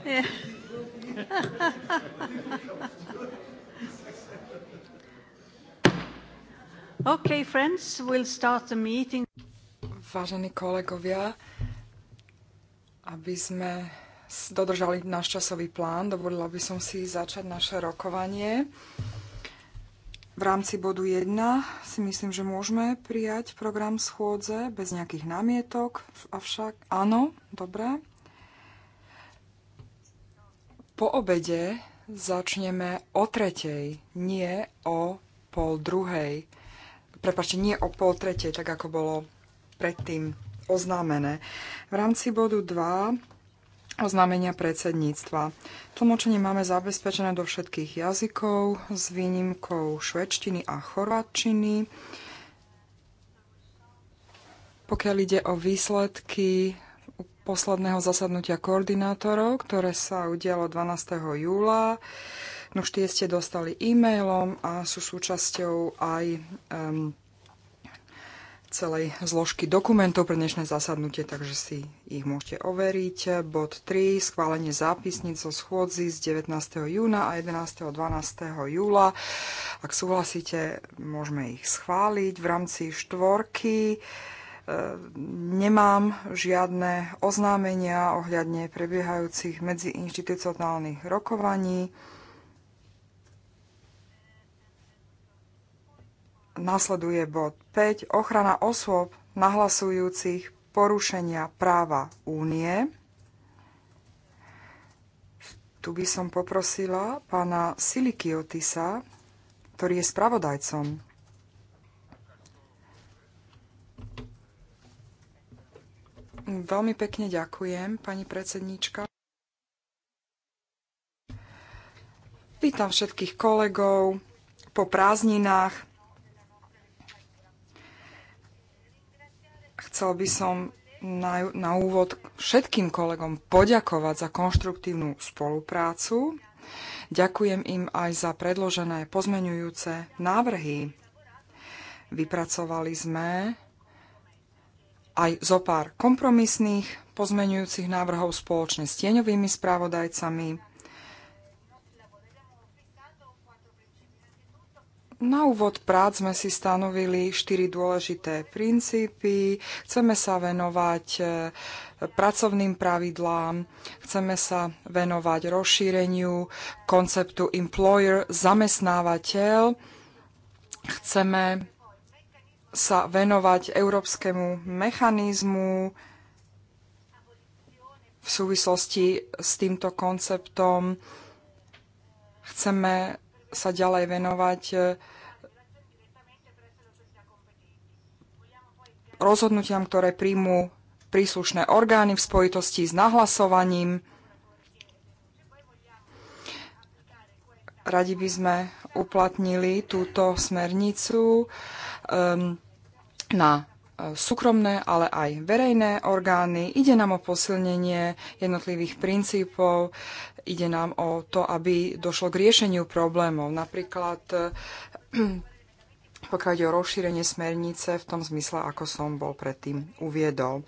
okay, friends, we'll start the meeting. Vážení kolegovia, aby sme dodržali náš časový plán, dovolila by som si začať naše rokovanie. V rámci bodu 1 si myslím, že môžeme prijať program schôdze bez nejakých námietok, avšak áno, dobre. Po obede začneme o tretej, nie o pol druhej. Prepačte, nie o pol tretej, tak ako bolo predtým oznámené. V rámci bodu 2 oznámenia predsedníctva. Tlmočenie máme zabezpečené do všetkých jazykov s výnimkou švedštiny a chorvátčiny. Pokiaľ ide o výsledky posledného zasadnutia koordinátorov, ktoré sa udialo 12. júla. No štie ste dostali e-mailom a sú súčasťou aj um, celej zložky dokumentov pre dnešné zasadnutie, takže si ich môžete overiť. Bod 3, schválenie zápisníc zo schôdzi z 19. júna a 11. 12. júla. Ak súhlasíte, môžeme ich schváliť v rámci štvorky. Uh, Nemám žiadne oznámenia ohľadne prebiehajúcich medziinštitucionálnych rokovaní. Nasleduje bod 5. Ochrana osôb nahlasujúcich porušenia práva únie. Tu by som poprosila pána Silikiotisa, ktorý je spravodajcom Veľmi pekne ďakujem, pani predsednička. Vítam všetkých kolegov po prázdninách. Chcel by som na, na úvod všetkým kolegom poďakovať za konštruktívnu spoluprácu. Ďakujem im aj za predložené pozmenujúce návrhy. Vypracovali sme aj zo pár kompromisných pozmenujúcich návrhov spoločne s tieňovými správodajcami. Na úvod prác sme si stanovili štyri dôležité princípy. Chceme sa venovať e, pracovným pravidlám, chceme sa venovať rozšíreniu konceptu employer, zamestnávateľ, chceme sa venovať európskemu mechanizmu v súvislosti s týmto konceptom. Chceme sa ďalej venovať eh, rozhodnutiam, ktoré príjmú príslušné orgány v spojitosti s nahlasovaním. Radi by sme uplatnili túto smernicu Um, na e, súkromné, ale aj verejné orgány. Ide nám o posilnenie jednotlivých princípov, ide nám o to, aby došlo k riešeniu problémov. Napríklad e, pokiaľ ide o rozšírenie smernice v tom zmysle, ako som bol predtým uviedol.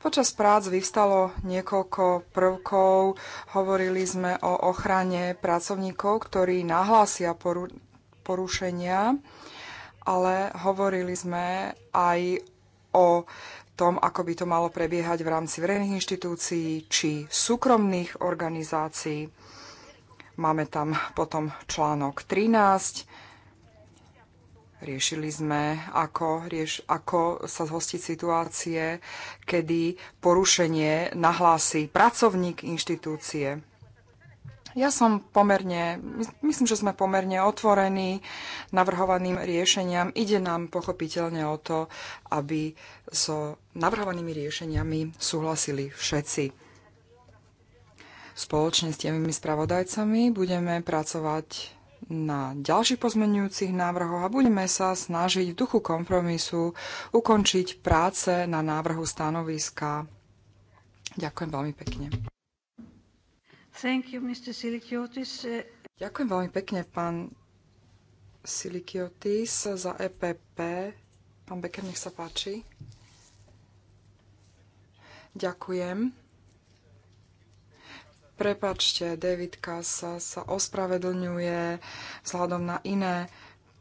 Počas prác vyvstalo niekoľko prvkov. Hovorili sme o ochrane pracovníkov, ktorí nahlásia poru- porušenia, ale hovorili sme aj o tom, ako by to malo prebiehať v rámci verejných inštitúcií či súkromných organizácií. Máme tam potom článok 13. Riešili sme, ako, rieš, ako sa zhostiť situácie, kedy porušenie nahlási pracovník inštitúcie. Ja som pomerne, myslím, že sme pomerne otvorení navrhovaným riešeniam. Ide nám pochopiteľne o to, aby so navrhovanými riešeniami súhlasili všetci. Spoločne s tými spravodajcami budeme pracovať na ďalších pozmenujúcich návrhoch a budeme sa snažiť v duchu kompromisu ukončiť práce na návrhu stanoviska. Ďakujem veľmi pekne. You, Ďakujem veľmi pekne, pán Silikiotis za EPP. Pán Becker, nech sa páči. Ďakujem. Prepačte, David Kasa sa ospravedlňuje vzhľadom na iné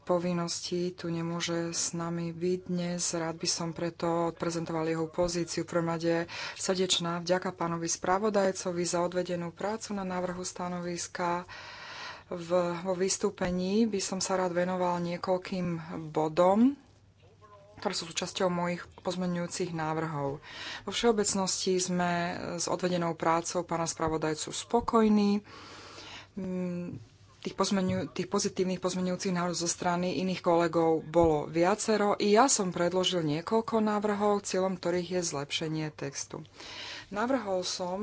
povinností tu nemôže s nami byť dnes. Rád by som preto odprezentoval jeho pozíciu. V prvom rade srdečná vďaka pánovi spravodajcovi za odvedenú prácu na návrhu stanoviska. V, vo vystúpení by som sa rád venoval niekoľkým bodom, ktoré sú súčasťou mojich pozmeňujúcich návrhov. Vo všeobecnosti sme s odvedenou prácou pána spravodajcu spokojní mm, tých, pozmeniu, tých pozitívnych pozmenujúcich návrhov zo strany iných kolegov bolo viacero. I ja som predložil niekoľko návrhov, cieľom ktorých je zlepšenie textu. Navrhol som,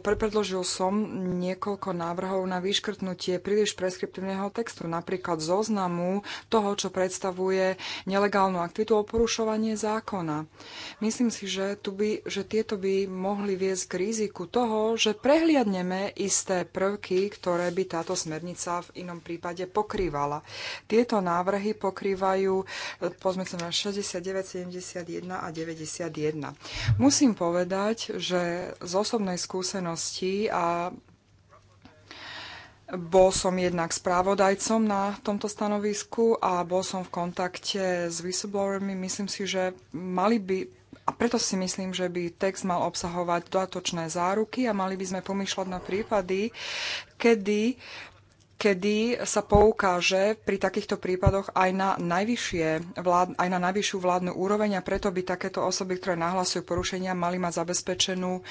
predložil som niekoľko návrhov na vyškrtnutie príliš preskriptívneho textu, napríklad zoznamu toho, čo predstavuje nelegálnu aktivitu o porušovanie zákona. Myslím si, že, tu by, že tieto by mohli viesť k riziku toho, že prehliadneme isté prvky, ktoré by táto smernica v inom prípade pokrývala. Tieto návrhy pokrývajú eh, pozme sa na 69, 71 a 91. Musím povedať, povedať, že z osobnej skúsenosti a bol som jednak správodajcom na tomto stanovisku a bol som v kontakte s whistleblowermi. Myslím si, že mali by, a preto si myslím, že by text mal obsahovať dodatočné záruky a mali by sme pomýšľať na prípady, kedy kedy sa poukáže pri takýchto prípadoch aj na, najvyššie vlád, aj na najvyššiu vládnu úroveň a preto by takéto osoby, ktoré nahlasujú porušenia, mali mať zabezpečenú um,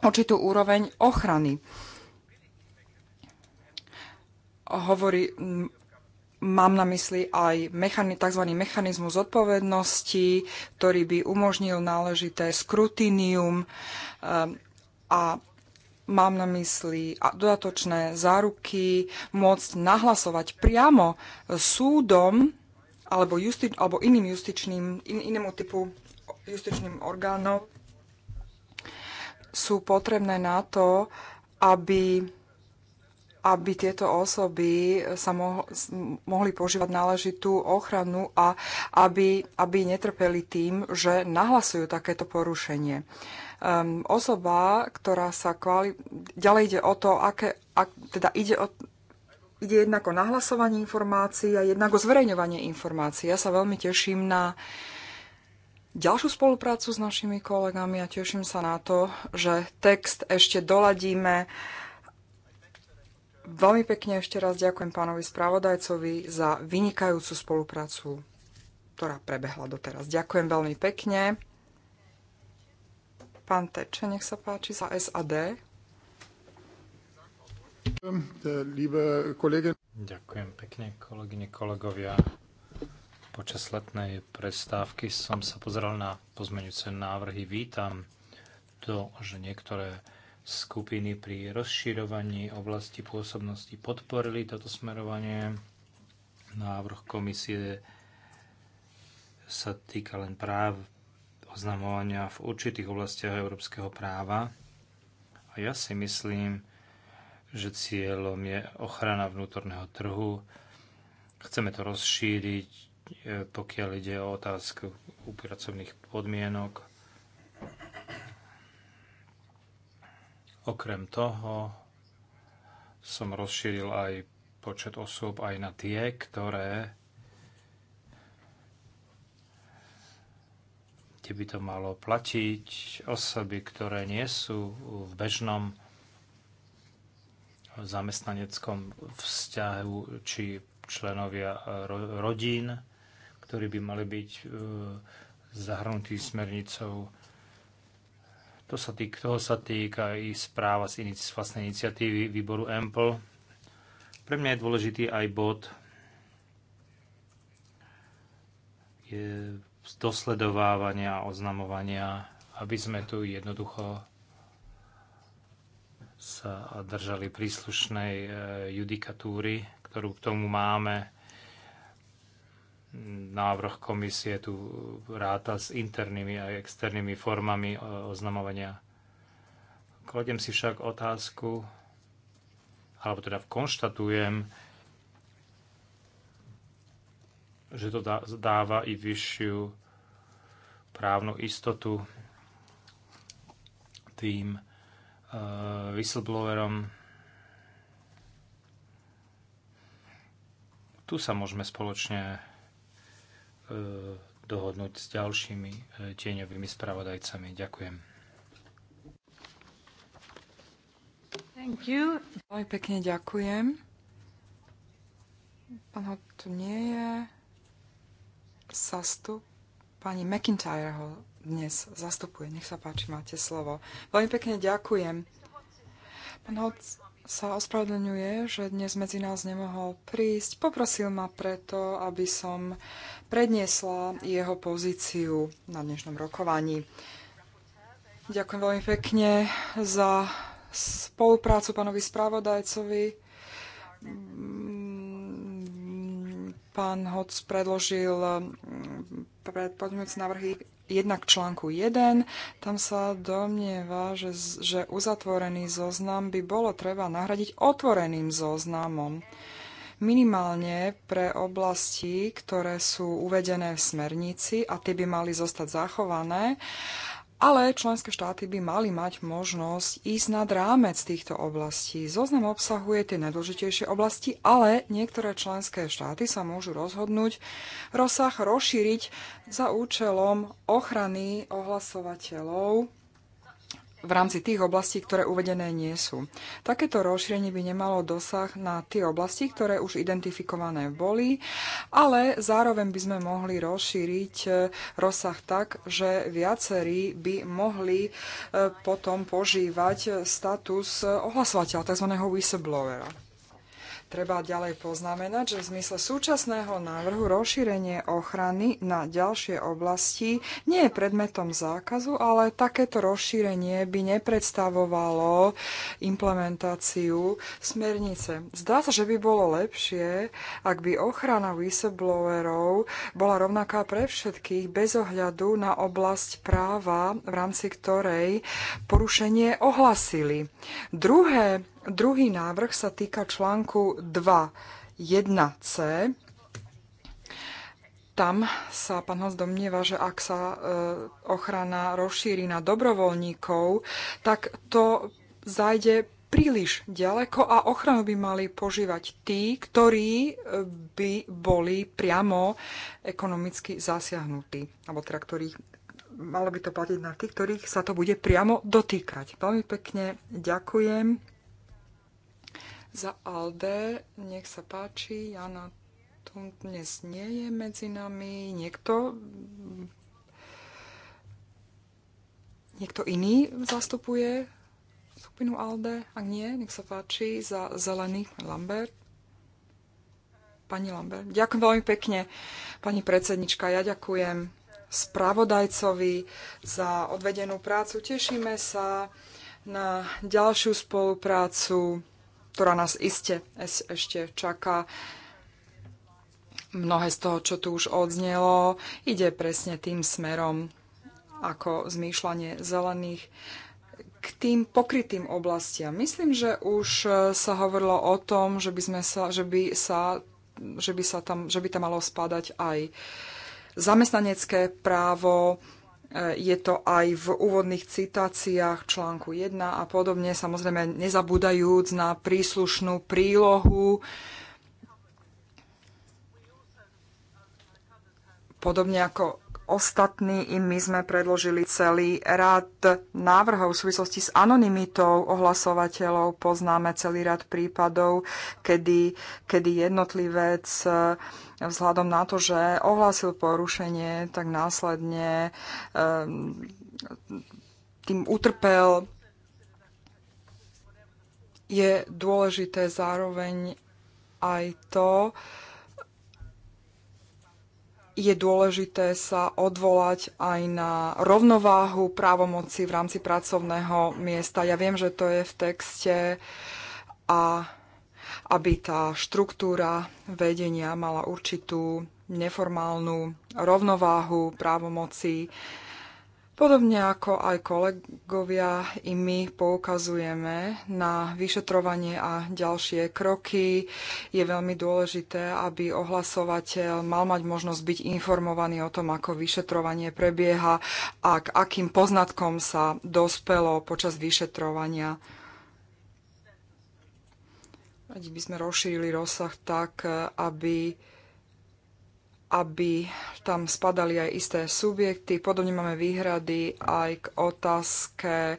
určitú úroveň ochrany. Hovorí, mám na mysli aj mechani- tzv. mechanizmus zodpovednosti, ktorý by umožnil náležité skrutinium um, a Mám na mysli dodatočné záruky, môcť nahlasovať priamo súdom alebo, justi- alebo iným justičným, in, inému typu justičným orgánom sú potrebné na to, aby, aby tieto osoby sa mo- mohli požívať náležitú ochranu a aby, aby netrpeli tým, že nahlasujú takéto porušenie um, osoba, ktorá sa kvali... Ďalej ide o to, aké... Ak, teda ide o ide jednak o nahlasovanie informácií a jednak o zverejňovanie informácií. Ja sa veľmi teším na ďalšiu spoluprácu s našimi kolegami a teším sa na to, že text ešte doladíme. Veľmi pekne ešte raz ďakujem pánovi spravodajcovi za vynikajúcu spoluprácu, ktorá prebehla doteraz. Ďakujem veľmi pekne. Pán Teče, nech sa páči za SAD. Ďakujem pekne, kolegyne, kolegovia. Počas letnej prestávky som sa pozeral na pozmeňujúce návrhy. Vítam to, že niektoré skupiny pri rozširovaní oblasti pôsobnosti podporili toto smerovanie. Návrh komisie sa týka len práv oznamovania v určitých oblastiach európskeho práva. A ja si myslím, že cieľom je ochrana vnútorného trhu. Chceme to rozšíriť, e, pokiaľ ide o otázku pracovných podmienok. Okrem toho som rozšíril aj počet osôb aj na tie, ktoré kde by to malo platiť, osoby, ktoré nie sú v bežnom zamestnaneckom vzťahu či členovia rodín, ktorí by mali byť e, zahrnutí smernicou. To sa týk, toho sa týka i správa z inici, vlastnej iniciatívy výboru EMPL. Pre mňa je dôležitý aj bod je dosledovávania a oznamovania, aby sme tu jednoducho sa držali príslušnej e, judikatúry, ktorú k tomu máme. Návrh komisie tu ráta s internými a externými formami e, oznamovania. Kladiem si však otázku, alebo teda konštatujem, že to dáva i vyššiu právnu istotu tým uh, whistleblowerom. Tu sa môžeme spoločne uh, dohodnúť s ďalšími uh, tieňovými spravodajcami. Ďakujem. Thank you. Veľmi pekne ďakujem. Pán tu nie je. SASTU. pani McIntyre ho dnes zastupuje. Nech sa páči, máte slovo. Veľmi pekne ďakujem. Pán Hoc sa ospravedlňuje, že dnes medzi nás nemohol prísť. Poprosil ma preto, aby som predniesla jeho pozíciu na dnešnom rokovaní. Ďakujem veľmi pekne za spoluprácu pánovi správodajcovi Pán Hoc predložil mm, predpoďujúce návrhy jednak článku 1. Tam sa domnieva, že, že uzatvorený zoznam by bolo treba nahradiť otvoreným zoznamom. Minimálne pre oblasti, ktoré sú uvedené v smernici a tie by mali zostať zachované ale členské štáty by mali mať možnosť ísť nad rámec týchto oblastí. Zoznam obsahuje tie najdôležitejšie oblasti, ale niektoré členské štáty sa môžu rozhodnúť rozsah rozšíriť za účelom ochrany ohlasovateľov v rámci tých oblastí, ktoré uvedené nie sú. Takéto rozšírenie by nemalo dosah na tie oblasti, ktoré už identifikované boli, ale zároveň by sme mohli rozšíriť e, rozsah tak, že viacerí by mohli e, potom požívať status e, ohlasovateľa, tzv. whistleblowera. Treba ďalej poznamenať, že v zmysle súčasného návrhu rozšírenie ochrany na ďalšie oblasti nie je predmetom zákazu, ale takéto rozšírenie by nepredstavovalo implementáciu smernice. Zdá sa, že by bolo lepšie, ak by ochrana whistleblowerov bola rovnaká pre všetkých bez ohľadu na oblasť práva, v rámci ktorej porušenie ohlasili. Druhé Druhý návrh sa týka článku 2 1c. Tam sa pán Hans domnieva, že ak sa e, ochrana rozšíri na dobrovoľníkov, tak to zajde príliš ďaleko a ochranu by mali požívať tí, ktorí e, by boli priamo ekonomicky zasiahnutí, alebo teda ktorých malo by to platiť na tých, ktorých sa to bude priamo dotýkať. Veľmi pekne ďakujem. Za Alde, nech sa páči, Jana tu dnes nie je medzi nami. Niekto, niekto iný zastupuje skupinu Alde? Ak nie, nech sa páči, za Zelený Lambert. Pani Lambert, ďakujem veľmi pekne, pani predsednička, ja ďakujem spravodajcovi za odvedenú prácu. Tešíme sa na ďalšiu spoluprácu ktorá nás iste ešte čaká. Mnohé z toho, čo tu už odznelo, ide presne tým smerom, ako zmýšľanie zelených k tým pokrytým oblastiam. Myslím, že už e, sa hovorilo o tom, že by, sme sa, že by, sa, že by, sa tam, že by tam malo spadať aj zamestnanecké právo, E, je to aj v úvodných citáciách článku 1 a podobne, samozrejme nezabúdajúc na príslušnú prílohu. Podobne ako ostatní, i my sme predložili celý rad návrhov v súvislosti s anonymitou ohlasovateľov. Poznáme celý rad prípadov, kedy, kedy jednotlivec e, vzhľadom na to, že ohlásil porušenie, tak následne e, tým utrpel. Je dôležité zároveň aj to, je dôležité sa odvolať aj na rovnováhu právomoci v rámci pracovného miesta. Ja viem, že to je v texte a aby tá štruktúra vedenia mala určitú neformálnu rovnováhu právomoci Podobne ako aj kolegovia, i my poukazujeme na vyšetrovanie a ďalšie kroky. Je veľmi dôležité, aby ohlasovateľ mal mať možnosť byť informovaný o tom, ako vyšetrovanie prebieha a k akým poznatkom sa dospelo počas vyšetrovania. Radi by sme rozšírili rozsah tak, aby aby tam spadali aj isté subjekty. Podobne máme výhrady aj k otázke e,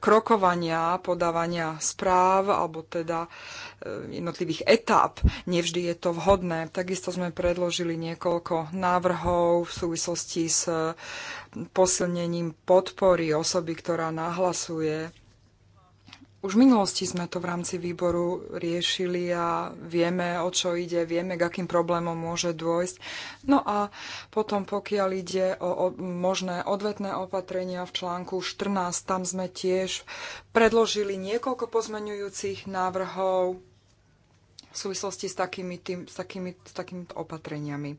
krokovania, podávania správ, alebo teda e, jednotlivých etáp. Nevždy je to vhodné. Takisto sme predložili niekoľko návrhov v súvislosti s posilnením podpory osoby, ktorá nahlasuje už v minulosti sme to v rámci výboru riešili a vieme, o čo ide, vieme, k akým problémom môže dôjsť. No a potom, pokiaľ ide o, o možné odvetné opatrenia v článku 14, tam sme tiež predložili niekoľko pozmenujúcich návrhov v súvislosti s, takými tým, s, takými, s takými opatreniami.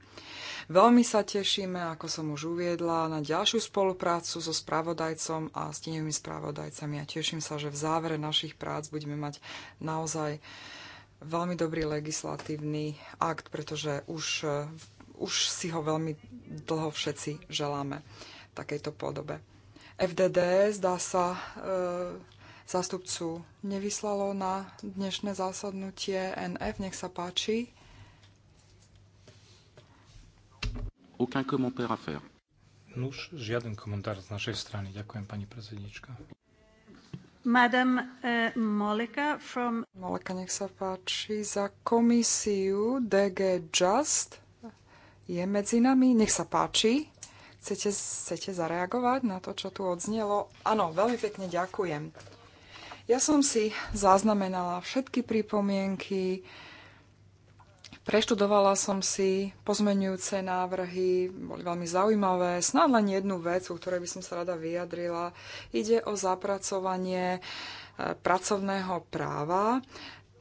Veľmi sa tešíme, ako som už uviedla, na ďalšiu spoluprácu so spravodajcom a s tieňovými spravodajcami a teším sa, že v závere našich prác budeme mať naozaj veľmi dobrý legislatívny akt, pretože už, už si ho veľmi dlho všetci želáme v takejto podobe. FDD zdá sa e zástupcu nevyslalo na dnešné zásadnutie NF. Nech sa páči. Aucun commentaire à faire. Nuž, žiaden komentár z našej strany. Ďakujem, pani prezidnička. Madam uh, Moleka from... Moleka, nech sa páči. Za komisiu DG Just je medzi nami. Nech sa páči. Chcete, chcete zareagovať na to, čo tu odznelo? Áno, veľmi pekne ďakujem. Ja som si zaznamenala všetky pripomienky, preštudovala som si pozmenujúce návrhy, boli veľmi zaujímavé. Snáď len jednu vec, o ktorej by som sa rada vyjadrila. Ide o zapracovanie e, pracovného práva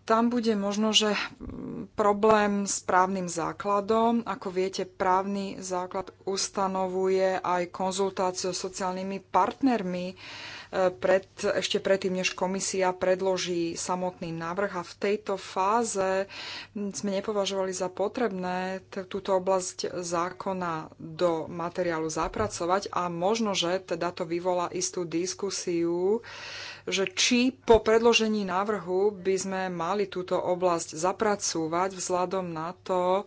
tam bude možno, že mm, problém s právnym základom. Ako viete, právny základ ustanovuje aj konzultáciu s sociálnymi partnermi pred, ešte predtým, než komisia predloží samotný návrh. A v tejto fáze sme nepovažovali za potrebné túto oblasť zákona do materiálu zapracovať a možno, že teda to vyvolá istú diskusiu, že či po predložení návrhu by sme mali túto oblasť zapracúvať vzhľadom na to,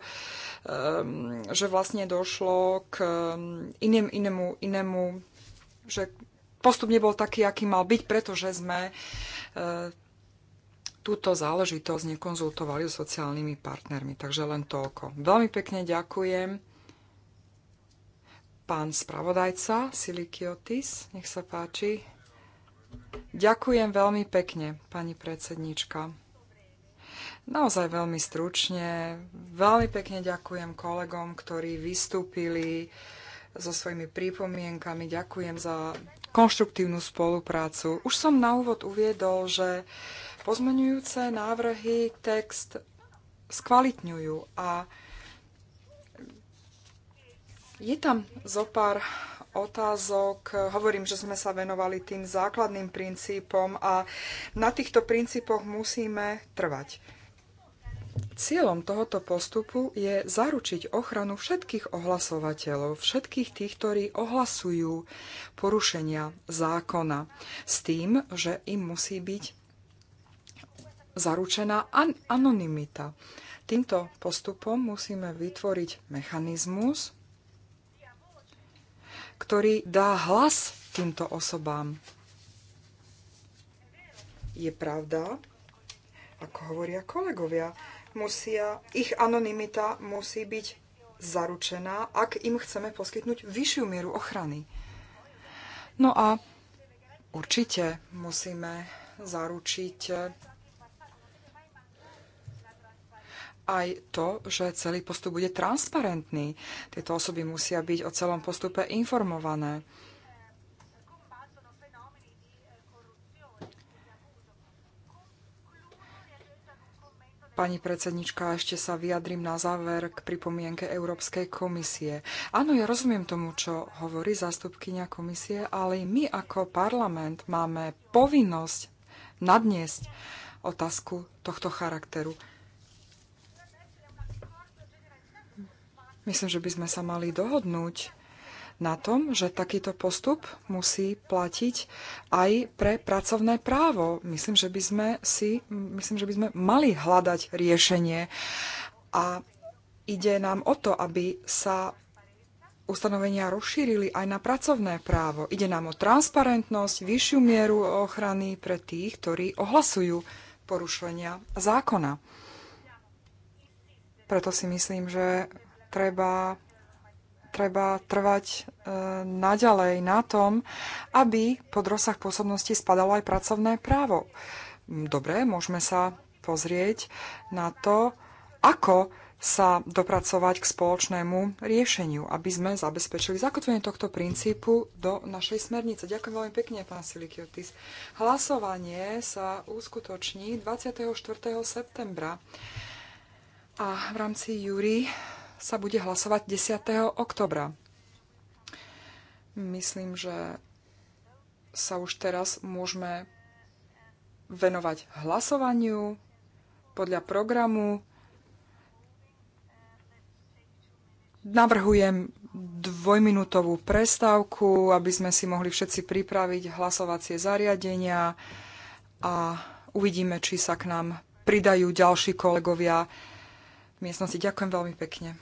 ehm, že vlastne došlo k ehm, inému inému, inému že postup nebol taký, aký mal byť, pretože sme e, túto záležitosť nekonzultovali s sociálnymi partnermi. Takže len toľko. Veľmi pekne ďakujem. Pán spravodajca Silikiotis, nech sa páči. Ďakujem veľmi pekne, pani predsednička. Naozaj veľmi stručne. Veľmi pekne ďakujem kolegom, ktorí vystúpili so svojimi prípomienkami. Ďakujem za konštruktívnu spoluprácu. Už som na úvod uviedol, že pozmenujúce návrhy text skvalitňujú a je tam zo pár otázok. Hovorím, že sme sa venovali tým základným princípom a na týchto princípoch musíme trvať. Cieľom tohoto postupu je zaručiť ochranu všetkých ohlasovateľov, všetkých tých, ktorí ohlasujú porušenia zákona, s tým, že im musí byť zaručená an- anonimita. Týmto postupom musíme vytvoriť mechanizmus, ktorý dá hlas týmto osobám. Je pravda, ako hovoria kolegovia, musia, ich anonymita musí byť zaručená, ak im chceme poskytnúť vyššiu mieru ochrany. No a určite musíme zaručiť aj to, že celý postup bude transparentný. Tieto osoby musia byť o celom postupe informované. Pani predsednička, ešte sa vyjadrím na záver k pripomienke Európskej komisie. Áno, ja rozumiem tomu, čo hovorí zástupkynia komisie, ale my ako parlament máme povinnosť nadniesť otázku tohto charakteru. Myslím, že by sme sa mali dohodnúť na tom, že takýto postup musí platiť aj pre pracovné právo. Myslím, že by sme, si, myslím, že by sme mali hľadať riešenie a ide nám o to, aby sa ustanovenia rozšírili aj na pracovné právo. Ide nám o transparentnosť, vyššiu mieru ochrany pre tých, ktorí ohlasujú porušenia zákona. Preto si myslím, že treba treba trvať e, naďalej na tom, aby pod rozsah pôsobnosti spadalo aj pracovné právo. Mm, dobre, môžeme sa pozrieť na to, ako sa dopracovať k spoločnému riešeniu, aby sme zabezpečili zakotvenie tohto princípu do našej smernice. Ďakujem veľmi pekne, pán Silikiotis. Hlasovanie sa uskutoční 24. septembra. A v rámci Júri sa bude hlasovať 10. oktobra. Myslím, že sa už teraz môžeme venovať hlasovaniu podľa programu. Navrhujem dvojminútovú prestávku, aby sme si mohli všetci pripraviť hlasovacie zariadenia a uvidíme, či sa k nám pridajú ďalší kolegovia v miestnosti. Ďakujem veľmi pekne.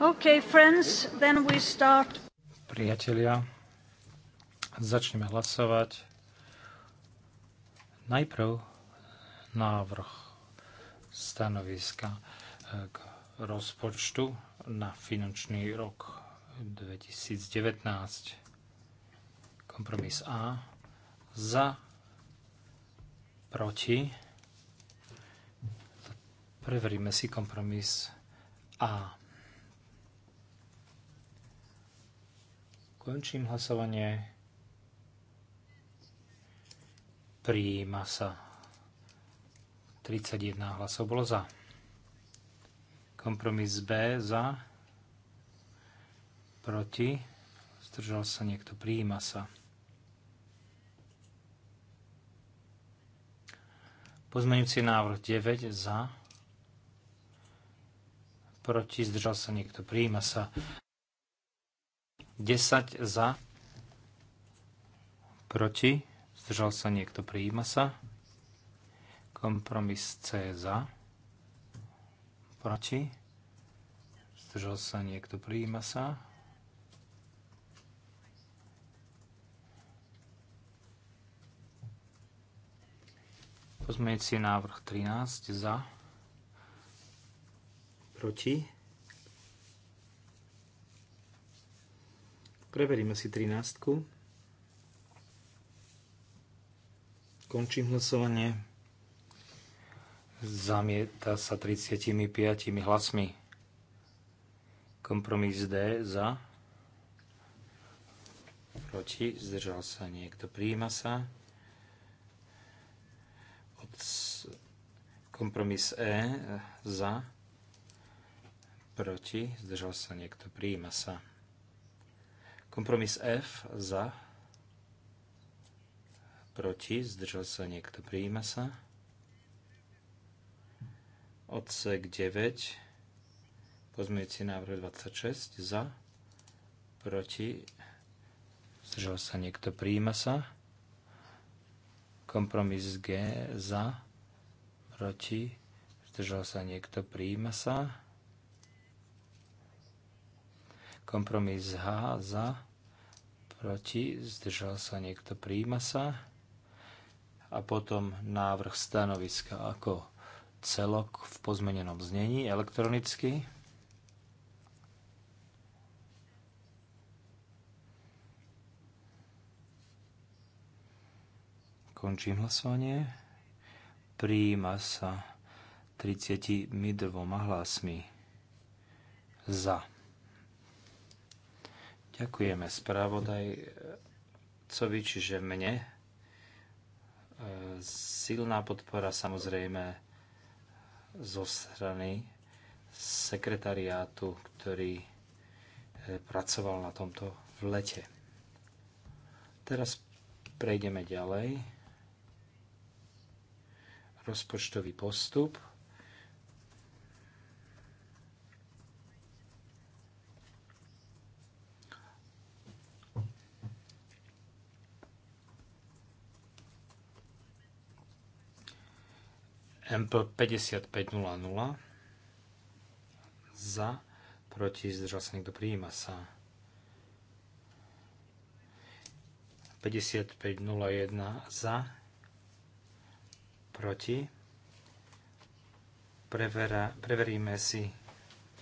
Okay, friends, then we start. Priatelia, začneme hlasovať. Najprv návrh stanoviska eh, k rozpočtu na finančný rok 2019. Kompromis A. Za. Proti. Preveríme si kompromis A. Končím hlasovanie. Príjima sa. 31 hlasov bolo za. Kompromis B za. Proti. Zdržal sa niekto. Príjima sa. Pozmeňujúci návrh 9 za. Proti. Zdržal sa niekto. Príjima sa. 10 za, proti, zdržal sa niekto, prijíma sa. Kompromis C za, proti, zdržal sa niekto, prijíma sa. si návrh 13 za, proti, Preveríme si 13. Končím hlasovanie. Zamieta sa 35 hlasmi. Kompromis D za. Proti. Zdržal sa niekto. Prijíma sa. Od kompromis E za. Proti. Zdržal sa niekto. Prijíma sa. Kompromis F za, proti, zdržal sa niekto, prijíma sa. Odsek 9, pozmeňujúci návrh 26 za, proti, zdržal sa niekto, prijíma sa. Kompromis G za, proti, zdržal sa niekto, prijíma sa kompromis H za, proti, zdržal sa niekto, príjma sa. A potom návrh stanoviska ako celok v pozmenenom znení elektronicky. Končím hlasovanie. Príjima sa 32 hlasmi za. Ďakujeme správodajcovi, čiže mne. E, silná podpora samozrejme zo strany sekretariátu, ktorý e, pracoval na tomto v lete. Teraz prejdeme ďalej. Rozpočtový postup. MP 5500 za, proti, zdržal sa niekto, prijíma sa. 5501 za, proti. Prevera, preveríme si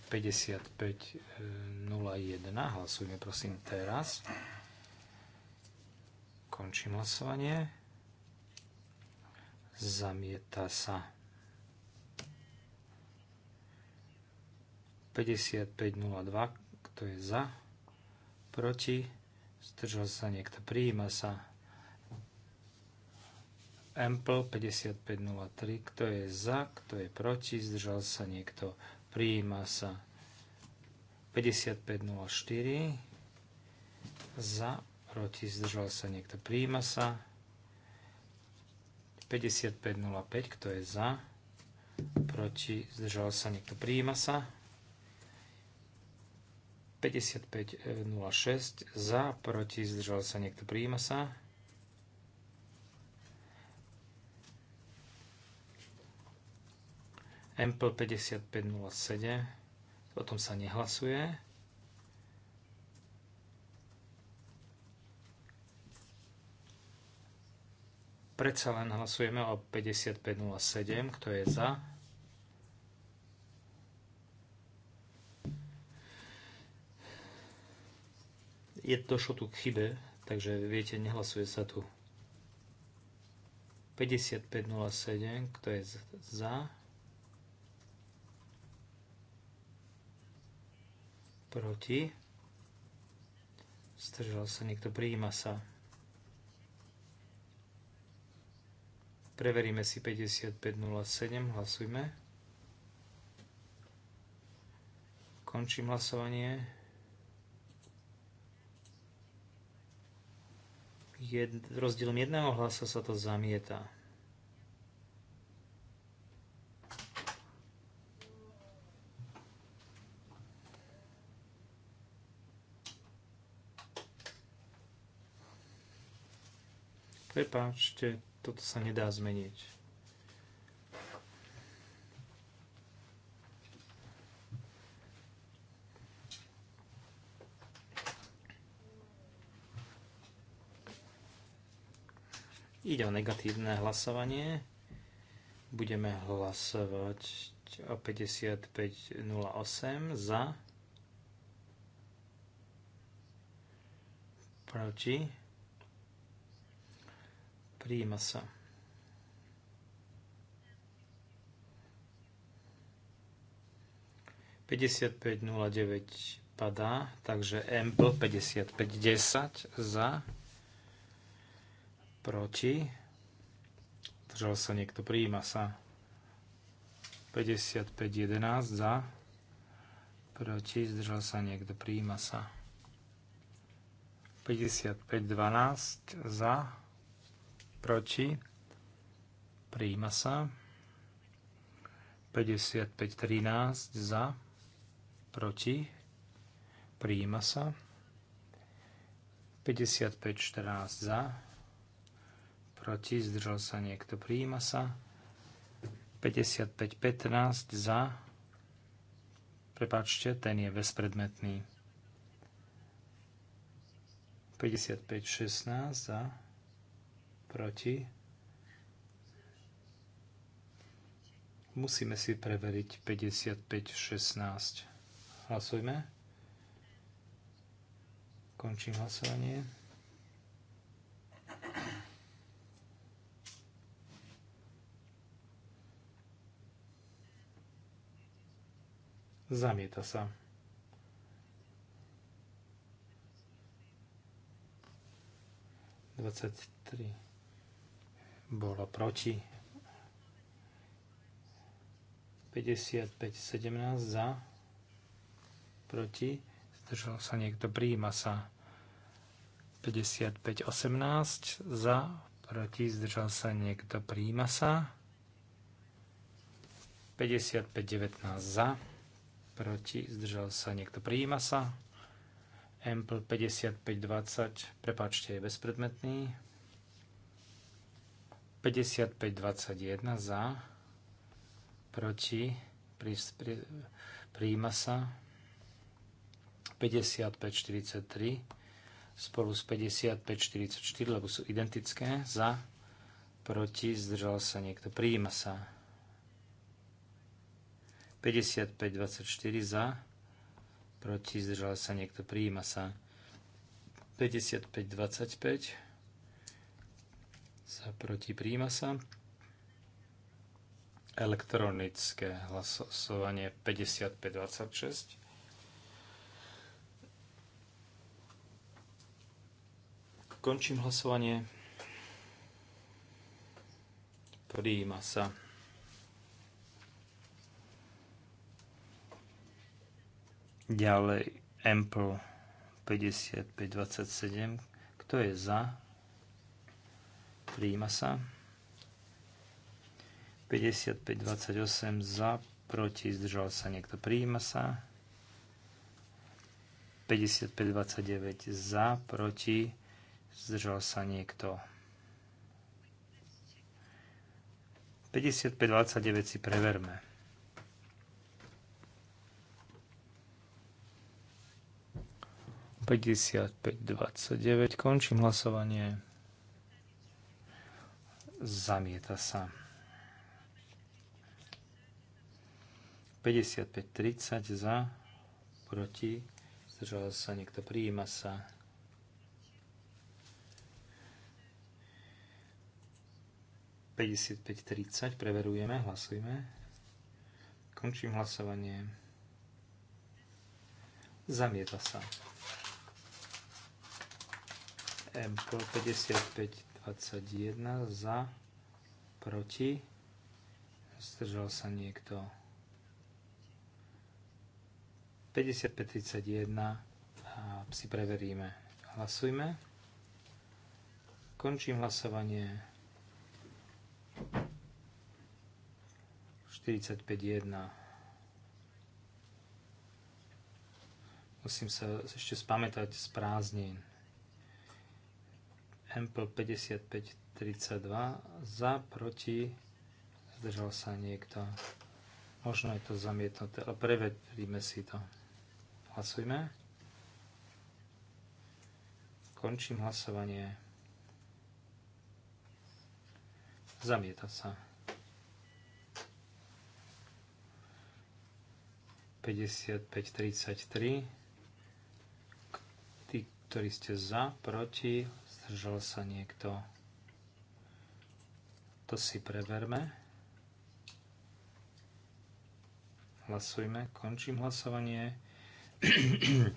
5501. Hlasujme prosím teraz. Končím hlasovanie. Zamieta sa. 55.02, kto je za, proti, zdržal sa niekto, prijíma sa. Ample 55.03, kto je za, kto je proti, zdržal sa niekto, prijíma sa. 55.04, za, proti, zdržal sa niekto, prijíma sa. 55.05, kto je za, proti, zdržal sa niekto, prijíma sa. 5506 za, proti, zdržal sa niekto, prijíma sa. Ample 5507, o tom sa nehlasuje. Predsa len hlasujeme o 5507, kto je za. je, došlo tu k chybe, takže viete, nehlasuje sa tu 5507, kto je za, proti, stržal sa niekto, prijíma sa. Preveríme si 5507, hlasujme. Končím hlasovanie. Jed, rozdielom jedného hlasa sa to zamieta. Prepáčte, toto sa nedá zmeniť. Ide o negatívne hlasovanie. Budeme hlasovať o 55.08 za, proti, príjima sa. Päťdesiatpäť nula padá, takže MPL päťdesiatpäť desať za proti, držal sa niekto, prijíma sa 55.11 za, proti, zdržal sa niekto, prijíma sa 55.12 za, proti, prijíma sa 55.13 za, proti, prijíma sa 55.14 za, proti, zdržal sa niekto, prijíma sa. 55-15 za, prepáčte, ten je bezpredmetný. 55-16 za, proti. Musíme si preveriť 55-16. Hlasujme. Končím hlasovanie. Zamieta sa. Dvadsaťtri bolo proti. 55, 17 za. Proti. Zdržal sa niekto. Prijíma sa. 55, 18 za. Proti. Zdržal sa niekto. Prijíma sa. 55, 19 za proti, zdržal sa niekto, prijíma sa. Ample 5520, prepáčte, je bezpredmetný. 5521 za, proti, pri, pri, prijíma sa. 5543 spolu s 5544, lebo sú identické, za, proti, zdržal sa niekto, prijíma sa. 55-24 za, proti zdržal sa niekto, prijíma sa 55-25 za, proti prijíma sa elektronické hlasovanie 55-26 Končím hlasovanie. Prijíma sa Ďalej Ample 5527. Kto je za? Príjima sa. 5528 za, proti, zdržal sa niekto, príjima sa. 5529 za, proti, zdržal sa niekto. 5529 si preverme. 5529, Končím hlasovanie. Zamieta sa. 5530 za, proti, zdržal sa, niekto prijíma sa. 55 preverujeme, hlasujeme, Končím hlasovanie. Zamieta sa. 55 5521 za, proti, zdržal sa niekto. 5531 a si preveríme. Hlasujme. Končím hlasovanie. 45.1. Musím sa ešte spamätať z prázdnin. Ample 5532 za, proti, zdržal sa niekto. Možno je to zamietnuté, ale preveríme si to. Hlasujme. Končím hlasovanie. Zamieta sa. 5533 tí, ktorí ste za, proti, Zdržal sa niekto? To si preverme. Hlasujme. Končím hlasovanie.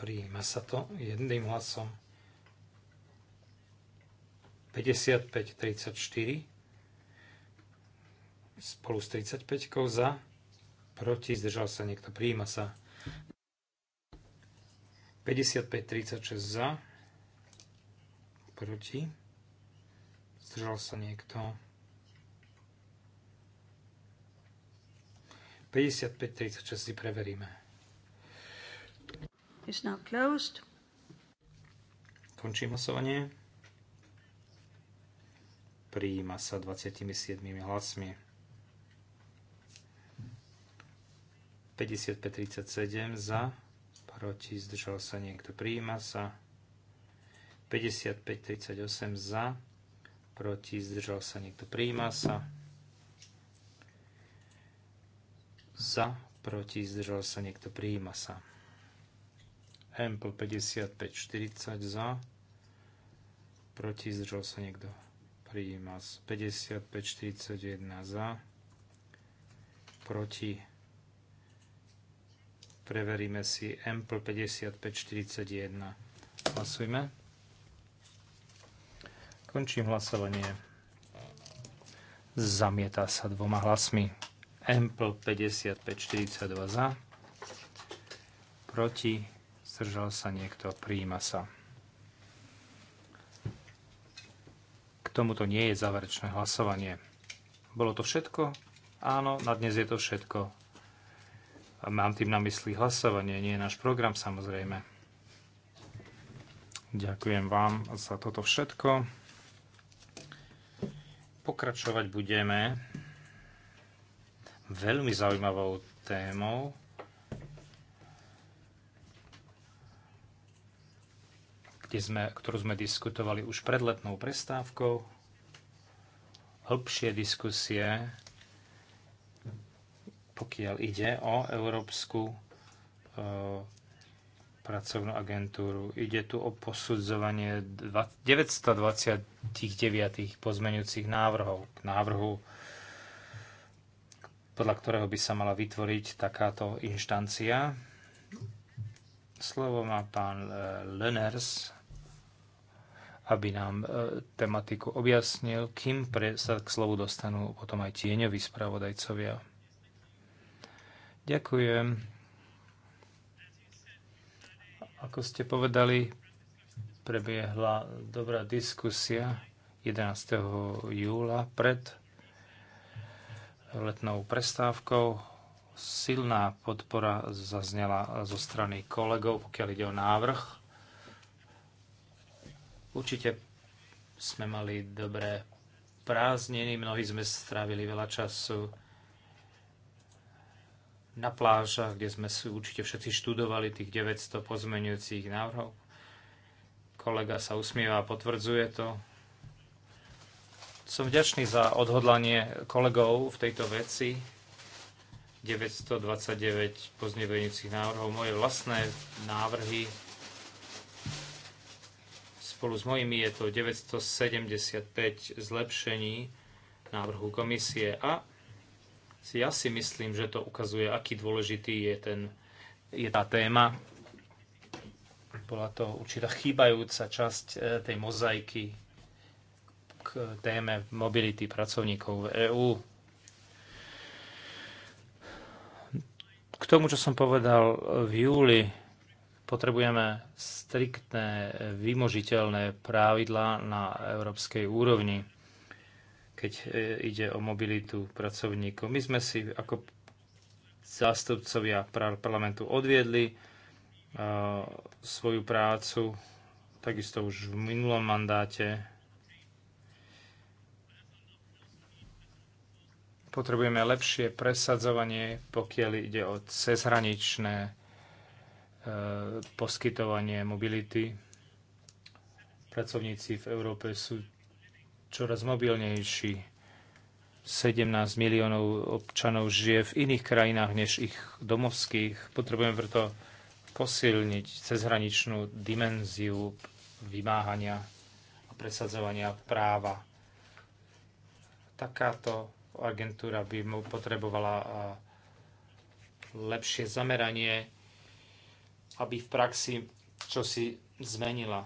Prijíma sa to jedným hlasom. 55-34 spolu s 35 za, proti, zdržal sa niekto, prijíma sa 55-36 za. Proti. Zdržal sa niekto. 55-36 si preveríme. It's now closed. Končím hlasovanie. Prijíma sa 27 hlasmi. 55-37 za proti, zdržal sa niekto, prijíma sa. 55-38 za, proti, zdržal sa niekto, prijíma sa. Za, proti, zdržal sa niekto, prijíma sa. Ample 55-40 za, proti, zdržal sa niekto, prijíma sa. 55-41 za, proti, Preveríme si Ample 5541. Hlasujme. Končím hlasovanie. Zamieta sa dvoma hlasmi. Ample 5542 za. Proti. Zdržal sa niekto. Prijíma sa. K tomuto nie je záverečné hlasovanie. Bolo to všetko? Áno, na dnes je to všetko. A mám tým na mysli hlasovanie, nie je náš program samozrejme. Ďakujem vám za toto všetko. Pokračovať budeme veľmi zaujímavou témou. Kde sme, ktorú sme diskutovali už pred letnou prestávkou. Hĺbšie diskusie pokiaľ ide o Európsku e, pracovnú agentúru. Ide tu o posudzovanie 929 pozmenujúcich návrhov k návrhu, podľa ktorého by sa mala vytvoriť takáto inštancia. Slovo má pán e, Lenners, aby nám e, tematiku objasnil, kým pre, sa k slovu dostanú potom aj tieňoví spravodajcovia. Ďakujem. Ako ste povedali, prebiehla dobrá diskusia 11. júla pred letnou prestávkou. Silná podpora zaznela zo strany kolegov, pokiaľ ide o návrh. Určite sme mali dobré prázdniny, mnohí sme strávili veľa času na plážach, kde sme si určite všetci študovali tých 900 pozmeňujúcich návrhov. Kolega sa usmieva a potvrdzuje to. Som vďačný za odhodlanie kolegov v tejto veci. 929 pozmeňujúcich návrhov, moje vlastné návrhy. Spolu s mojimi je to 975 zlepšení návrhu komisie a ja si myslím, že to ukazuje, aký dôležitý je, ten, je tá téma. Bola to určitá chýbajúca časť e, tej mozaiky k téme mobility pracovníkov v EÚ. K tomu, čo som povedal v júli, potrebujeme striktné, e, vymožiteľné právidlá na európskej úrovni keď e, ide o mobilitu pracovníkov. My sme si ako zástupcovia parlamentu odviedli e, svoju prácu, takisto už v minulom mandáte. Potrebujeme lepšie presadzovanie, pokiaľ ide o cezhraničné e, poskytovanie mobility. Pracovníci v Európe sú čoraz mobilnejší. 17 miliónov občanov žije v iných krajinách než ich domovských. Potrebujeme preto posilniť cezhraničnú dimenziu vymáhania a presadzovania práva. Takáto agentúra by mu potrebovala lepšie zameranie, aby v praxi čo si zmenila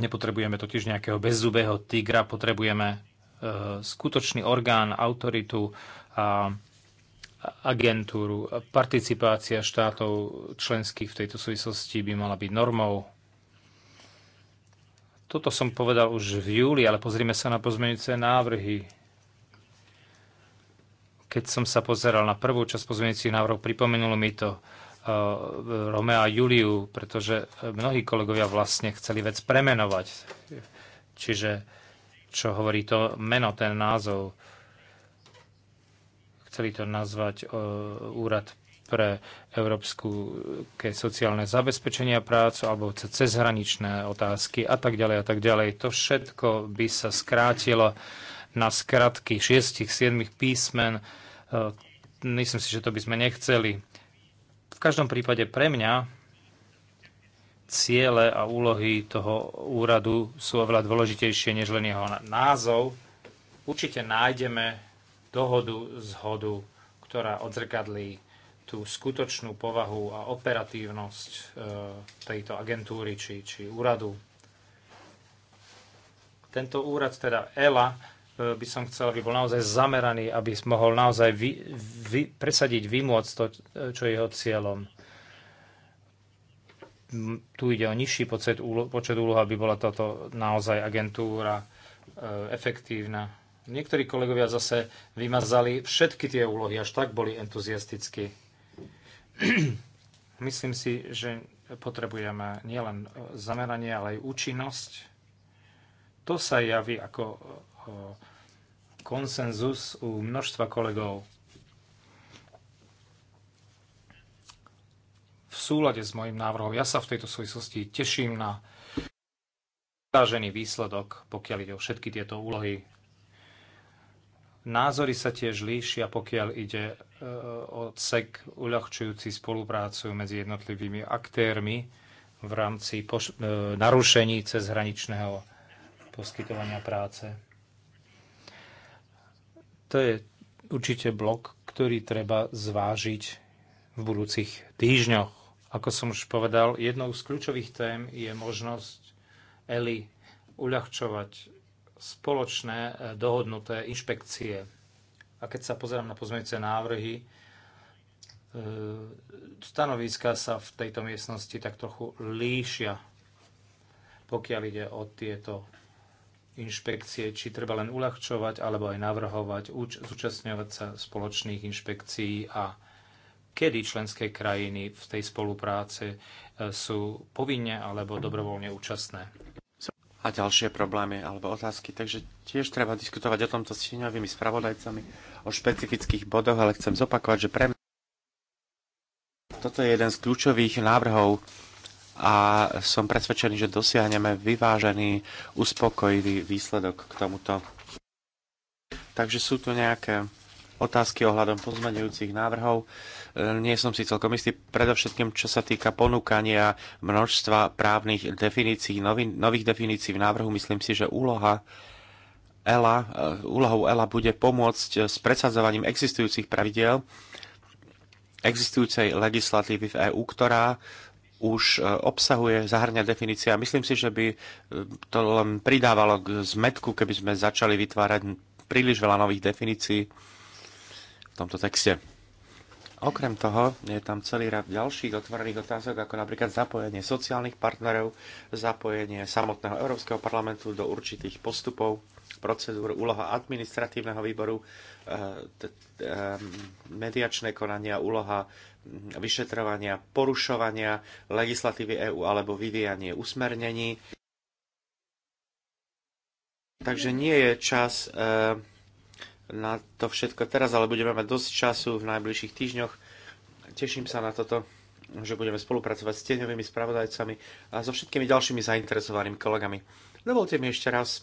Nepotrebujeme totiž nejakého bezzubého tigra, potrebujeme e, skutočný orgán, autoritu a agentúru. Participácia štátov členských v tejto súvislosti by mala byť normou. Toto som povedal už v júli, ale pozrime sa na pozmeňujúce návrhy. Keď som sa pozeral na prvú časť pozmeňujúcich návrhov, pripomenulo mi to, Eh, Romeo a Juliu, pretože mnohí kolegovia vlastne chceli vec premenovať. Čiže čo hovorí to meno, ten názov. Chceli to nazvať eh, úrad pre európsku sociálne zabezpečenie a prácu alebo cezhraničné otázky a tak ďalej a tak ďalej. To všetko by sa skrátilo na skratky 6-7 písmen. Eh, myslím si, že to by sme nechceli každom prípade pre mňa ciele a úlohy toho úradu sú oveľa dôležitejšie než len jeho názov. Určite nájdeme dohodu, zhodu, ktorá odzrkadlí tú skutočnú povahu a operatívnosť e, tejto agentúry či, či úradu. Tento úrad, teda ELA, by som chcel, aby bol naozaj zameraný, aby mohol naozaj vy, vy, presadiť, vymôcť to, čo je jeho cieľom. Tu ide o nižší počet úloh, počet úloh aby bola toto naozaj agentúra e, efektívna. Niektorí kolegovia zase vymazali všetky tie úlohy, až tak boli entuziastickí. Myslím si, že potrebujeme nielen e, zameranie, ale aj účinnosť. To sa javí ako e, konsenzus u množstva kolegov. V súlade s mojim návrhom ja sa v tejto súvislosti teším na vyvážený výsledok, pokiaľ ide o všetky tieto úlohy. Názory sa tiež líšia, pokiaľ ide e, o CEK uľahčujúci spoluprácu medzi jednotlivými aktérmi v rámci e, narušení cezhraničného poskytovania práce. To je určite blok, ktorý treba zvážiť v budúcich týždňoch. Ako som už povedal, jednou z kľúčových tém je možnosť ELI uľahčovať spoločné eh, dohodnuté inšpekcie. A keď sa pozerám na pozmeňujúce návrhy, eh, stanoviska sa v tejto miestnosti tak trochu líšia, pokiaľ ide o tieto inšpekcie, či treba len uľahčovať alebo aj navrhovať, zúčastňovať sa spoločných inšpekcií a kedy členské krajiny v tej spolupráce e, sú povinne alebo dobrovoľne účastné. A ďalšie problémy alebo otázky. Takže tiež treba diskutovať o tomto s tieňovými spravodajcami, o špecifických bodoch, ale chcem zopakovať, že pre mňa toto je jeden z kľúčových návrhov a som presvedčený, že dosiahneme vyvážený, uspokojivý výsledok k tomuto. Takže sú tu nejaké otázky ohľadom pozmeňujúcich návrhov. E, nie som si celkom istý, predovšetkým čo sa týka ponúkania množstva právnych definícií, nový, nových definícií v návrhu, myslím si, že úloha ELA, e, úlohou ELA bude pomôcť s presadzovaním existujúcich pravidiel existujúcej legislatívy v EÚ, ktorá už e, obsahuje, zahrňa definícia. Myslím si, že by e, to len pridávalo k zmetku, keby sme začali vytvárať príliš veľa nových definícií v tomto texte. Okrem toho je tam celý rad ďalších otvorených otázok, ako napríklad zapojenie sociálnych partnerov, zapojenie samotného Európskeho parlamentu do určitých postupov, procedúr, úloha administratívneho výboru, e, mediačné konania, úloha vyšetrovania porušovania legislatívy EÚ alebo vyvíjanie usmernení. Takže nie je čas e, na to všetko teraz, ale budeme mať dosť času v najbližších týždňoch. Teším sa na toto, že budeme spolupracovať s tieňovými spravodajcami a so všetkými ďalšími zainteresovanými kolegami. Dovolte mi ešte raz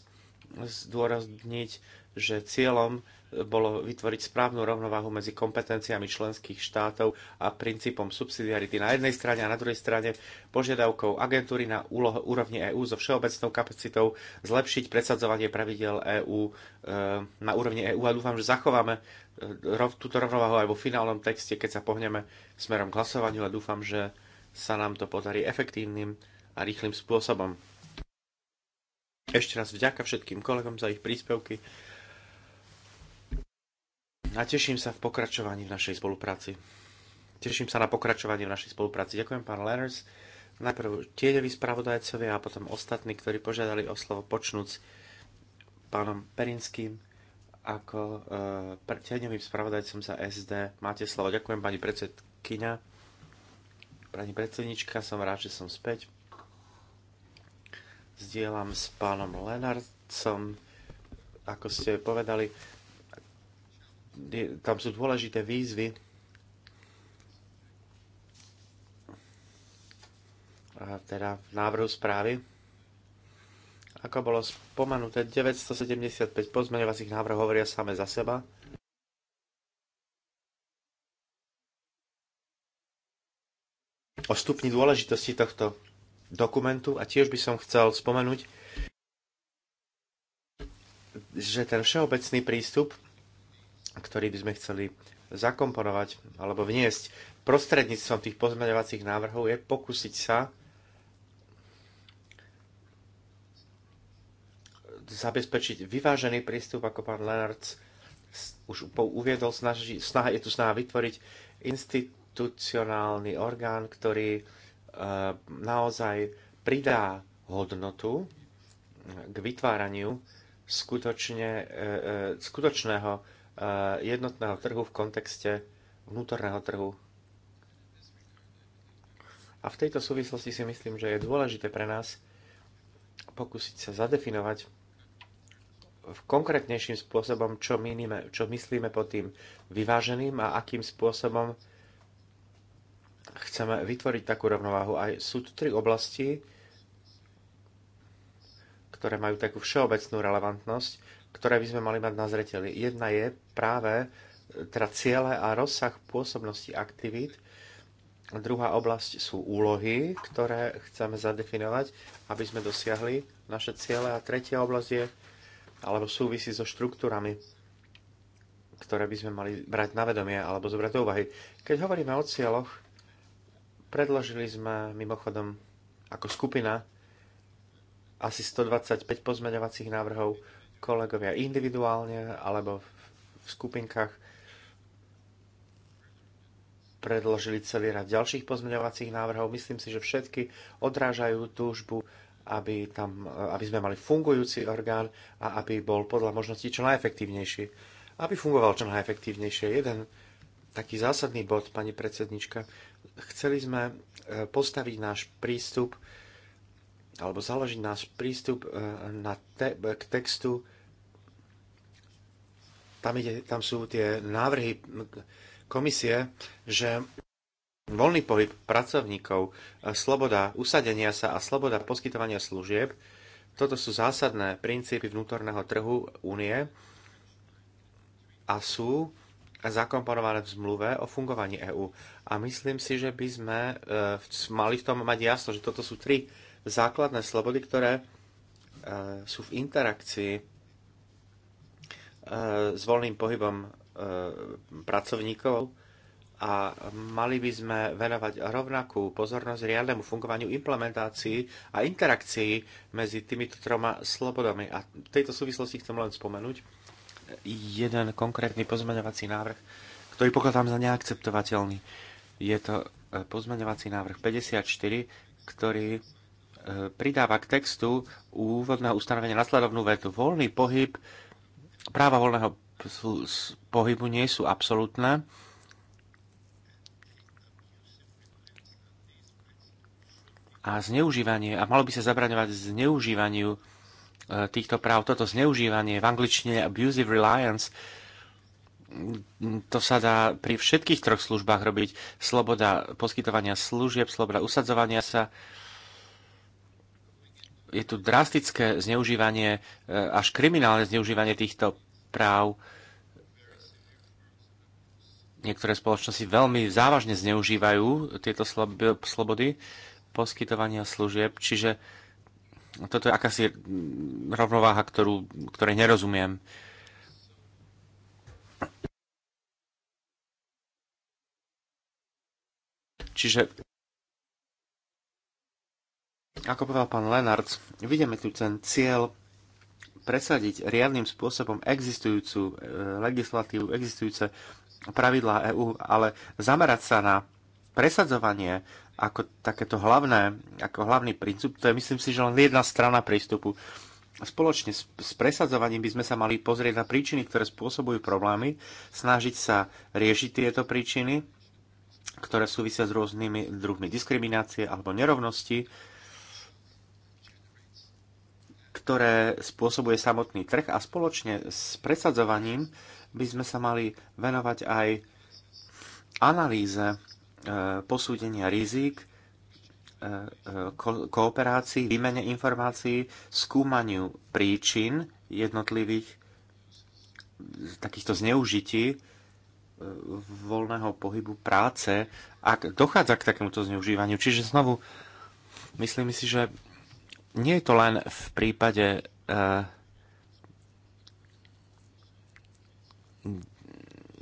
zdôrazniť, že cieľom bolo vytvoriť správnu rovnováhu medzi kompetenciami členských štátov a princípom subsidiarity na jednej strane a na druhej strane požiadavkou agentúry na úloh, úrovni EÚ so všeobecnou kapacitou zlepšiť presadzovanie pravidel EÚ e, na úrovni EÚ a dúfam, že zachováme e, rov, túto rovnováhu aj vo finálnom texte, keď sa pohneme smerom k hlasovaniu a dúfam, že sa nám to podarí efektívnym a rýchlým spôsobom. Ešte raz vďaka všetkým kolegom za ich príspevky a teším sa v pokračovaní v našej spolupráci. Teším sa na pokračovanie v našej spolupráci. Ďakujem, pán Lenners. Najprv tieňoví spravodajcovia a potom ostatní, ktorí požiadali o slovo počnúc pánom Perinským ako e, tieňovým spravodajcom za SD. Máte slovo. Ďakujem, pani predsedkyňa. Pani predsednička, som rád, že som späť. Zdieľam s pánom Lenarcom, ako ste povedali, tam sú dôležité výzvy. A teda v návrhu správy. Ako bolo spomenuté, 975 pozmeňovacích návrhov hovoria same za seba. O stupni dôležitosti tohto dokumentu a tiež by som chcel spomenúť, že ten všeobecný prístup ktorý by sme chceli zakomponovať alebo vniesť prostredníctvom tých pozmeňovacích návrhov je pokúsiť sa zabezpečiť vyvážený prístup, ako pán Lenard už uviedol, snaži, snaha, je tu snaha vytvoriť institucionálny orgán, ktorý e, naozaj pridá hodnotu k vytváraniu skutočne, e, e, skutočného jednotného trhu v kontexte vnútorného trhu. A v tejto súvislosti si myslím, že je dôležité pre nás pokúsiť sa zadefinovať v konkrétnejším spôsobom, čo, minime, čo myslíme pod tým vyváženým a akým spôsobom chceme vytvoriť takú rovnováhu. Aj sú tu tri oblasti, ktoré majú takú všeobecnú relevantnosť ktoré by sme mali mať na zreteli. Jedna je práve e, teda ciele a rozsah pôsobnosti aktivít. Druhá oblasť sú úlohy, ktoré chceme zadefinovať, aby sme dosiahli naše ciele. A tretia oblasť je, alebo súvisí so štruktúrami, ktoré by sme mali brať na vedomie alebo zobrať do úvahy. Keď hovoríme o cieľoch, predložili sme mimochodom ako skupina asi 125 pozmeňovacích návrhov, kolegovia individuálne alebo v skupinkách predložili celý rad ďalších pozmeňovacích návrhov. Myslím si, že všetky odrážajú túžbu, aby, tam, aby sme mali fungujúci orgán a aby bol podľa možností čo najefektívnejší. Aby fungoval čo najefektívnejšie. Jeden taký zásadný bod, pani predsednička. Chceli sme eh, postaviť náš prístup alebo založiť náš prístup e, na te, k textu. Tam, ide, tam sú tie návrhy komisie, že voľný pohyb pracovníkov, e, sloboda usadenia sa a sloboda poskytovania služieb, toto sú zásadné princípy vnútorného trhu únie a sú zakomponované v zmluve o fungovaní EÚ. A myslím si, že by sme e, mali v tom mať jasno, že toto sú tri základné slobody, ktoré e, sú v interakcii e, s voľným pohybom e, pracovníkov a mali by sme venovať rovnakú pozornosť riadnemu fungovaniu implementácií a interakcií medzi týmito troma slobodami. A v tejto súvislosti chcem len spomenúť jeden konkrétny pozmeňovací návrh, ktorý pokladám za neakceptovateľný. Je to pozmeňovací návrh 54, ktorý pridáva k textu úvodného ustanovenia nasledovnú vetu. Voľný pohyb, práva voľného pohybu nie sú absolútne. A zneužívanie, a malo by sa zabraňovať zneužívaniu e, týchto práv, toto zneužívanie v angličtine abusive reliance, to sa dá pri všetkých troch službách robiť. Sloboda poskytovania služieb, sloboda usadzovania sa, je tu drastické zneužívanie, e, až kriminálne zneužívanie týchto práv. Niektoré spoločnosti veľmi závažne zneužívajú tieto slobody poskytovania služieb, čiže toto je akási rovnováha, ktorú, ktorej nerozumiem. Čiže ako povedal pán Lenarc, vidíme tu ten cieľ presadiť riadnym spôsobom existujúcu e, legislatívu, existujúce pravidlá EÚ, ale zamerať sa na presadzovanie ako takéto hlavné, ako hlavný princíp, to je myslím si, že len jedna strana prístupu. Spoločne s, s presadzovaním by sme sa mali pozrieť na príčiny, ktoré spôsobujú problémy, snažiť sa riešiť tieto príčiny, ktoré súvisia s rôznymi druhmi diskriminácie alebo nerovnosti, ktoré spôsobuje samotný trh a spoločne s presadzovaním by sme sa mali venovať aj analýze e, posúdenia rizik, e, e, ko- kooperácii, výmene informácií, skúmaniu príčin jednotlivých takýchto zneužití voľného pohybu práce, ak dochádza k takémuto zneužívaniu. Čiže znovu, myslím si, že nie je to len v prípade eh,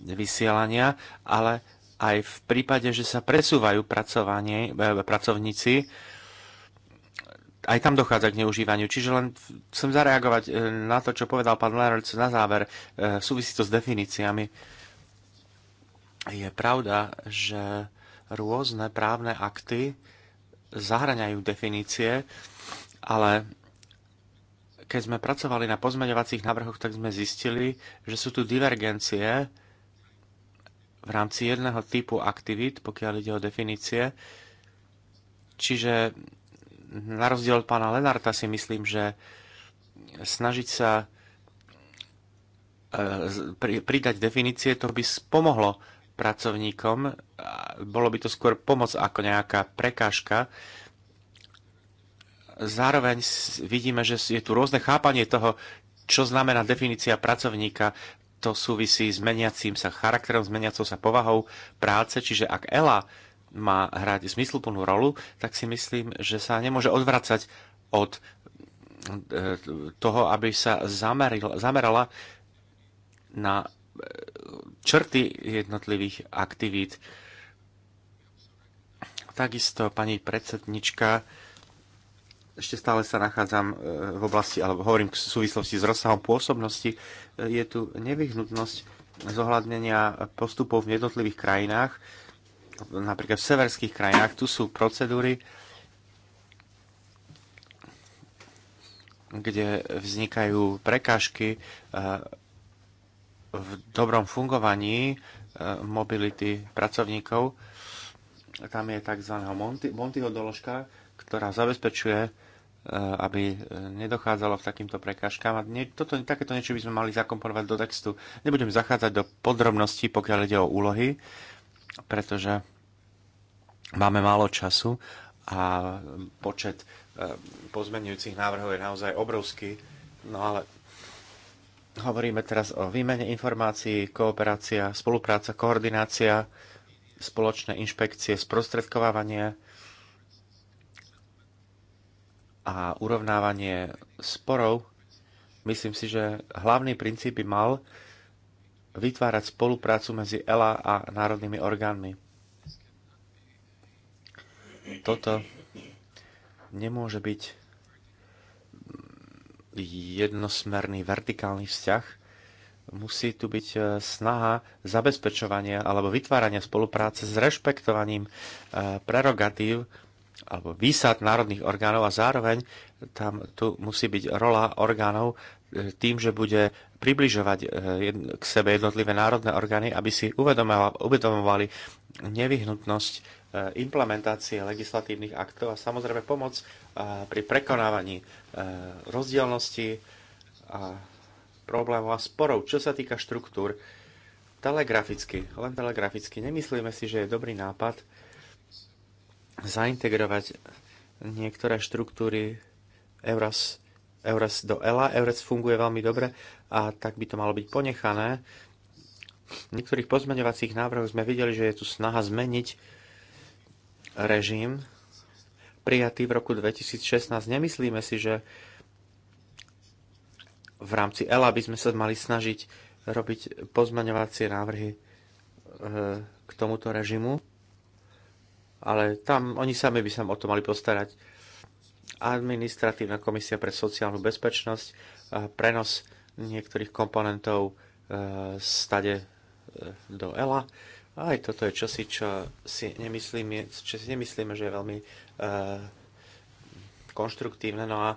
vysielania, ale aj v prípade, že sa presúvajú eh, pracovníci, aj tam dochádza k neužívaniu. Čiže len chcem zareagovať eh, na to, čo povedal pán Lerolc na záver. Súvisí to s definíciami. Je pravda, že rôzne právne akty zahraňajú definície, ale keď sme pracovali na pozmeňovacích návrhoch, tak sme zistili, že sú tu divergencie v rámci jedného typu aktivít, pokiaľ ide o definície. Čiže na rozdiel od pána Lenarta si myslím, že snažiť sa e, pridať definície, to by pomohlo pracovníkom. Bolo by to skôr pomoc ako nejaká prekážka. Zároveň vidíme, že je tu rôzne chápanie toho, čo znamená definícia pracovníka. To súvisí s meniacím sa charakterom, s meniacou sa povahou práce. Čiže ak Ela má hrať zmysluplnú rolu, tak si myslím, že sa nemôže odvracať od e, toho, aby sa zameril, zamerala na e, črty jednotlivých aktivít. Takisto pani predsednička ešte stále sa nachádzam e, v oblasti, alebo hovorím v súvislosti s rozsahom pôsobnosti, e, je tu nevyhnutnosť zohľadnenia postupov v jednotlivých krajinách, napríklad v severských krajinách, tu sú procedúry, kde vznikajú prekážky e, v dobrom fungovaní mobility pracovníkov. Tam je tzv. Monty, Montyho doložka, ktorá zabezpečuje Eh, aby eh, nedochádzalo k takýmto prekážkám. A nie, toto, takéto niečo by sme mali zakomponovať do textu. Nebudem zachádzať do podrobností, pokiaľ ide o úlohy, pretože máme málo času a počet eh, pozmenujúcich návrhov je naozaj obrovský. No ale hovoríme teraz o výmene informácií, kooperácia, spolupráca, koordinácia, spoločné inšpekcie, sprostredkovávanie, a urovnávanie sporov, myslím si, že hlavný princíp by mal vytvárať spoluprácu medzi ELA a národnými orgánmi. Toto nemôže byť jednosmerný vertikálny vzťah. Musí tu byť e, snaha zabezpečovania alebo vytvárania spolupráce s rešpektovaním e, prerogatív alebo výsad národných orgánov a zároveň tam tu musí byť rola orgánov e, tým, že bude približovať e, k sebe jednotlivé národné orgány, aby si uvedomovali nevyhnutnosť e, implementácie legislatívnych aktov a samozrejme pomoc pri prekonávaní rozdielnosti a problémov a sporov. Čo sa týka štruktúr, telegraficky, len telegraficky, nemyslíme si, že je dobrý nápad zaintegrovať niektoré štruktúry Euras, Euras do ELA. Eures funguje veľmi dobre a tak by to malo byť ponechané. V niektorých pozmeňovacích návrhoch sme videli, že je tu snaha zmeniť režim prijatý v roku 2016. Nemyslíme si, že v rámci ELA by sme sa mali snažiť robiť pozmeňovacie návrhy e, k tomuto režimu ale tam oni sami by sa o to mali postarať. Administratívna komisia pre sociálnu bezpečnosť, e, prenos niektorých komponentov e, stade e, do ELA. Aj toto je čosi, čo si, nemyslíme, čo si nemyslíme, že je veľmi konštruktívne. No a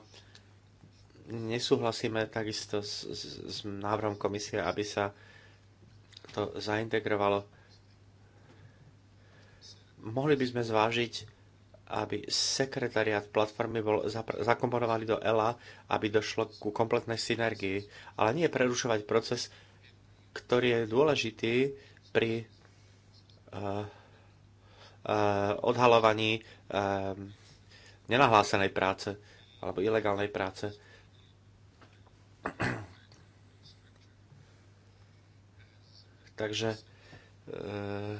nesúhlasíme takisto s, s, s návrhom komisie, aby sa to zaintegrovalo mohli by sme zvážiť, aby sekretariat platformy bol zakomponovaný do ELA, aby došlo ku kompletnej synergii, ale nie prerušovať proces, ktorý je dôležitý pri uh, eh, uh, eh, odhalovaní uh, eh, nenahlásenej práce alebo ilegálnej práce. Takže uh,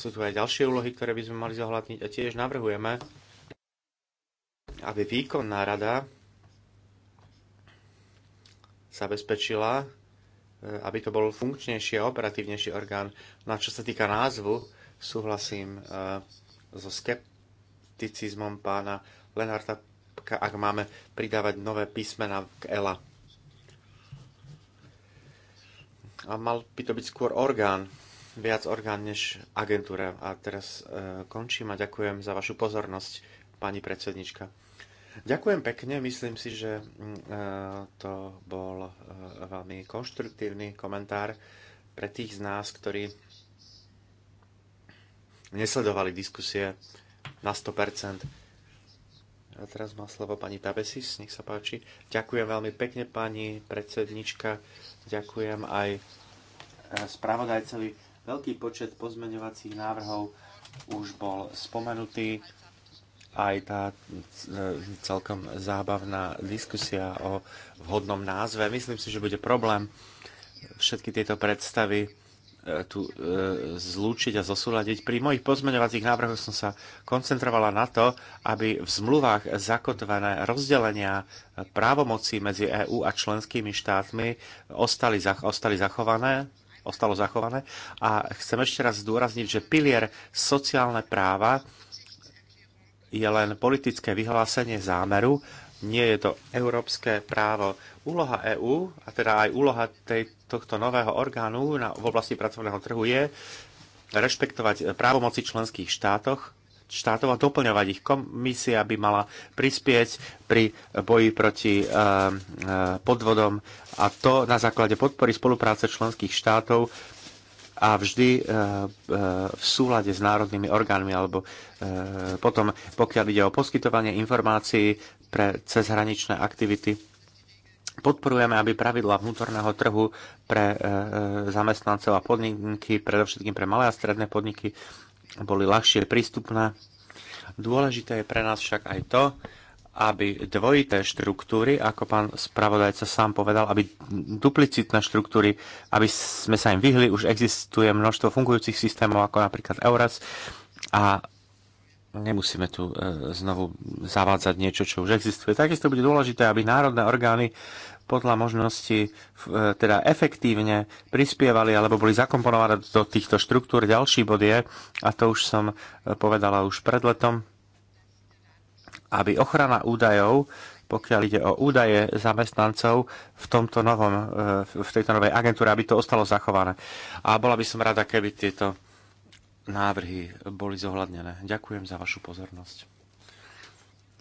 sú tu aj ďalšie úlohy, ktoré by sme mali zohľadniť a tiež navrhujeme, aby výkonná rada zabezpečila, e, aby to bol funkčnejší a operatívnejší orgán. No a čo sa týka názvu, súhlasím e, so skepticizmom pána Lenarta, ak máme pridávať nové písmena k ELA. A mal by to byť skôr orgán, viac orgán než agentúra. A teraz e, končím a ďakujem za vašu pozornosť, pani predsednička. Ďakujem pekne, myslím si, že mm, e, to bol e, veľmi konštruktívny komentár pre tých z nás, ktorí nesledovali diskusie na 100%. A teraz má slovo pani Tabesis, nech sa páči. Ďakujem veľmi pekne, pani predsednička. Ďakujem aj e, spravodajcovi Veľký počet pozmeňovacích návrhov už bol spomenutý. Aj tá e, celkom zábavná diskusia o vhodnom názve. Myslím si, že bude problém všetky tieto predstavy e, tu e, zlúčiť a zosúľadiť. Pri mojich pozmeňovacích návrhoch som sa koncentrovala na to, aby v zmluvách zakotvené rozdelenia právomocí medzi EÚ a členskými štátmi ostali, ostali zachované ostalo zachované. A chcem ešte raz zdôrazniť, že pilier sociálne práva je len politické vyhlásenie zámeru, nie je to európske právo. Úloha EÚ, a teda aj úloha tej, tohto nového orgánu na, v oblasti pracovného trhu je rešpektovať právomoci členských štátoch štátov a doplňovať ich. Komisia by mala prispieť pri boji proti eh, eh, podvodom a to na základe podpory spolupráce členských štátov a vždy eh, v súlade s národnými orgánmi alebo potom, pokiaľ ide o poskytovanie informácií pre cezhraničné aktivity. Podporujeme, aby pravidla vnútorného trhu pre zamestnancov a podniky, predovšetkým pre malé a stredné podniky, boli ľahšie prístupné. Dôležité je pre nás však aj to, aby dvojité štruktúry, ako pán spravodajca sám povedal, aby duplicitné štruktúry, aby sme sa im vyhli, už existuje množstvo fungujúcich systémov, ako napríklad Euras a nemusíme tu e, znovu zavádzať niečo, čo už existuje. Takisto bude dôležité, aby národné orgány podľa možnosti e, teda efektívne prispievali alebo boli zakomponované do týchto štruktúr. Ďalší bod je, a to už som e, povedala už pred letom, aby ochrana údajov, pokiaľ ide o údaje zamestnancov v tomto novom, e, v tejto novej agentúre, aby to ostalo zachované. A bola by som rada, keby tieto návrhy boli zohľadnené. Ďakujem za vašu pozornosť.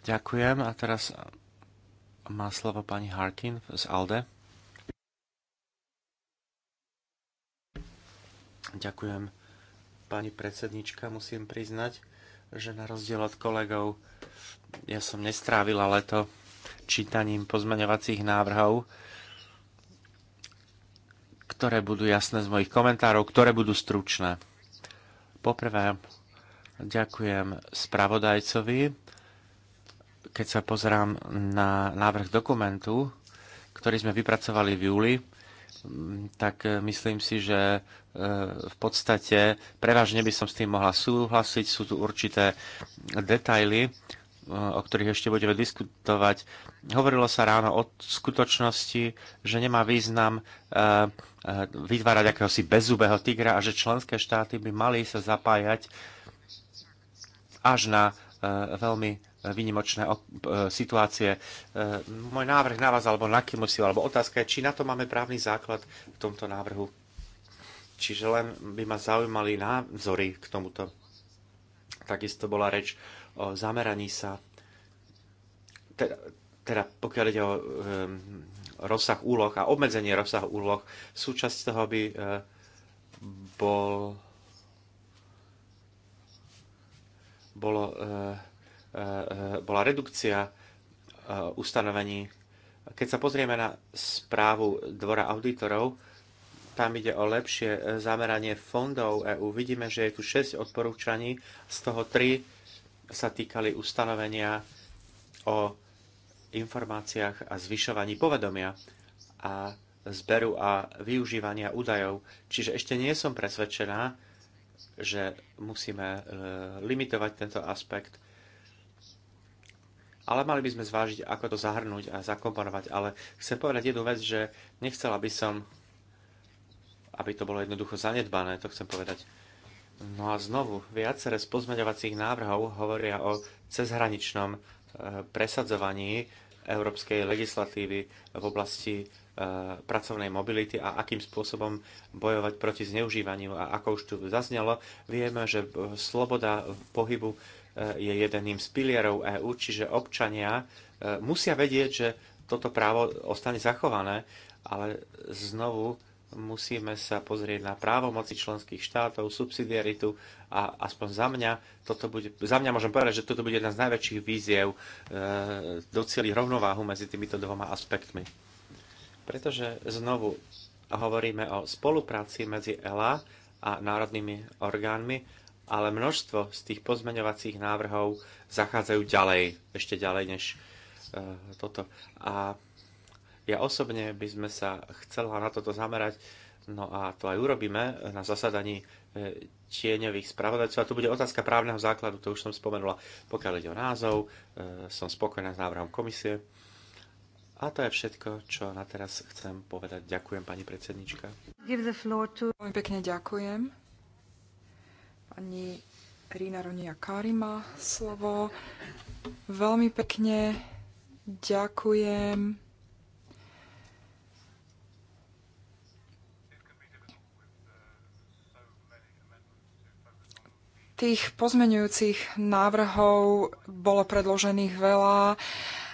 Ďakujem a teraz má slovo pani Harkin z ALDE. Ďakujem. Pani predsednička, musím priznať, že na rozdiel od kolegov ja som nestrávila leto čítaním pozmeňovacích návrhov, ktoré budú jasné z mojich komentárov, ktoré budú stručné. Poprvé, ďakujem spravodajcovi keď sa pozerám na návrh dokumentu, ktorý sme vypracovali v júli, tak e, myslím si, že e, v podstate prevažne by som s tým mohla súhlasiť. Sú tu určité detaily, e, o ktorých ešte budeme diskutovať. Hovorilo sa ráno o skutočnosti, že nemá význam vytvárať akéhosi bezubého tigra a že členské štáty by mali sa zapájať až na veľmi výnimočné e, situácie. E, môj návrh na vás alebo na Kimusiu, alebo otázka je, či na to máme právny základ v tomto návrhu. Čiže len by ma zaujímali názory k tomuto. Takisto bola reč o zameraní sa, teda, teda pokiaľ ide o um, rozsah úloh a obmedzenie rozsahu úloh, súčasť toho by uh, bol bolo uh, Eh, bola redukcia eh, ustanovení. Keď sa pozrieme na správu Dvora auditorov, tam ide o lepšie eh, zameranie fondov EU. Vidíme, že je tu 6 odporúčaní, z toho 3 sa týkali ustanovenia o informáciách a zvyšovaní povedomia a zberu a využívania údajov. Čiže ešte nie som presvedčená, že musíme limitovať tento aspekt ale mali by sme zvážiť, ako to zahrnúť a zakomponovať. Ale chcem povedať jednu vec, že nechcela by som, aby to bolo jednoducho zanedbané, to chcem povedať. No a znovu, viacere z pozmeňovacích návrhov hovoria o cezhraničnom e, presadzovaní európskej legislatívy v oblasti e, pracovnej mobility a akým spôsobom bojovať proti zneužívaniu. A ako už tu zaznelo, vieme, že e, sloboda pohybu Eh, je jedným z pilierov EÚ, čiže občania eh, musia vedieť, že toto právo ostane zachované, ale znovu musíme sa pozrieť na právomoci členských štátov, subsidiaritu a aspoň za mňa, toto bude, za mňa môžem povedať, že toto bude jedna z najväčších víziev e, eh, docieliť rovnováhu medzi týmito dvoma aspektmi. Pretože znovu hovoríme o spolupráci medzi ELA a národnými orgánmi ale množstvo z tých pozmeňovacích návrhov zachádzajú ďalej, ešte ďalej než uh, toto. A ja osobne by sme sa chcela na toto zamerať, no a to aj urobíme na zasadaní eh, tieňových spravodajcov. A tu bude otázka právneho základu, to už som spomenula. Pokiaľ ide o názov, eh, som spokojná s návrhom komisie. A to je všetko, čo na teraz chcem povedať. Ďakujem, pani predsednička. Give the floor to... Pekne ďakujem pani Rina Ronia Karima slovo. Veľmi pekne ďakujem. Tých pozmeňujúcich návrhov bolo predložených veľa.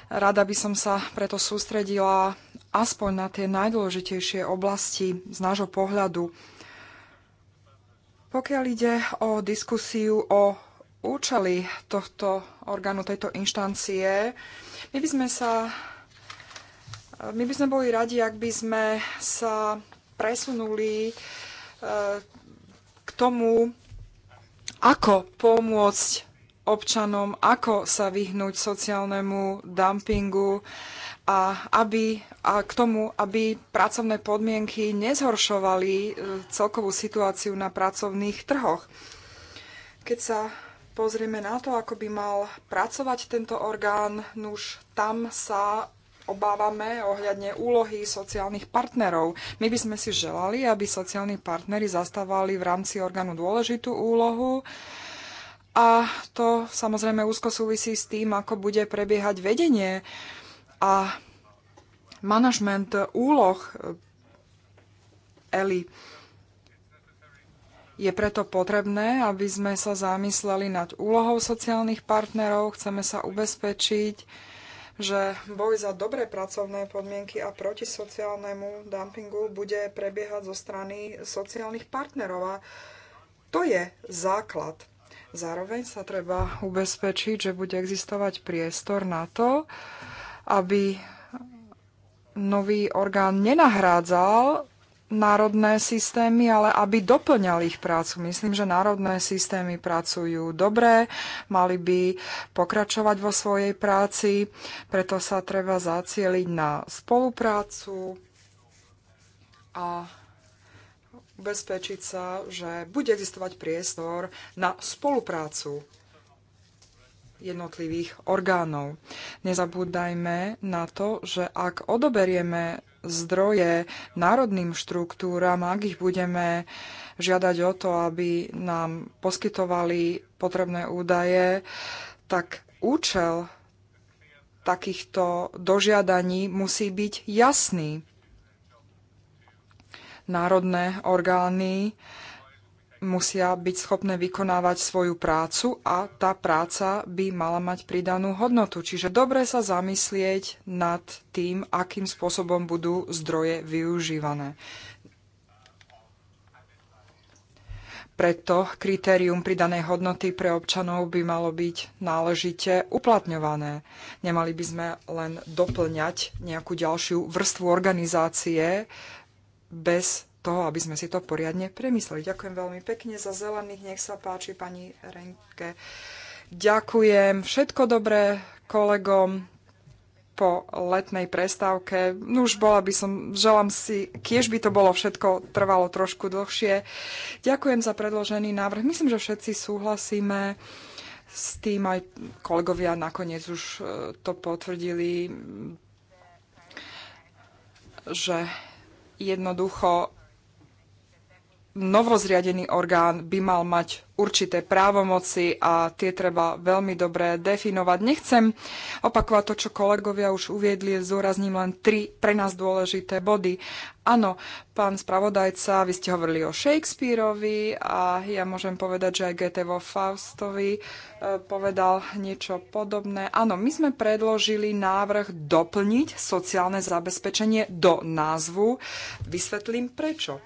Rada by som sa preto sústredila aspoň na tie najdôležitejšie oblasti z nášho pohľadu. Pokiaľ ide o diskusiu o účely tohto orgánu, tejto inštancie, my by sme sa my by sme boli radi, ak by sme sa presunuli e, k tomu, ako pomôcť občanom, ako sa vyhnúť sociálnemu dumpingu, a, aby, a k tomu, aby pracovné podmienky nezhoršovali e, celkovú situáciu na pracovných trhoch. Keď sa pozrieme na to, ako by mal pracovať tento orgán, nuž tam sa obávame ohľadne úlohy sociálnych partnerov. My by sme si želali, aby sociálni partnery zastávali v rámci orgánu dôležitú úlohu, a to samozrejme úzko súvisí s tým, ako bude prebiehať vedenie a manažment úloh eh, Eli. Je preto potrebné, aby sme sa zamysleli nad úlohou sociálnych partnerov. Chceme sa ubezpečiť, že boj za dobré pracovné podmienky a proti sociálnemu dumpingu bude prebiehať zo strany sociálnych partnerov. A to je základ. Zároveň sa treba ubezpečiť, že bude existovať priestor na to, aby nový orgán nenahrádzal národné systémy, ale aby doplňal ich prácu. Myslím, že národné systémy pracujú dobre, mali by pokračovať vo svojej práci, preto sa treba zacieliť na spoluprácu a ubezpečiť sa, že bude existovať priestor na spoluprácu jednotlivých orgánov. Nezabúdajme na to, že ak odoberieme zdroje národným štruktúram, ak ich budeme žiadať o to, aby nám poskytovali potrebné údaje, tak účel takýchto dožiadaní musí byť jasný. Národné orgány musia byť schopné vykonávať svoju prácu a tá práca by mala mať pridanú hodnotu. Čiže dobre sa zamyslieť nad tým, akým spôsobom budú zdroje využívané. Preto kritérium pridanej hodnoty pre občanov by malo byť náležite uplatňované. Nemali by sme len doplňať nejakú ďalšiu vrstvu organizácie bez toho, aby sme si to poriadne premysleli. Ďakujem veľmi pekne za zelených, nech sa páči pani Renke. Ďakujem, všetko dobré kolegom po letnej prestávke. No už bola by som, želám si, kiež by to bolo všetko trvalo trošku dlhšie. Ďakujem za predložený návrh. Myslím, že všetci súhlasíme s tým, aj kolegovia nakoniec už e, to potvrdili, že jednoducho novozriadený orgán by mal mať určité právomoci a tie treba veľmi dobre definovať. Nechcem opakovať to, čo kolegovia už uviedli, zúrazním len tri pre nás dôležité body. Áno, pán spravodajca, vy ste hovorili o Shakespeareovi a ja môžem povedať, že aj GT vo Faustovi e, povedal niečo podobné. Áno, my sme predložili návrh doplniť sociálne zabezpečenie do názvu. Vysvetlím prečo.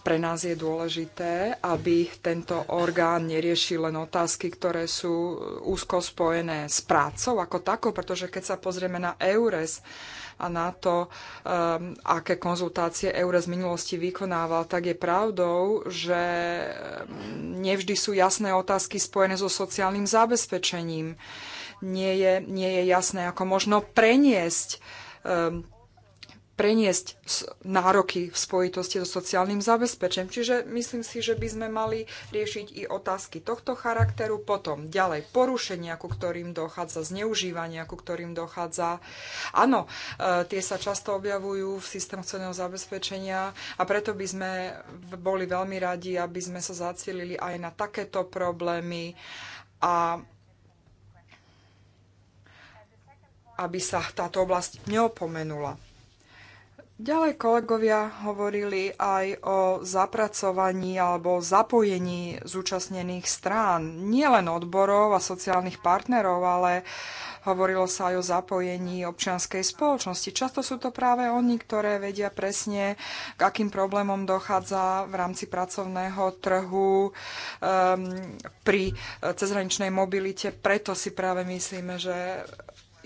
Pre nás je dôležité, aby tento orgán neriešil len otázky, ktoré sú uh, úzko spojené s prácou ako takou, pretože keď sa pozrieme na EURES a na to, um, aké konzultácie EURES v minulosti vykonával, tak je pravdou, že um, nevždy sú jasné otázky spojené so sociálnym zabezpečením. Nie je, nie je jasné, ako možno preniesť um, preniesť nároky v spojitosti so sociálnym zabezpečením. Čiže myslím si, že by sme mali riešiť i otázky tohto charakteru, potom ďalej porušenia, ku ktorým dochádza, zneužívania, ku ktorým dochádza. Áno, e, tie sa často objavujú v systému sociálneho zabezpečenia a preto by sme boli veľmi radi, aby sme sa zacielili aj na takéto problémy a aby sa táto oblasť neopomenula. Ďalej kolegovia hovorili aj o zapracovaní alebo zapojení zúčastnených strán, nielen odborov a sociálnych partnerov, ale hovorilo sa aj o zapojení občianskej spoločnosti. Často sú to práve oni, ktoré vedia presne, k akým problémom dochádza v rámci pracovného trhu um, pri cezhraničnej mobilite. Preto si práve myslíme, že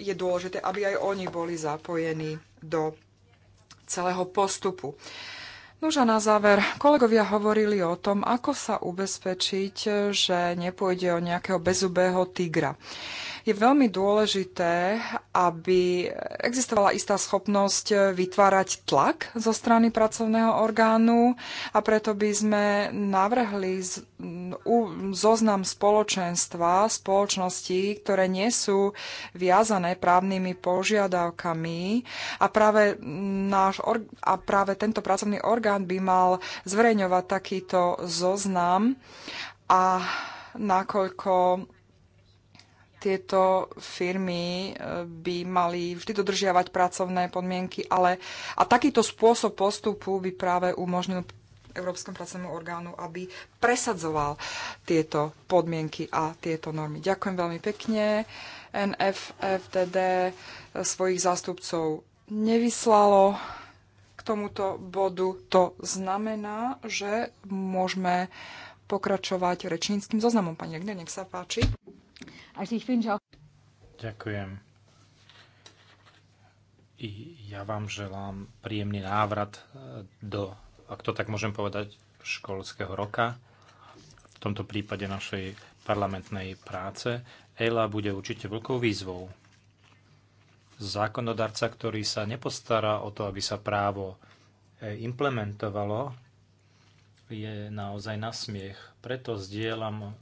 je dôležité, aby aj oni boli zapojení do celého postupu. Nuž a na záver, kolegovia hovorili o tom, ako sa ubezpečiť, že nepôjde o nejakého bezubého tigra je veľmi dôležité, aby existovala istá schopnosť vytvárať tlak zo strany pracovného orgánu a preto by sme navrhli zoznam spoločenstva, spoločnosti, ktoré nie sú viazané právnymi požiadavkami a práve, náš a práve tento pracovný orgán by mal zverejňovať takýto zoznam a nakoľko tieto firmy e, by mali vždy dodržiavať pracovné podmienky, ale a takýto spôsob postupu by práve umožnil Európskom pracovnému orgánu, aby presadzoval tieto podmienky a tieto normy. Ďakujem veľmi pekne. NFFTD svojich zástupcov nevyslalo k tomuto bodu. To znamená, že môžeme pokračovať rečníckým zoznamom. Pani Agne, nech sa páči. Also ich wünsche auch... Ďakujem. I ja vám želám príjemný návrat e, do, ak to tak môžem povedať, školského roka, v tomto prípade našej parlamentnej práce. ELA bude určite veľkou výzvou. Zákonodarca, ktorý sa nepostará o to, aby sa právo e, implementovalo, je naozaj na smiech. Preto zdieľam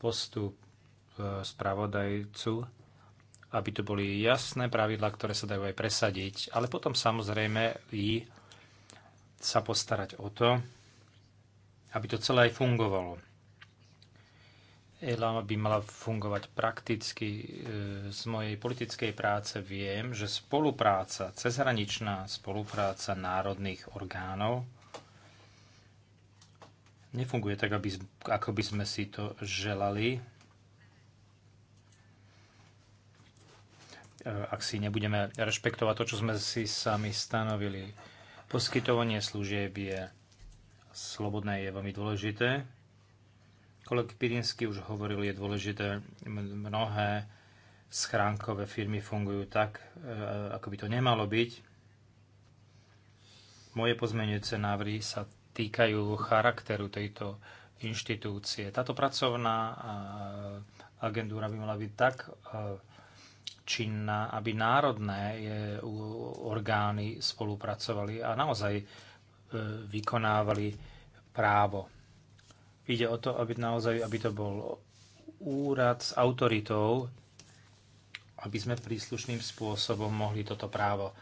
postup e, spravodajcu, aby to boli jasné pravidlá, ktoré sa dajú aj presadiť, ale potom samozrejme i sa postarať o to, aby to celé aj fungovalo. ELA by mala fungovať prakticky. E, z mojej politickej práce viem, že spolupráca, cezhraničná spolupráca národných orgánov nefunguje tak, aby, ako by sme si to želali. E, ak si nebudeme rešpektovať to, čo sme si sami stanovili. Poskytovanie služieb je slobodné, je veľmi dôležité. Koleg Pirinsky už hovoril, je dôležité mnohé schránkové firmy fungujú tak, e, ako by to nemalo byť. Moje pozmenujúce návrhy sa týkajú charakteru tejto inštitúcie. Táto pracovná agentúra by mala byť tak činná, aby národné e, orgány spolupracovali a naozaj e, vykonávali právo. Ide o to, aby, naozaj, aby to bol úrad s autoritou, aby sme príslušným spôsobom mohli toto právo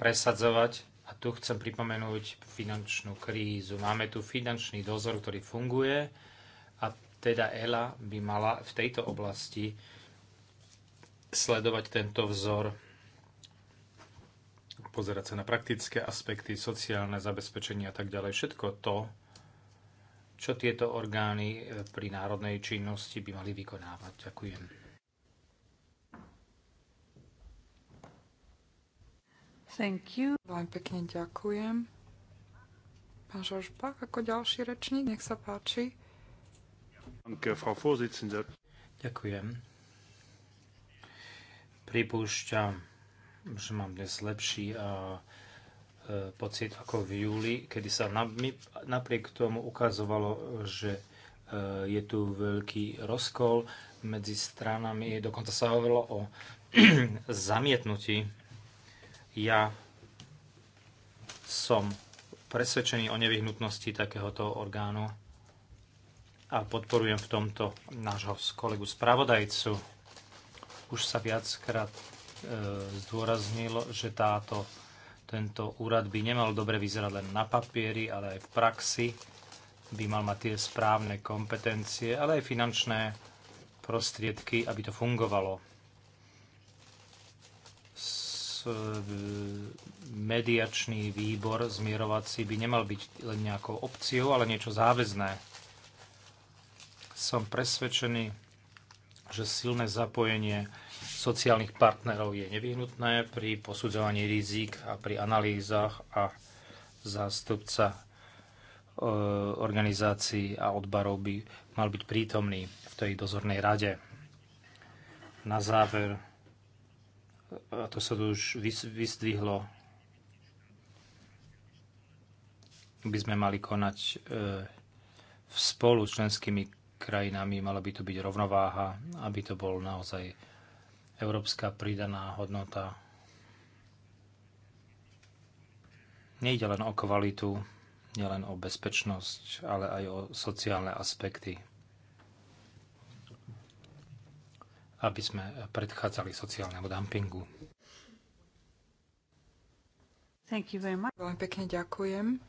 presadzovať tu chcem pripomenúť finančnú krízu. Máme tu finančný dozor, ktorý funguje a teda ELA by mala v tejto oblasti sledovať tento vzor, pozerať sa na praktické aspekty, sociálne zabezpečenie a tak ďalej. Všetko to, čo tieto orgány pri národnej činnosti by mali vykonávať. Ďakujem. Thank you. Veľmi pekne ďakujem. Pán Žožbach, ako ďalší rečník, nech sa páči. Ďakujem. Pripúšťam, že mám dnes lepší a, e, pocit ako v júli, kedy sa mi, napriek tomu ukazovalo, že e, je tu veľký rozkol medzi stranami. Dokonca sa hovorilo o zamietnutí ja som presvedčený o nevyhnutnosti takéhoto orgánu a podporujem v tomto nášho kolegu spravodajcu. Už sa viackrát e, zdôraznil, že táto, tento úrad by nemal dobre vyzerať len na papieri, ale aj v praxi by mal mať tie správne kompetencie, ale aj finančné prostriedky, aby to fungovalo. E, mediačný výbor zmierovací by nemal byť len nejakou opciou, ale niečo záväzné. Som presvedčený, že silné zapojenie sociálnych partnerov je nevyhnutné pri posudzovaní rizik a pri analýzach a zástupca e, organizácií a odbarov by mal byť prítomný v tej dozornej rade. Na záver a to sa tu už vyzdvihlo, by sme mali konať v e, spolu s členskými krajinami, mala by tu byť rovnováha, aby to bol naozaj európska pridaná hodnota. Nejde len o kvalitu, nielen o bezpečnosť, ale aj o sociálne aspekty aby sme predchádzali sociálnemu dumpingu. Thank you very much. Veľmi pekne ďakujem.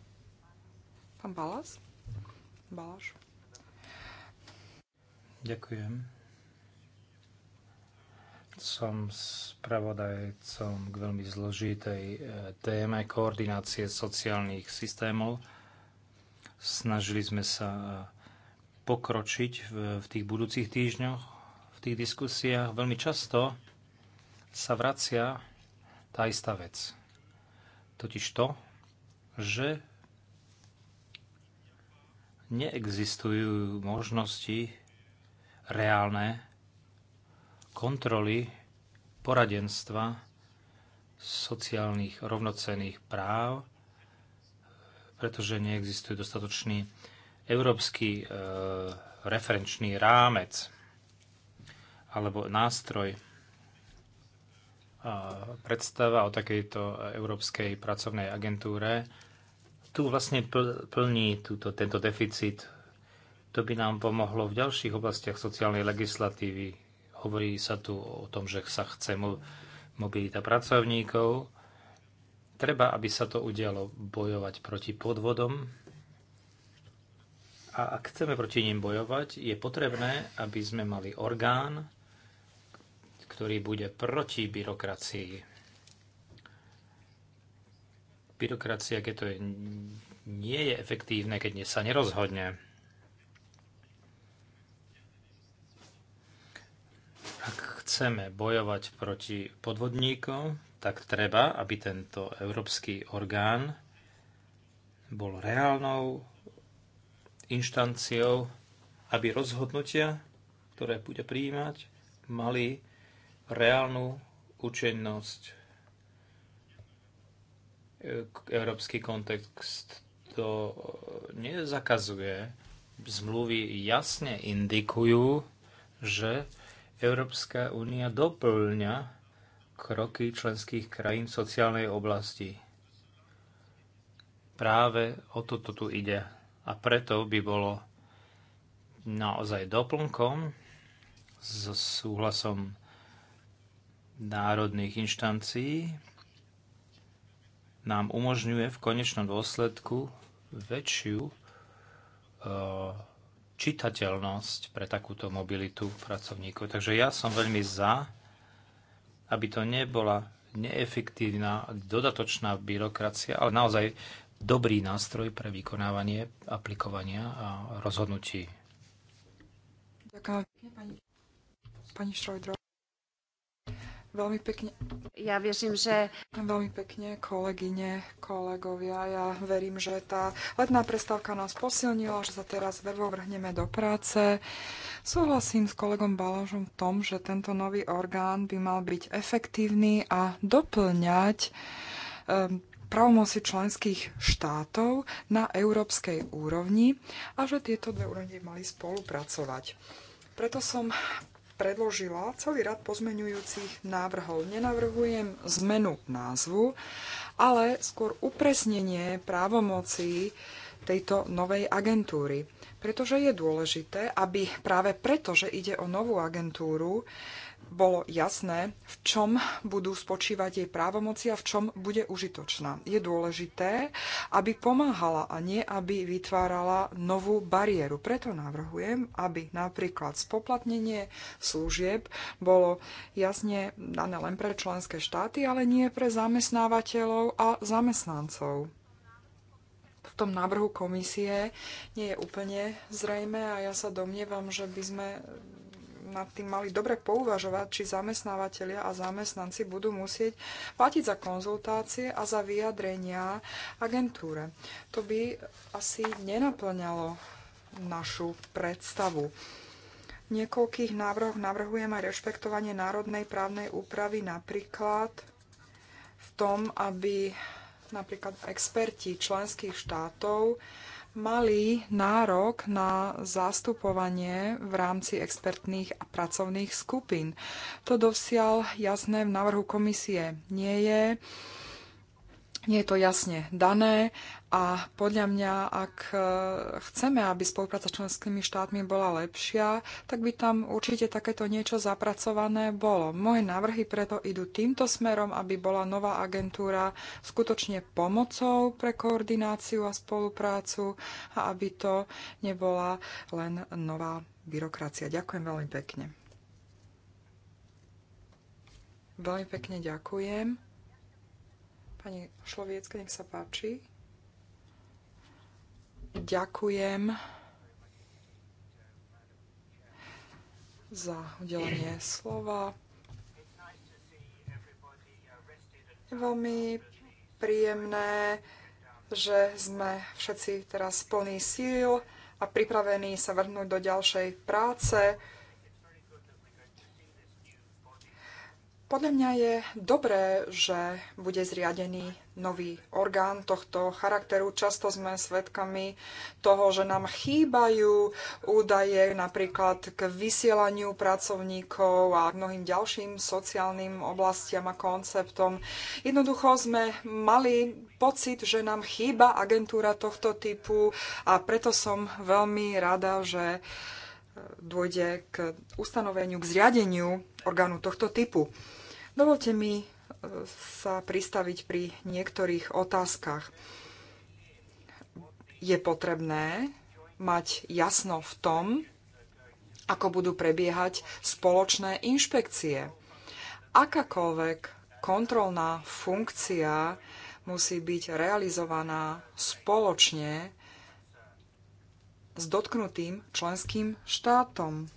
Pán Balas? Balaš? Ďakujem. Som spravodajcom k veľmi zložitej e, téme koordinácie sociálnych systémov. Snažili sme sa e, pokročiť v, v tých budúcich týždňoch tých diskusiách veľmi často sa vracia tá istá vec. Totiž to, že neexistujú možnosti reálne kontroly poradenstva sociálnych rovnocených práv, pretože neexistuje dostatočný európsky e, referenčný rámec alebo nástroj predstava o takejto Európskej pracovnej agentúre tu vlastne plní túto, tento deficit. To by nám pomohlo v ďalších oblastiach sociálnej legislatívy. Hovorí sa tu o tom, že sa chce mobilita pracovníkov. Treba, aby sa to udialo bojovať proti podvodom. A ak chceme proti ním bojovať, je potrebné, aby sme mali orgán, ktorý bude proti byrokracii. Byrokracia, keď to je, nie je efektívne, keď sa nerozhodne. Ak chceme bojovať proti podvodníkom, tak treba, aby tento európsky orgán bol reálnou inštanciou, aby rozhodnutia, ktoré bude prijímať, mali reálnu účinnosť, e, európsky kontext to e, nezakazuje. Zmluvy jasne indikujú, že Európska únia doplňa kroky členských krajín v sociálnej oblasti. Práve o toto tu ide. A preto by bolo naozaj doplnkom s súhlasom národných inštancií nám umožňuje v konečnom dôsledku väčšiu e, čitateľnosť pre takúto mobilitu pracovníkov. Takže ja som veľmi za, aby to nebola neefektívna dodatočná byrokracia, ale naozaj dobrý nástroj pre vykonávanie aplikovania a rozhodnutí. Ďakujem pani, pani Šrojdro. Veľmi pekne. Ja verím, že... Veľmi pekne, kolegyne, kolegovia. Ja verím, že tá letná prestávka nás posilnila, že sa teraz vervo vrhneme do práce. Súhlasím s kolegom Balážom v tom, že tento nový orgán by mal byť efektívny a doplňať um, pravomoci členských štátov na európskej úrovni a že tieto dve úrovne mali spolupracovať. Preto som predložila celý rad pozmenujúcich návrhov. Nenavrhujem zmenu názvu, ale skôr upresnenie právomocí tejto novej agentúry. Pretože je dôležité, aby práve preto, že ide o novú agentúru, bolo jasné, v čom budú spočívať jej právomoci a v čom bude užitočná. Je dôležité, aby pomáhala a nie aby vytvárala novú bariéru. Preto navrhujem, aby napríklad spoplatnenie služieb bolo jasne dané len pre členské štáty, ale nie pre zamestnávateľov a zamestnancov v tom návrhu komisie nie je úplne zrejme a ja sa domnievam, že by sme nad tým mali dobre pouvažovať, či zamestnávateľia a zamestnanci budú musieť platiť za konzultácie a za vyjadrenia agentúre. To by asi nenaplňalo našu predstavu niekoľkých návrhoch navrhujem aj rešpektovanie národnej právnej úpravy napríklad v tom, aby napríklad experti členských štátov mali nárok na zastupovanie v rámci expertných a pracovných skupín. To dosial jasné v návrhu komisie nie je. Nie je to jasne dané a podľa mňa, ak e, chceme, aby spolupráca s členskými štátmi bola lepšia, tak by tam určite takéto niečo zapracované bolo. Moje návrhy preto idú týmto smerom, aby bola nová agentúra skutočne pomocou pre koordináciu a spoluprácu a aby to nebola len nová byrokracia. Ďakujem veľmi pekne. Veľmi pekne ďakujem. Pani Šloviecka, nech sa páči. Ďakujem za udelenie slova. Je veľmi príjemné, že sme všetci teraz plní síl a pripravení sa vrhnúť do ďalšej práce. Podľa mňa je dobré, že bude zriadený nový orgán tohto charakteru. Často sme svedkami toho, že nám chýbajú údaje napríklad k vysielaniu pracovníkov a k mnohým ďalším sociálnym oblastiam a konceptom. Jednoducho sme mali pocit, že nám chýba agentúra tohto typu a preto som veľmi rada, že dôjde k ustanoveniu, k zriadeniu orgánu tohto typu. Dovolte mi sa pristaviť pri niektorých otázkach. Je potrebné mať jasno v tom, ako budú prebiehať spoločné inšpekcie. Akákoľvek kontrolná funkcia musí byť realizovaná spoločne s dotknutým členským štátom.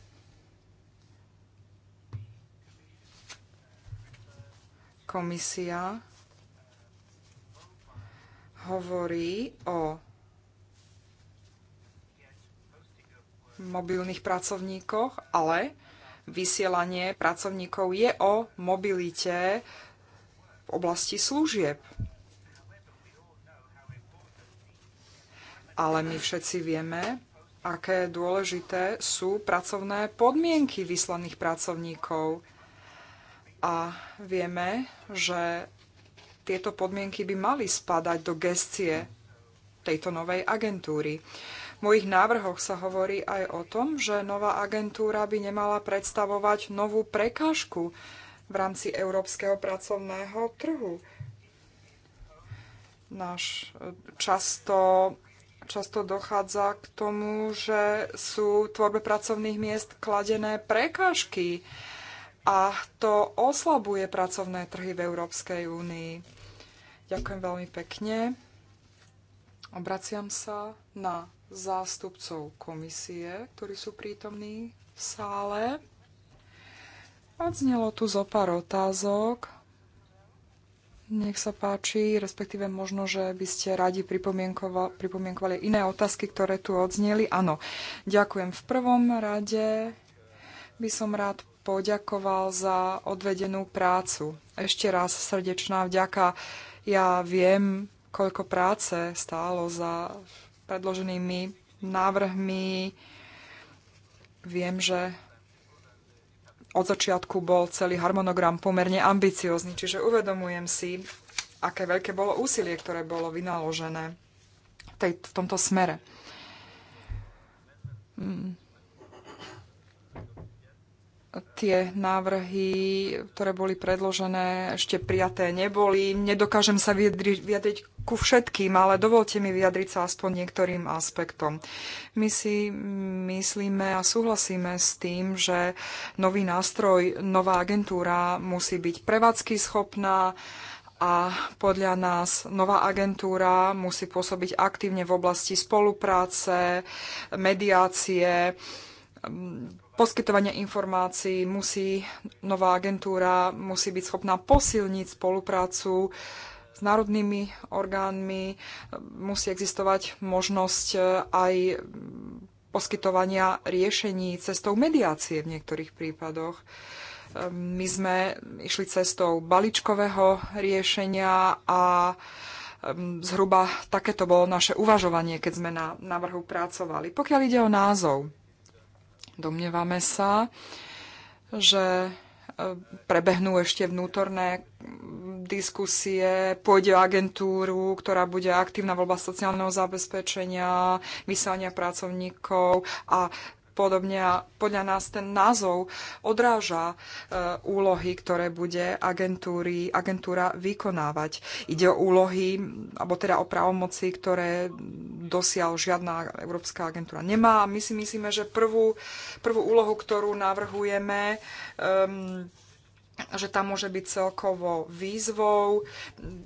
Komisia hovorí o mobilných pracovníkoch, ale vysielanie pracovníkov je o mobilite v oblasti služieb. Ale my všetci vieme, aké dôležité sú pracovné podmienky vyslaných pracovníkov a vieme, že tieto podmienky by mali spadať do gestie tejto novej agentúry. V mojich návrhoch sa hovorí aj o tom, že nová agentúra by nemala predstavovať novú prekážku v rámci európskeho pracovného trhu. Náš často často dochádza k tomu, že sú tvorbe pracovných miest kladené prekážky a to oslabuje pracovné trhy v Európskej únii. Ďakujem veľmi pekne. Obraciam sa na zástupcov komisie, ktorí sú prítomní v sále. Odznelo tu zo pár otázok. Nech sa páči, respektíve možno, že by ste radi pripomienkovali iné otázky, ktoré tu odzneli. Áno, ďakujem. V prvom rade by som rád poďakoval za odvedenú prácu. Ešte raz srdečná vďaka. Ja viem, koľko práce stálo za predloženými návrhmi. Viem, že od začiatku bol celý harmonogram pomerne ambiciózny, čiže uvedomujem si, aké veľké bolo úsilie, ktoré bolo vynaložené v, tej, v tomto smere. Mm tie návrhy, ktoré boli predložené, ešte prijaté neboli. Nedokážem sa vyjadri, vyjadriť ku všetkým, ale dovolte mi vyjadriť sa aspoň niektorým aspektom. My si myslíme a súhlasíme s tým, že nový nástroj, nová agentúra musí byť prevádzky schopná, a podľa nás nová agentúra musí pôsobiť aktívne v oblasti spolupráce, mediácie, poskytovania informácií musí nová agentúra musí byť schopná posilniť spoluprácu s národnými orgánmi, musí existovať možnosť e, aj poskytovania riešení cestou mediácie v niektorých prípadoch. E, my sme išli cestou balíčkového riešenia a zhruba takéto bolo naše uvažovanie, keď sme na návrhu pracovali. Pokiaľ ide o názov, Domnievame sa, že e, prebehnú ešte vnútorné diskusie, pôjde o agentúru, ktorá bude aktívna voľba sociálneho zabezpečenia, vysielania pracovníkov a Podobne, podľa nás ten názov odráža e, úlohy, ktoré bude agentúry, agentúra vykonávať. Ide o úlohy, alebo teda o právomoci, ktoré dosiaľ žiadna Európska agentúra nemá. My si myslíme, že prvú, prvú úlohu, ktorú navrhujeme, um, že tam môže byť celkovo výzvou.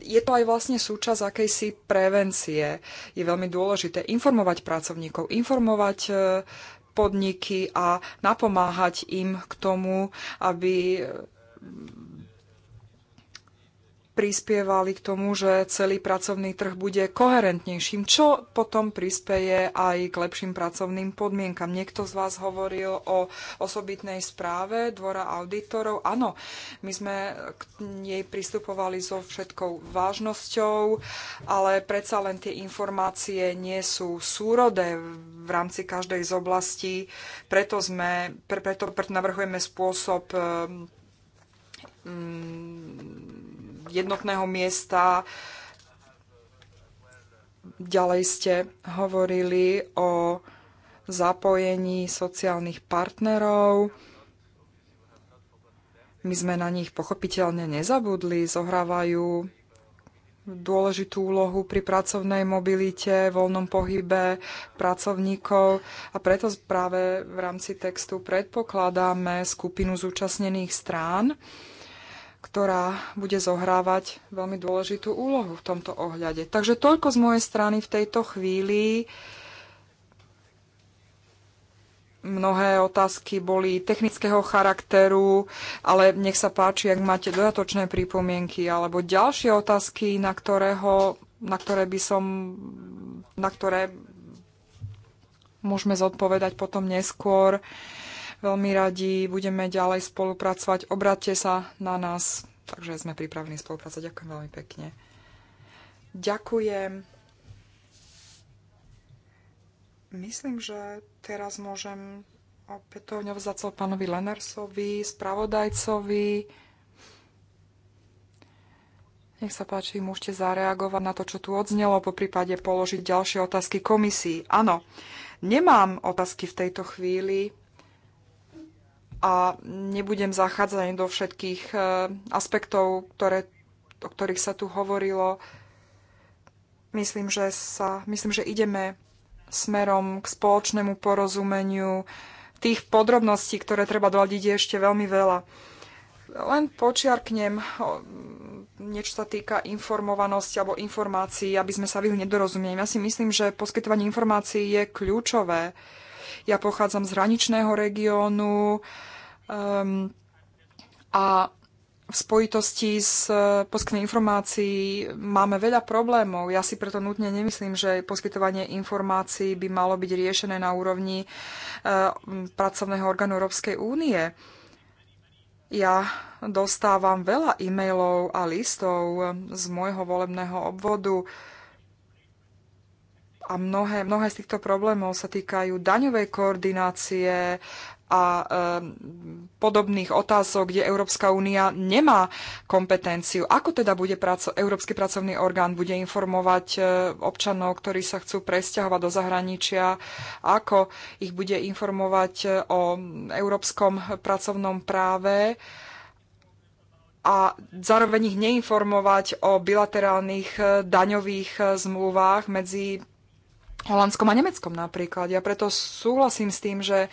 Je to aj vlastne súčasť akejsi prevencie. Je veľmi dôležité informovať pracovníkov, informovať e, podniky a napomáhať im k tomu, aby prispievali k tomu, že celý pracovný trh bude koherentnejším, čo potom prispieje aj k lepším pracovným podmienkam. Niekto z vás hovoril o osobitnej správe Dvora auditorov. Áno, my sme k nej pristupovali so všetkou vážnosťou, ale predsa len tie informácie nie sú súrodé v rámci každej z oblastí, preto, sme, preto navrhujeme spôsob um, jednotného miesta. Ďalej ste hovorili o zapojení sociálnych partnerov. My sme na nich pochopiteľne nezabudli, zohrávajú dôležitú úlohu pri pracovnej mobilite, voľnom pohybe pracovníkov a preto práve v rámci textu predpokladáme skupinu zúčastnených strán, ktorá bude zohrávať veľmi dôležitú úlohu v tomto ohľade. Takže toľko z mojej strany v tejto chvíli. Mnohé otázky boli technického charakteru, ale nech sa páči, ak máte dodatočné pripomienky alebo ďalšie otázky, na, ktorého, na ktoré by som, na ktoré môžeme zodpovedať potom neskôr. Uh, Veľmi radi budeme ďalej spolupracovať. Obráťte sa na nás, takže sme pripravení spolupracovať. Ďakujem veľmi pekne. Ďakujem. Myslím, že teraz môžem opätovne vzdať slovo pánovi Lenersovi, spravodajcovi. Nech sa páči, môžete zareagovať na to, čo tu odznelo, po prípade položiť ďalšie otázky komisii. Áno, nemám otázky v tejto chvíli a nebudem zachádzať do všetkých e, aspektov, ktoré, o ktorých sa tu hovorilo. Myslím, že, sa, myslím, že ideme smerom k spoločnému porozumeniu. Tých podrobností, ktoré treba doľadiť, je ešte veľmi veľa. Len počiarknem, niečo sa týka informovanosti alebo informácií, aby sme sa vyhli nedorozumiením. Ja si myslím, že poskytovanie informácií je kľúčové. Ja pochádzam z hraničného regiónu, Um, a v spojitosti s eh, poskytným informácií máme veľa problémov. Ja si preto nutne nemyslím, že poskytovanie informácií by malo byť riešené na úrovni eh, pracovného orgánu Európskej únie. Ja dostávam veľa e-mailov a listov eh, z môjho volebného obvodu a mnohé, mnohé z týchto problémov sa týkajú daňovej koordinácie, a podobných otázok, kde Európska únia nemá kompetenciu. Ako teda bude praco- Európsky pracovný orgán bude informovať e, občanov, ktorí sa chcú presťahovať do zahraničia? Ako ich bude informovať e, o európskom pracovnom práve? a zároveň ich neinformovať o bilaterálnych e, daňových zmluvách medzi Holandskom a Nemeckom napríklad. Ja preto súhlasím s tým, že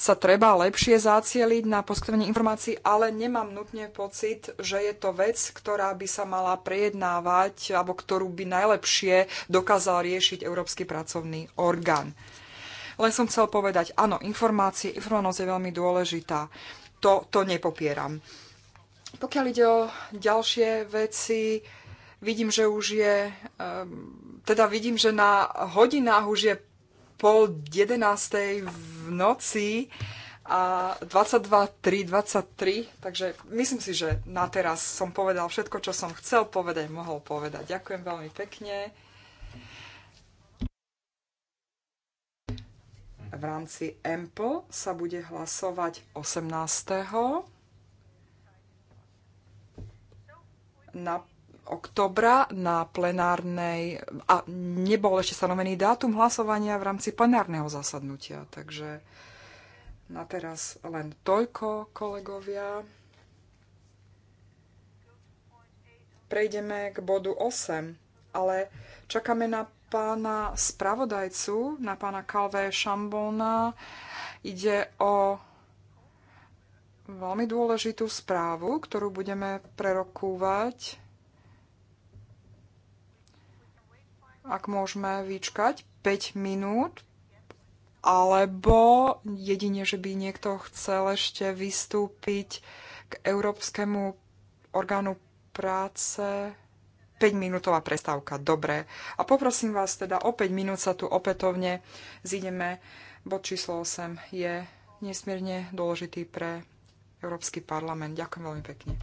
sa treba lepšie zacieliť na poskytovanie informácií, ale nemám nutne pocit, že je to vec, ktorá by sa mala prejednávať alebo ktorú by najlepšie dokázal riešiť Európsky pracovný orgán. Len som chcel povedať, áno, informácie, informovanosť je veľmi dôležitá. To, to nepopieram. Pokiaľ ide o ďalšie veci, vidím, že už je, ehm, teda vidím, že na hodinách už je pol jedenástej v noci a 22.3.23, takže myslím si, že na teraz som povedal všetko, čo som chcel povedať, mohol povedať. Ďakujem veľmi pekne. V rámci EMPL sa bude hlasovať 18. Na oktobra na plenárnej a nebol ešte stanovený dátum hlasovania v rámci plenárneho zasadnutia. Takže na teraz len toľko, kolegovia. Prejdeme k bodu 8, ale čakáme na pána spravodajcu, na pána Calvé Šambona. Ide o veľmi dôležitú správu, ktorú budeme prerokúvať ak môžeme vyčkať 5 minút, alebo jedine, že by niekto chcel ešte vystúpiť k Európskemu orgánu práce. 5-minútová prestávka, dobre. A poprosím vás teda, o 5 minút sa tu opätovne zídeme. Bod číslo 8 je nesmierne dôležitý pre Európsky parlament. Ďakujem veľmi pekne.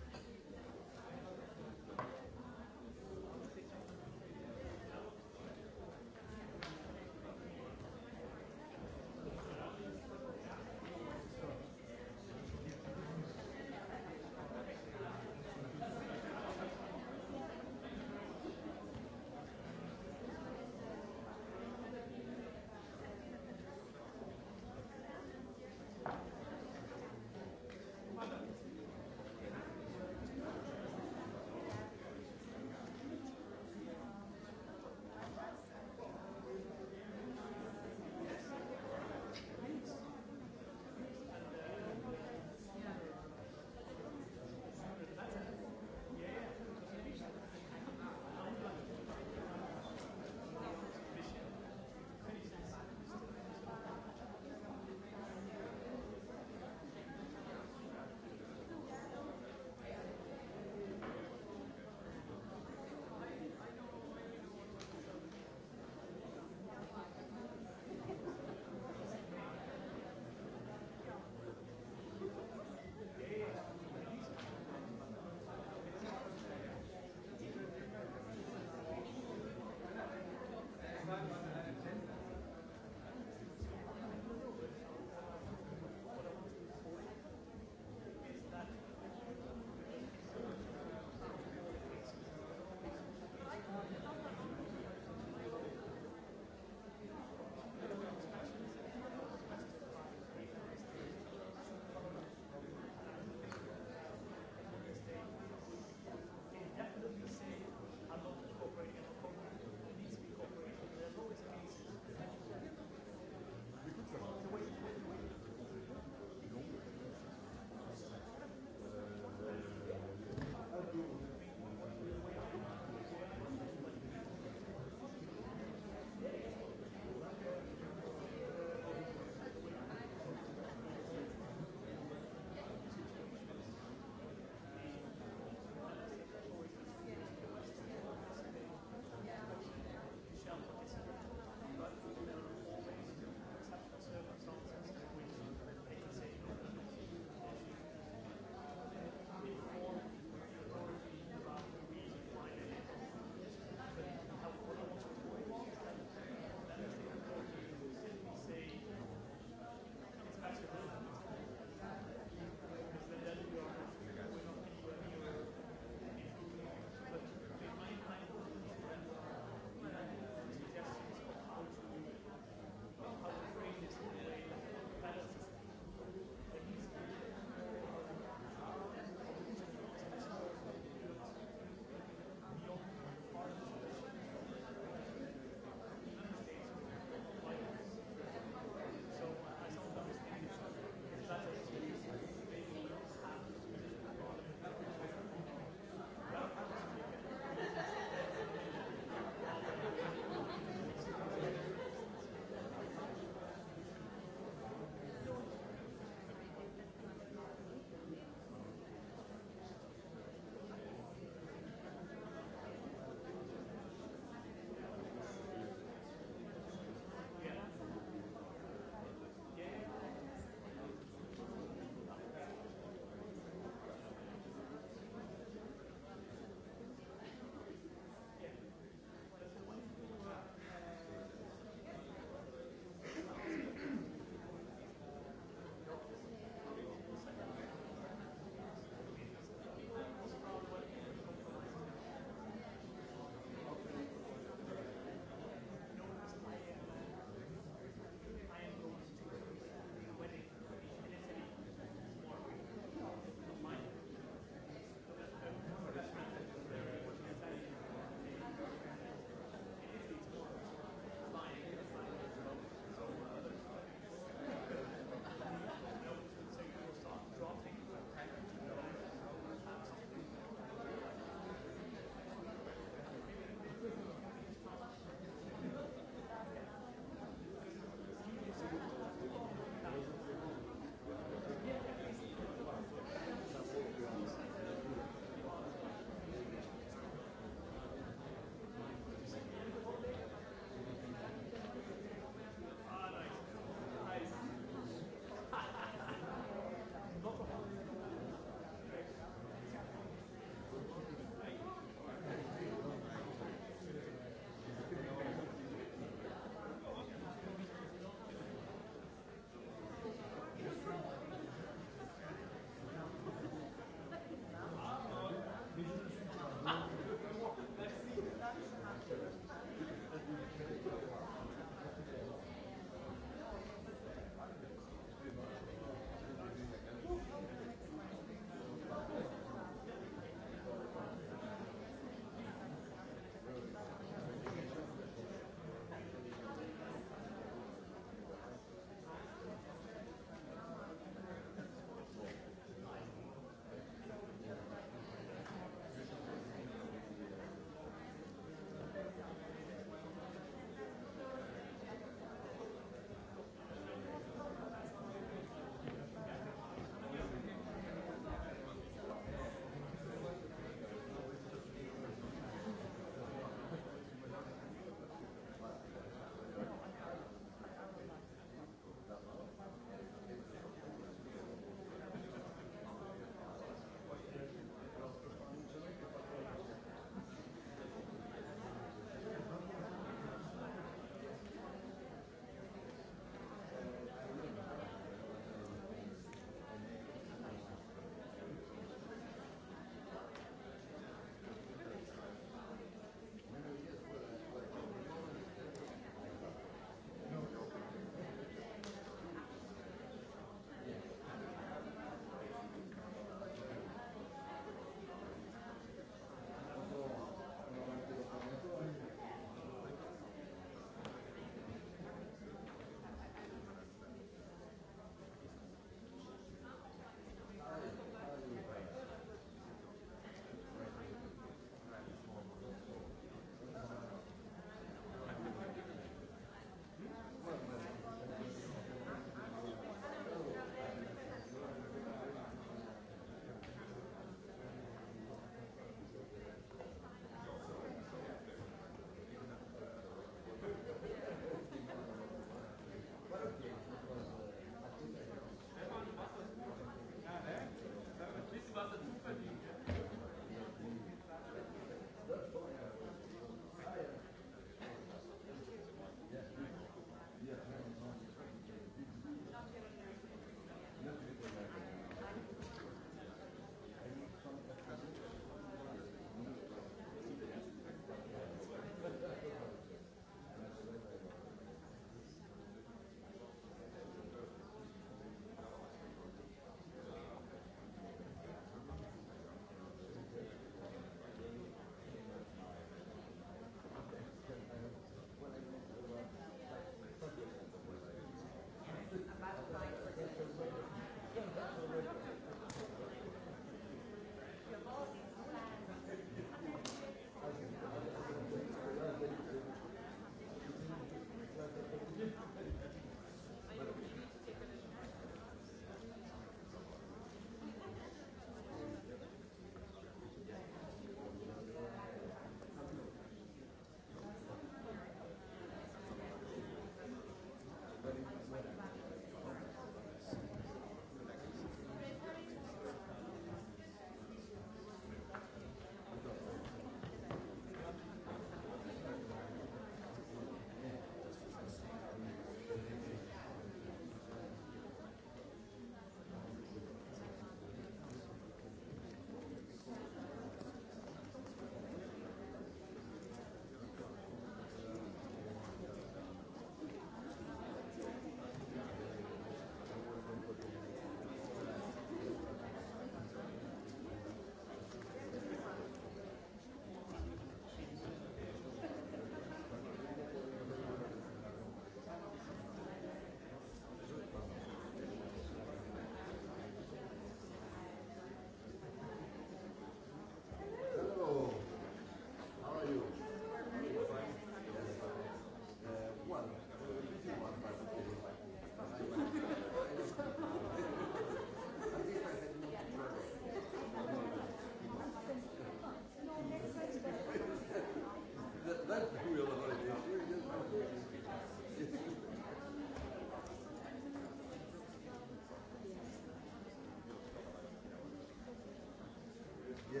Yeah.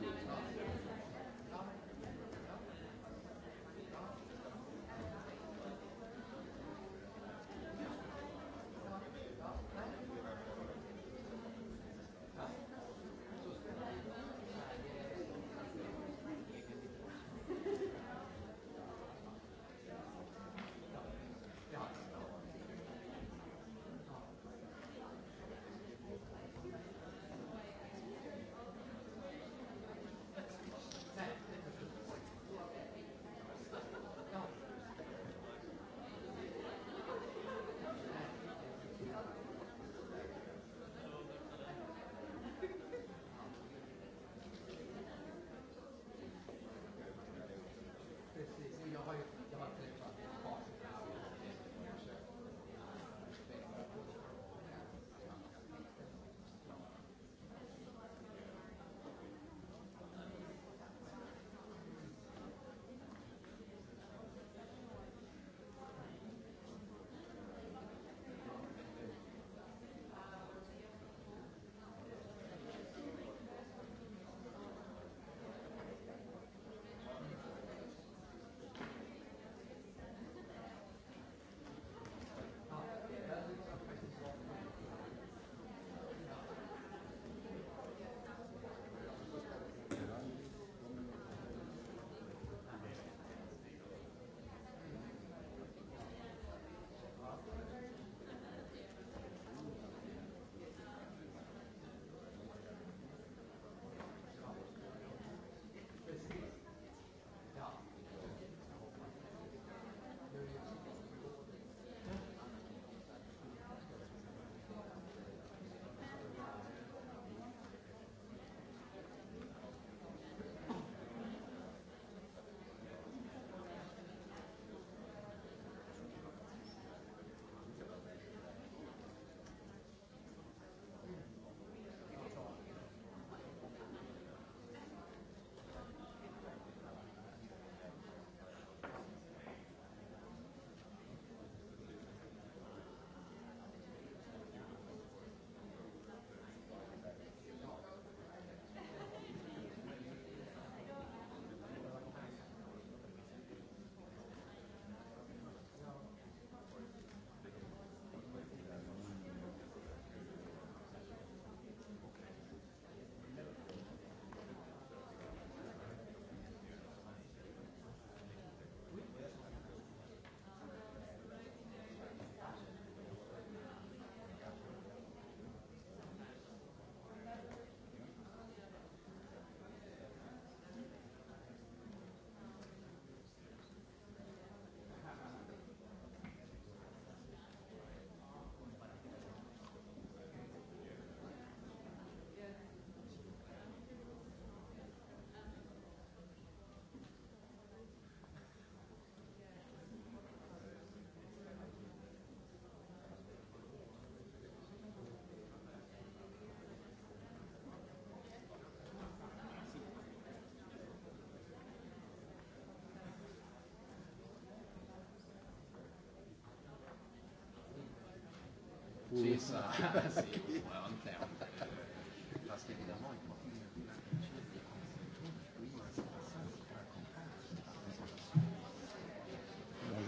oui, c'est ça, c'est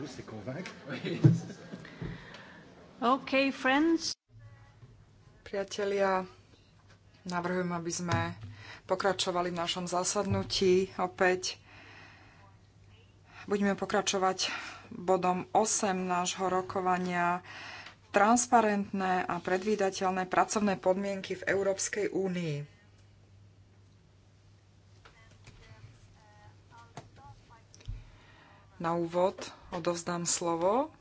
c'est OK, friends. Priatelia, navrhujem, aby sme pokračovali v našom zasadnutí opäť. Budeme pokračovať bodom 8 nášho rokovania transparentné a predvídateľné pracovné podmienky v Európskej únii. Na úvod odovzdám slovo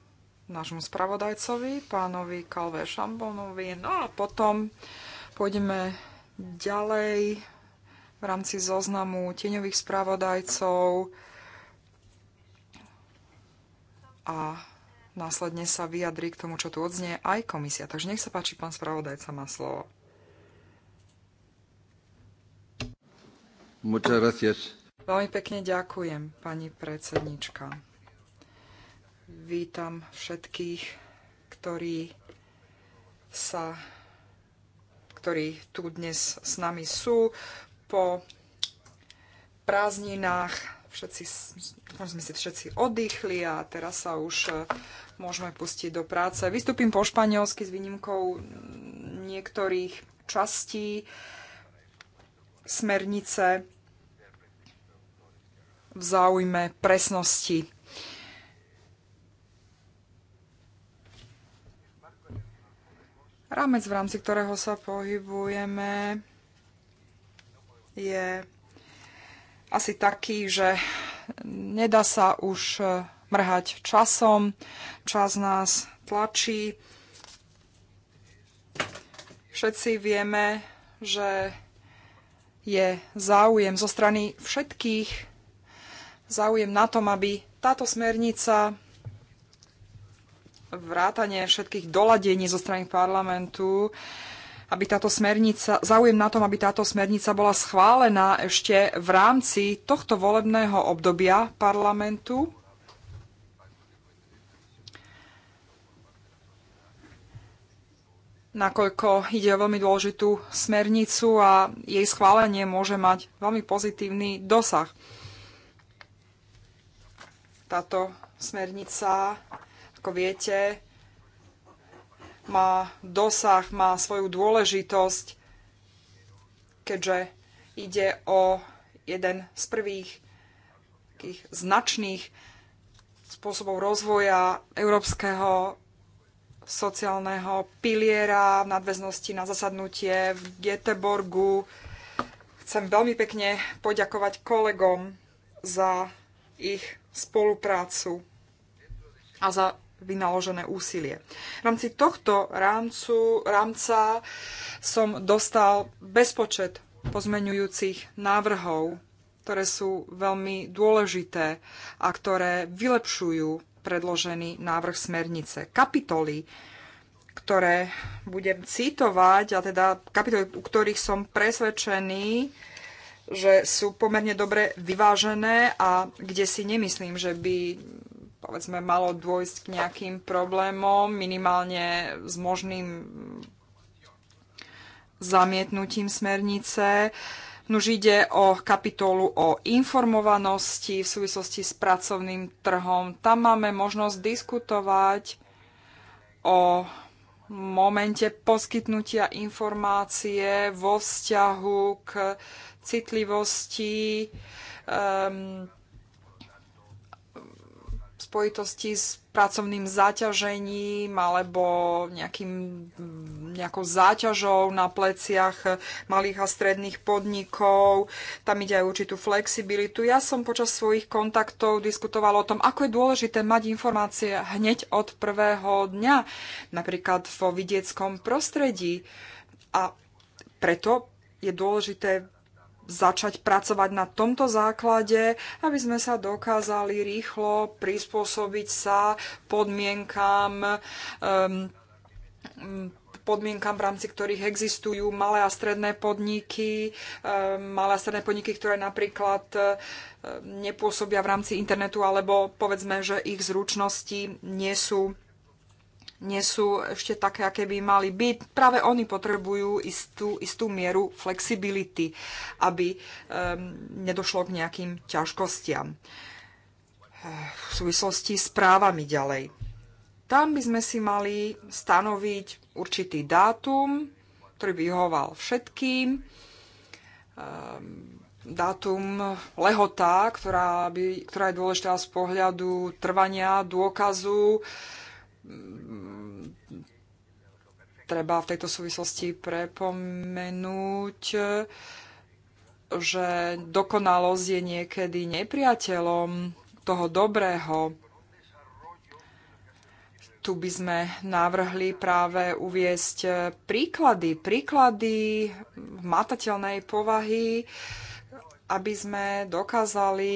nášmu spravodajcovi, pánovi Kalve Šambonovi. No a potom pôjdeme ďalej v rámci zoznamu tieňových spravodajcov a následne sa vyjadri k tomu, čo tu odznie aj komisia. Takže nech sa páči, pán spravodajca má slovo. Veľmi pekne ďakujem, pani predsednička. Vítam všetkých, ktorí sa ktorí tu dnes s nami sú. Po prázdninách všetci, tam sme si všetci oddychli a teraz sa už e, môžeme pustiť do práce. Vystúpim po španielsky s výnimkou niektorých častí smernice v záujme presnosti. Rámec, v rámci ktorého sa pohybujeme, je asi taký, že nedá sa už e, mrhať časom, čas nás tlačí. Všetci vieme, že je záujem zo strany všetkých, záujem na tom, aby táto smernica vrátanie všetkých doladení zo strany parlamentu aby táto smernica, záujem na tom, aby táto smernica bola schválená ešte v rámci tohto volebného obdobia parlamentu. nakoľko ide o veľmi dôležitú smernicu a jej schválenie môže mať veľmi pozitívny dosah. Táto smernica, ako viete, má dosah, má svoju dôležitosť, keďže ide o jeden z prvých takých značných spôsobov rozvoja európskeho sociálneho piliera v nadväznosti na zasadnutie v Göteborgu. Chcem veľmi pekne poďakovať kolegom za ich spoluprácu a za vynaložené úsilie. V rámci tohto rámcu, rámca som dostal bezpočet pozmeňujúcich návrhov, ktoré sú veľmi dôležité a ktoré vylepšujú predložený návrh smernice. Kapitoly, ktoré budem citovať, a teda kapitoly, u ktorých som presvedčený, že sú pomerne dobre vyvážené a kde si nemyslím, že by povedzme, malo dôjsť k nejakým problémom, minimálne s možným zamietnutím smernice. Nuž ide o kapitolu o informovanosti v súvislosti s pracovným trhom. Tam máme možnosť diskutovať o momente poskytnutia informácie vo vzťahu k citlivosti um, spojitosti s pracovným zaťažením alebo nejakým, nejakou záťažou na pleciach malých a stredných podnikov. Tam ide aj určitú flexibilitu. Ja som počas svojich kontaktov diskutovala o tom, ako je dôležité mať informácie hneď od prvého dňa, napríklad vo vidieckom prostredí. A preto je dôležité začať pracovať na tomto základe, aby sme sa dokázali rýchlo prispôsobiť sa podmienkam um, podmienkam, v rámci ktorých existujú malé a stredné podniky, malé a stredné podniky, ktoré napríklad nepôsobia v rámci internetu, alebo povedzme, že ich zručnosti nie sú nie sú ešte také, aké by mali byť. Práve oni potrebujú istú, istú mieru flexibility, aby um, nedošlo k nejakým ťažkostiam eh, v súvislosti s právami ďalej. Tam by sme si mali stanoviť určitý dátum, ktorý by hoval všetkým. Um, dátum lehota, ktorá, by, ktorá je dôležitá z pohľadu trvania dôkazu treba v tejto súvislosti prepomenúť, že dokonalosť je niekedy nepriateľom toho dobrého. Tu by sme navrhli práve uviesť príklady, príklady matateľnej povahy, aby sme dokázali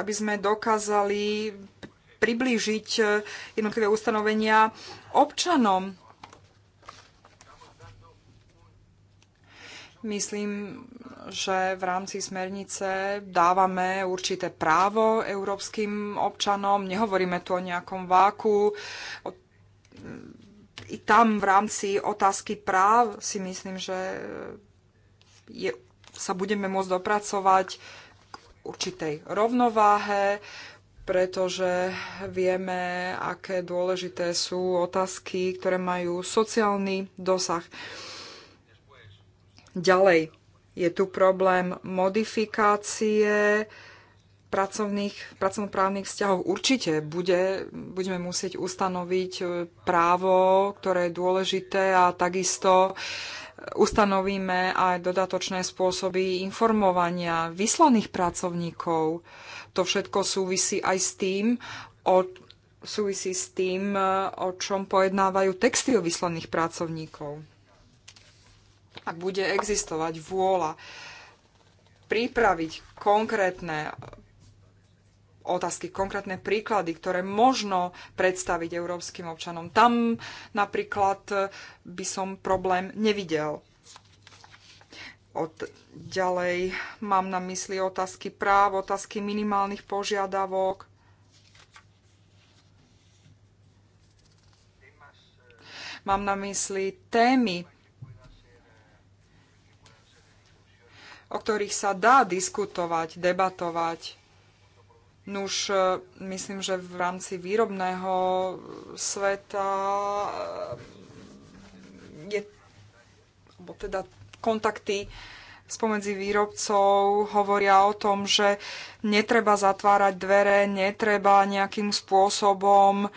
aby sme dokázali priblížiť jednotlivé ustanovenia občanom. Myslím, že v rámci smernice dávame určité právo európskym občanom. Nehovoríme tu o nejakom váku. I tam v rámci otázky práv si myslím, že je, sa budeme môcť dopracovať k určitej rovnováhe pretože vieme, aké dôležité sú otázky, ktoré majú sociálny dosah. Ďalej je tu problém modifikácie pracovných, pracovnoprávnych vzťahov. Určite bude, budeme musieť ustanoviť e, právo, ktoré je dôležité a takisto e, ustanovíme aj dodatočné spôsoby informovania vyslaných pracovníkov to všetko súvisí aj s tým, o, súvisí s tým, e, o čom pojednávajú texty o vyslaných pracovníkov. Ak bude existovať vôľa pripraviť konkrétne otázky, konkrétne príklady, ktoré možno predstaviť európskym občanom. Tam napríklad by som problém nevidel od, ďalej mám na mysli otázky práv, otázky minimálnych požiadavok. Mám na mysli témy, o ktorých sa dá diskutovať, debatovať. Nuž, e, myslím, že v rámci výrobného sveta e, je, alebo teda kontakty spomedzi výrobcov hovoria o tom, že netreba zatvárať dvere, netreba nejakým spôsobom um,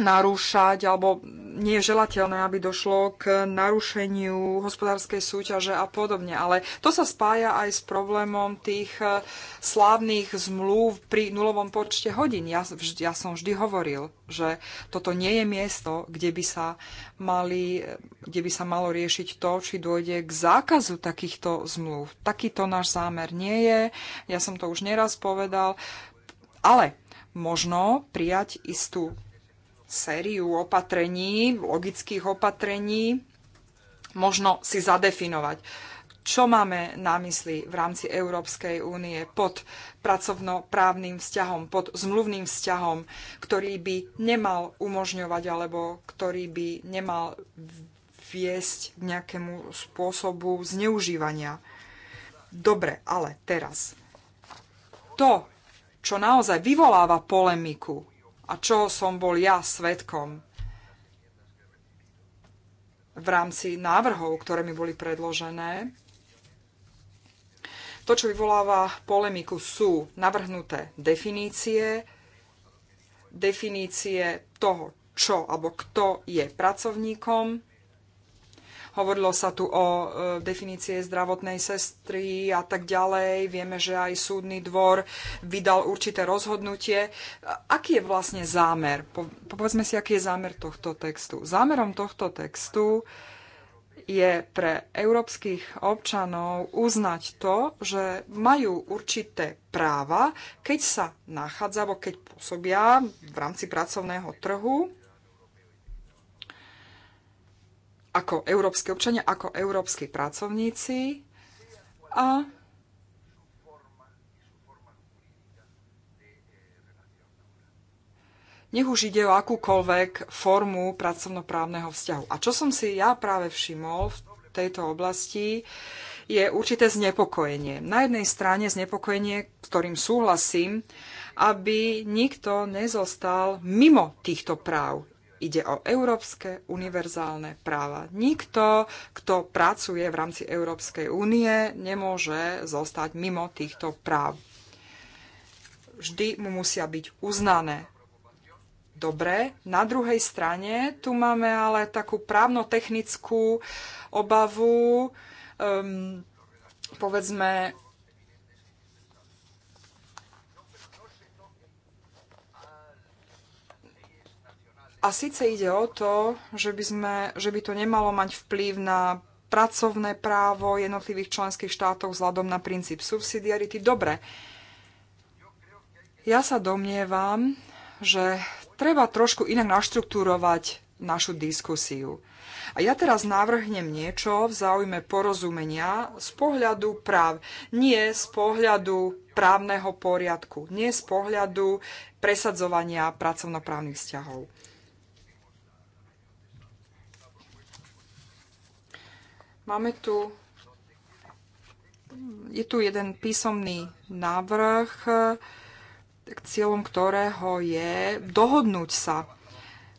narúšať, alebo nie je želateľné, aby došlo k narušeniu hospodárskej súťaže a podobne. Ale to sa spája aj s problémom tých e, slávnych zmluv pri nulovom počte hodín. Ja, ja som vždy hovoril, že toto nie je miesto, kde by, sa mali, e, kde by sa malo riešiť to, či dôjde k zákazu takýchto zmluv. Takýto náš zámer nie je. Ja som to už neraz povedal. Ale možno prijať istú sériu opatrení, logických opatrení, možno si zadefinovať, čo máme na mysli v rámci Európskej únie pod pracovnoprávnym vzťahom, pod zmluvným vzťahom, ktorý by nemal umožňovať alebo ktorý by nemal viesť k nejakému spôsobu zneužívania. Dobre, ale teraz. To, čo naozaj vyvoláva polemiku, a čo som bol ja svetkom v rámci návrhov, ktoré mi boli predložené. To, čo vyvoláva polemiku, sú navrhnuté definície, definície toho, čo alebo kto je pracovníkom, Hovorilo sa tu o e, definície zdravotnej sestry a tak ďalej. Vieme, že aj súdny dvor vydal určité rozhodnutie. Aký je vlastne zámer? povedzme si, aký je zámer tohto textu. Zámerom tohto textu je pre európskych občanov uznať to, že majú určité práva, keď sa nachádza, alebo keď pôsobia v rámci pracovného trhu ako európske občania, ako európsky pracovníci a nech už ide o akúkoľvek formu pracovnoprávneho vzťahu. A čo som si ja práve všimol v tejto oblasti, je určité znepokojenie. Na jednej strane znepokojenie, s ktorým súhlasím, aby nikto nezostal mimo týchto práv. Ide o európske univerzálne práva. Nikto, kto pracuje v rámci Európskej únie, nemôže zostať mimo týchto práv. Vždy mu musia byť uznané. Dobre, na druhej strane tu máme ale takú právno-technickú obavu, um, povedzme, A síce ide o to, že by, sme, že by to nemalo mať vplyv na pracovné právo jednotlivých členských štátov vzhľadom na princíp subsidiarity. Dobre, ja sa domnievam, že treba trošku inak naštruktúrovať našu diskusiu. A ja teraz navrhnem niečo v záujme porozumenia z pohľadu práv, nie z pohľadu právneho poriadku, nie z pohľadu presadzovania pracovnoprávnych vzťahov. Máme tu je tu jeden písomný návrh, cieľom ktorého je dohodnúť sa.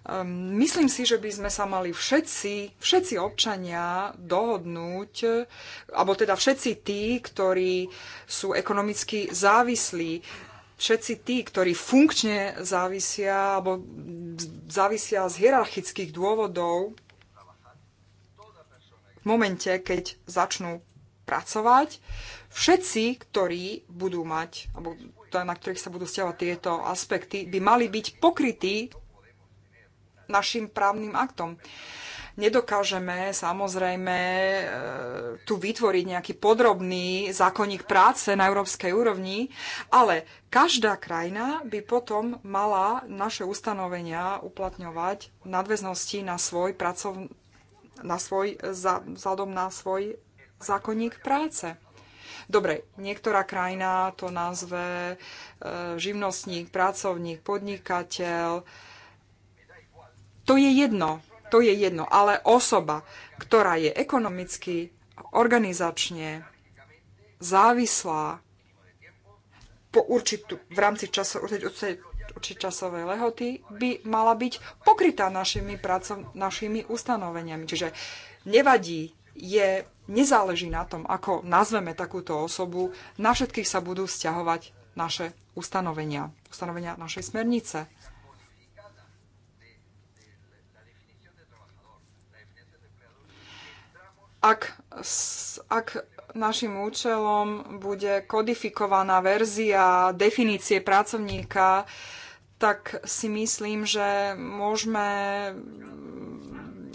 Ehm, myslím si, že by sme sa mali všetci, všetci občania dohodnúť, alebo teda všetci tí, ktorí sú ekonomicky závislí, všetci tí, ktorí funkčne závisia alebo závisia z hierarchických dôvodov momente, keď začnú pracovať. Všetci, ktorí budú mať, alebo na ktorých sa budú stiavať tieto aspekty, by mali byť pokrytí našim právnym aktom nedokážeme samozrejme e, tu vytvoriť nejaký podrobný zákonník práce na európskej úrovni, ale každá krajina by potom mala naše ustanovenia uplatňovať v nadväznosti na svoj pracovný na svoj, za, vzhľadom na svoj zákonník práce. Dobre, niektorá krajina to nazve e, živnostník, pracovník, podnikateľ. To je jedno, to je jedno, ale osoba, ktorá je ekonomicky, organizačne závislá po určitú, v rámci času, či časovej lehoty by mala byť pokrytá našimi, pracov, našimi ustanoveniami. Čiže nevadí, je, nezáleží na tom, ako nazveme takúto osobu, na všetkých sa budú vzťahovať naše ustanovenia, ustanovenia našej smernice. Ak, ak našim účelom bude kodifikovaná verzia definície pracovníka, tak si myslím, že môžeme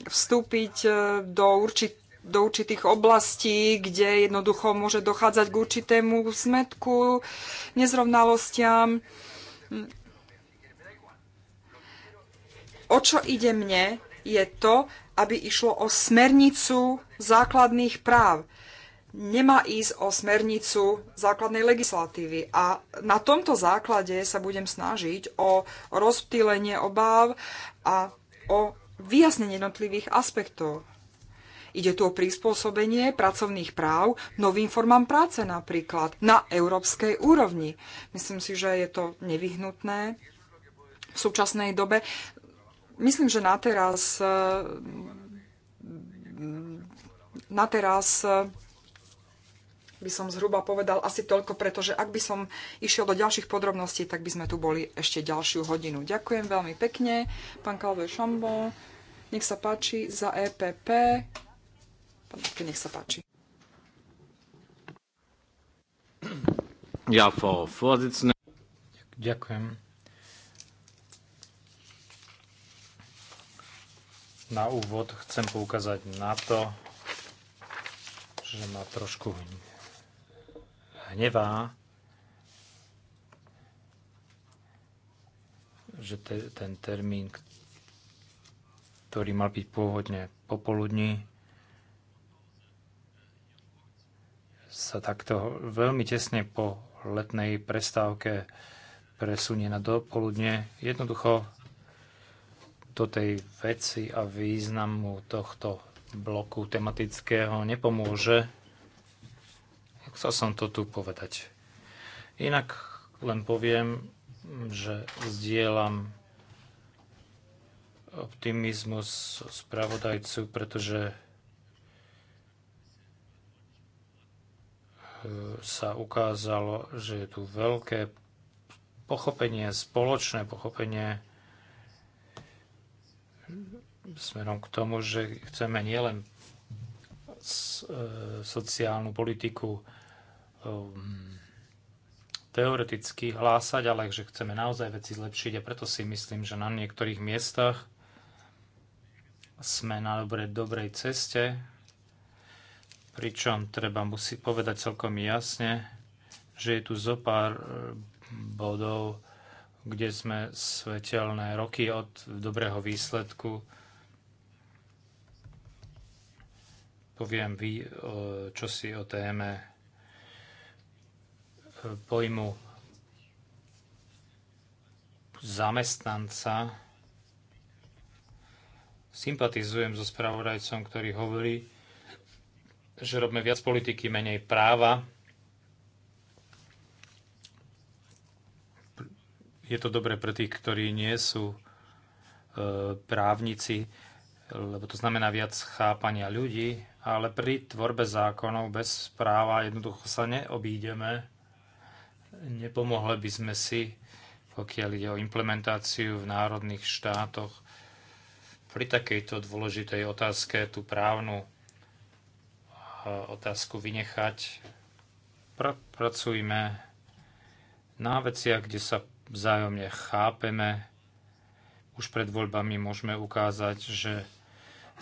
vstúpiť e, do, určit- do určitých oblastí, kde jednoducho môže dochádzať k určitému zmetku, nezrovnalostiam. O čo ide mne, je to, aby išlo o smernicu základných práv nemá ísť o smernicu základnej legislatívy. A na tomto základe sa budem snažiť o rozptýlenie obáv a o vyjasnenie jednotlivých aspektov. Ide tu o prispôsobenie pracovných práv novým formám práce napríklad na európskej úrovni. Myslím si, že je to nevyhnutné v súčasnej dobe. Myslím, že na teraz, na teraz by som zhruba povedal asi toľko, pretože ak by som išiel do ďalších podrobností, tak by sme tu boli ešte ďalšiu hodinu. Ďakujem veľmi pekne, pán Kalvoj Šambo. Nech sa páči za EPP. Pán, nech sa páči. Ja, Ďakujem. Na úvod chcem poukázať na to, že ma trošku hnevá, že te, ten termín, ktorý mal byť pôvodne popoludní, sa takto veľmi tesne po letnej prestávke presunie na dopoludne. Jednoducho do tej veci a významu tohto bloku tematického nepomôže Chcel som to tu povedať. Inak len poviem, že zdieľam optimizmus spravodajcu, pretože e, sa ukázalo, že je tu veľké pochopenie, spoločné pochopenie smerom k tomu, že chceme nielen e, sociálnu politiku Ehm, teoreticky hlásať, ale že chceme naozaj veci zlepšiť a preto si myslím, že na niektorých miestach sme na dobre, dobrej ceste, pričom treba musí povedať celkom jasne, že je tu zo pár e, bodov, kde sme svetelné roky od dobrého výsledku. Poviem vy, čo si o téme pojmu zamestnanca. Sympatizujem so spravodajcom, ktorý hovorí, že robíme viac politiky, menej práva. Je to dobré pre tých, ktorí nie sú e, právnici, lebo to znamená viac chápania ľudí, ale pri tvorbe zákonov bez práva jednoducho sa neobídeme Nepomohli by sme si, pokiaľ ide o implementáciu v národných štátoch, pri takejto dôležitej otázke tú právnu otázku vynechať. Pr- pracujme na veciach, kde sa vzájomne chápeme. Už pred voľbami môžeme ukázať, že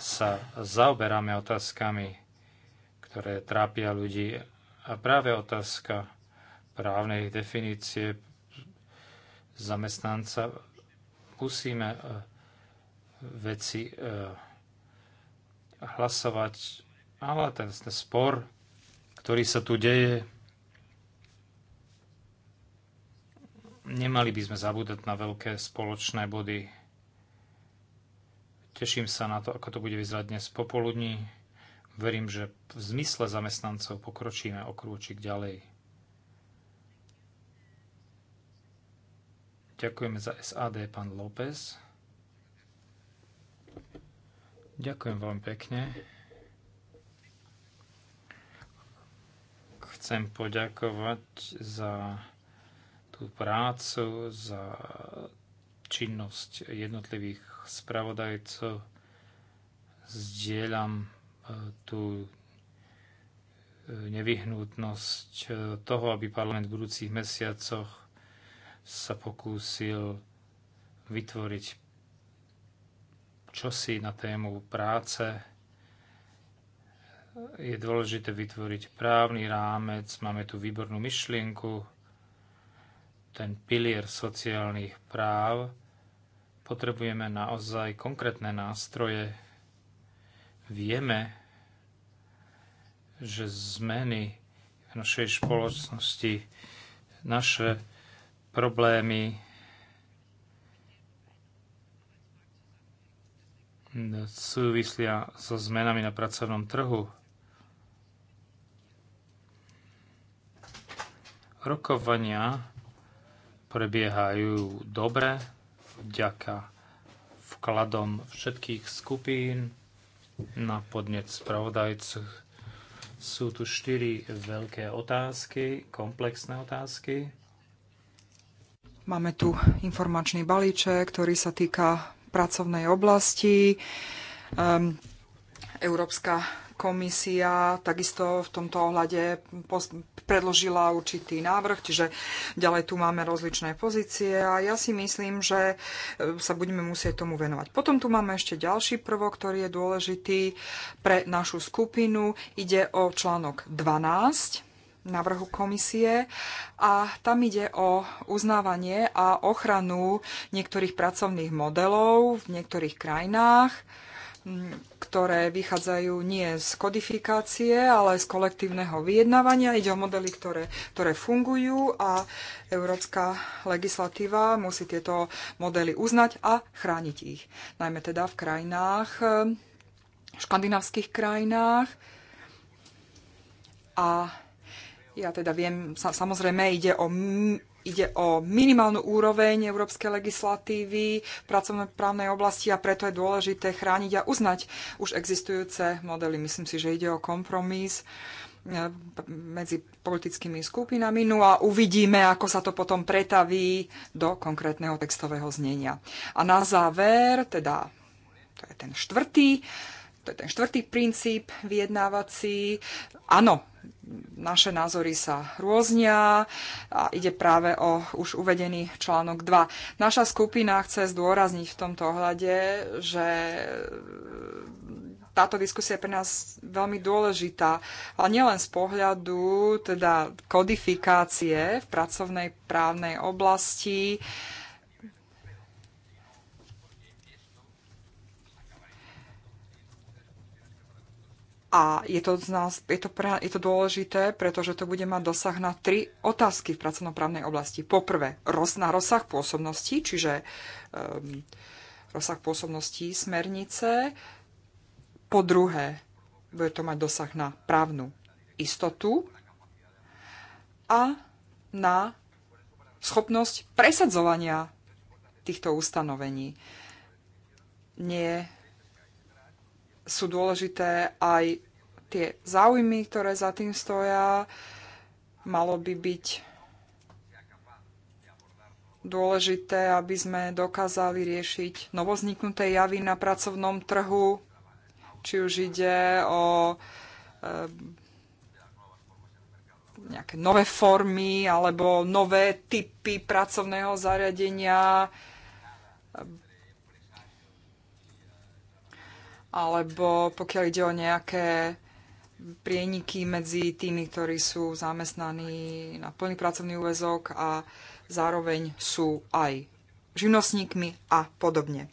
sa zaoberáme otázkami, ktoré trápia ľudí. A práve otázka právnej definície zamestnanca musíme e, veci e, hlasovať, ale ten, spor, ktorý sa tu deje, nemali by sme zabúdať na veľké spoločné body. Teším sa na to, ako to bude vyzerať dnes popoludní. Verím, že v zmysle zamestnancov pokročíme o krôčik ďalej. Ďakujeme za SAD, pán López. Ďakujem veľmi pekne. Chcem poďakovať za tú prácu, za činnosť jednotlivých spravodajcov. Zdieľam e, tú e, nevyhnutnosť e, toho, aby parlament v budúcich mesiacoch sa pokúsil vytvoriť čosi na tému práce. Je dôležité vytvoriť právny rámec, máme tu výbornú myšlienku, ten pilier sociálnych práv. Potrebujeme naozaj konkrétne nástroje. Vieme, že zmeny v našej spoločnosti, naše problémy súvislia so zmenami na pracovnom trhu. Rokovania prebiehajú dobre vďaka vkladom všetkých skupín na podnec spravodajcu. Sú tu štyri veľké otázky, komplexné otázky. Máme tu informačný balíček, ktorý sa týka pracovnej oblasti. Um, Európska komisia takisto v tomto ohľade predložila určitý návrh, čiže ďalej tu máme rozličné pozície a ja si myslím, že e, sa budeme musieť tomu venovať. Potom tu máme ešte ďalší prvok, ktorý je dôležitý pre našu skupinu. Ide o článok 12 návrhu komisie a tam ide o uznávanie a ochranu niektorých pracovných modelov v niektorých krajinách, ktoré vychádzajú nie z kodifikácie, ale z kolektívneho vyjednávania. Ide o modely, ktoré, ktoré fungujú a európska legislatíva musí tieto modely uznať a chrániť ich. Najmä teda v krajinách, v škandinávských krajinách a ja teda viem, sa, samozrejme ide o, ide o minimálnu úroveň európskej legislatívy v pracovnoprávnej oblasti a preto je dôležité chrániť a uznať už existujúce modely. Myslím si, že ide o kompromis e, medzi politickými skupinami. No a uvidíme, ako sa to potom pretaví do konkrétneho textového znenia. A na záver, teda to je ten štvrtý, to je ten štvrtý princíp vyjednávací. Áno, naše názory sa rôznia a ide práve o už uvedený článok 2. Naša skupina chce zdôrazniť v tomto ohľade, že táto diskusia je pre nás veľmi dôležitá, ale nielen z pohľadu teda kodifikácie v pracovnej právnej oblasti, A je to, z nás, je, to pra, je to dôležité, pretože to bude mať dosah na tri otázky v pracovnoprávnej oblasti. Poprvé, roz, na rozsah pôsobnosti, čiže um, rozsah pôsobnosti smernice. Po druhé, bude to mať dosah na právnu istotu a na schopnosť presadzovania týchto ustanovení. Nie sú dôležité aj tie záujmy, ktoré za tým stoja. Malo by byť dôležité, aby sme dokázali riešiť novozniknuté javy na pracovnom trhu, či už ide o e, nejaké nové formy alebo nové typy pracovného zariadenia, alebo pokiaľ ide o nejaké prieniky medzi tými, ktorí sú zamestnaní na plný pracovný úvezok a zároveň sú aj živnostníkmi a podobne.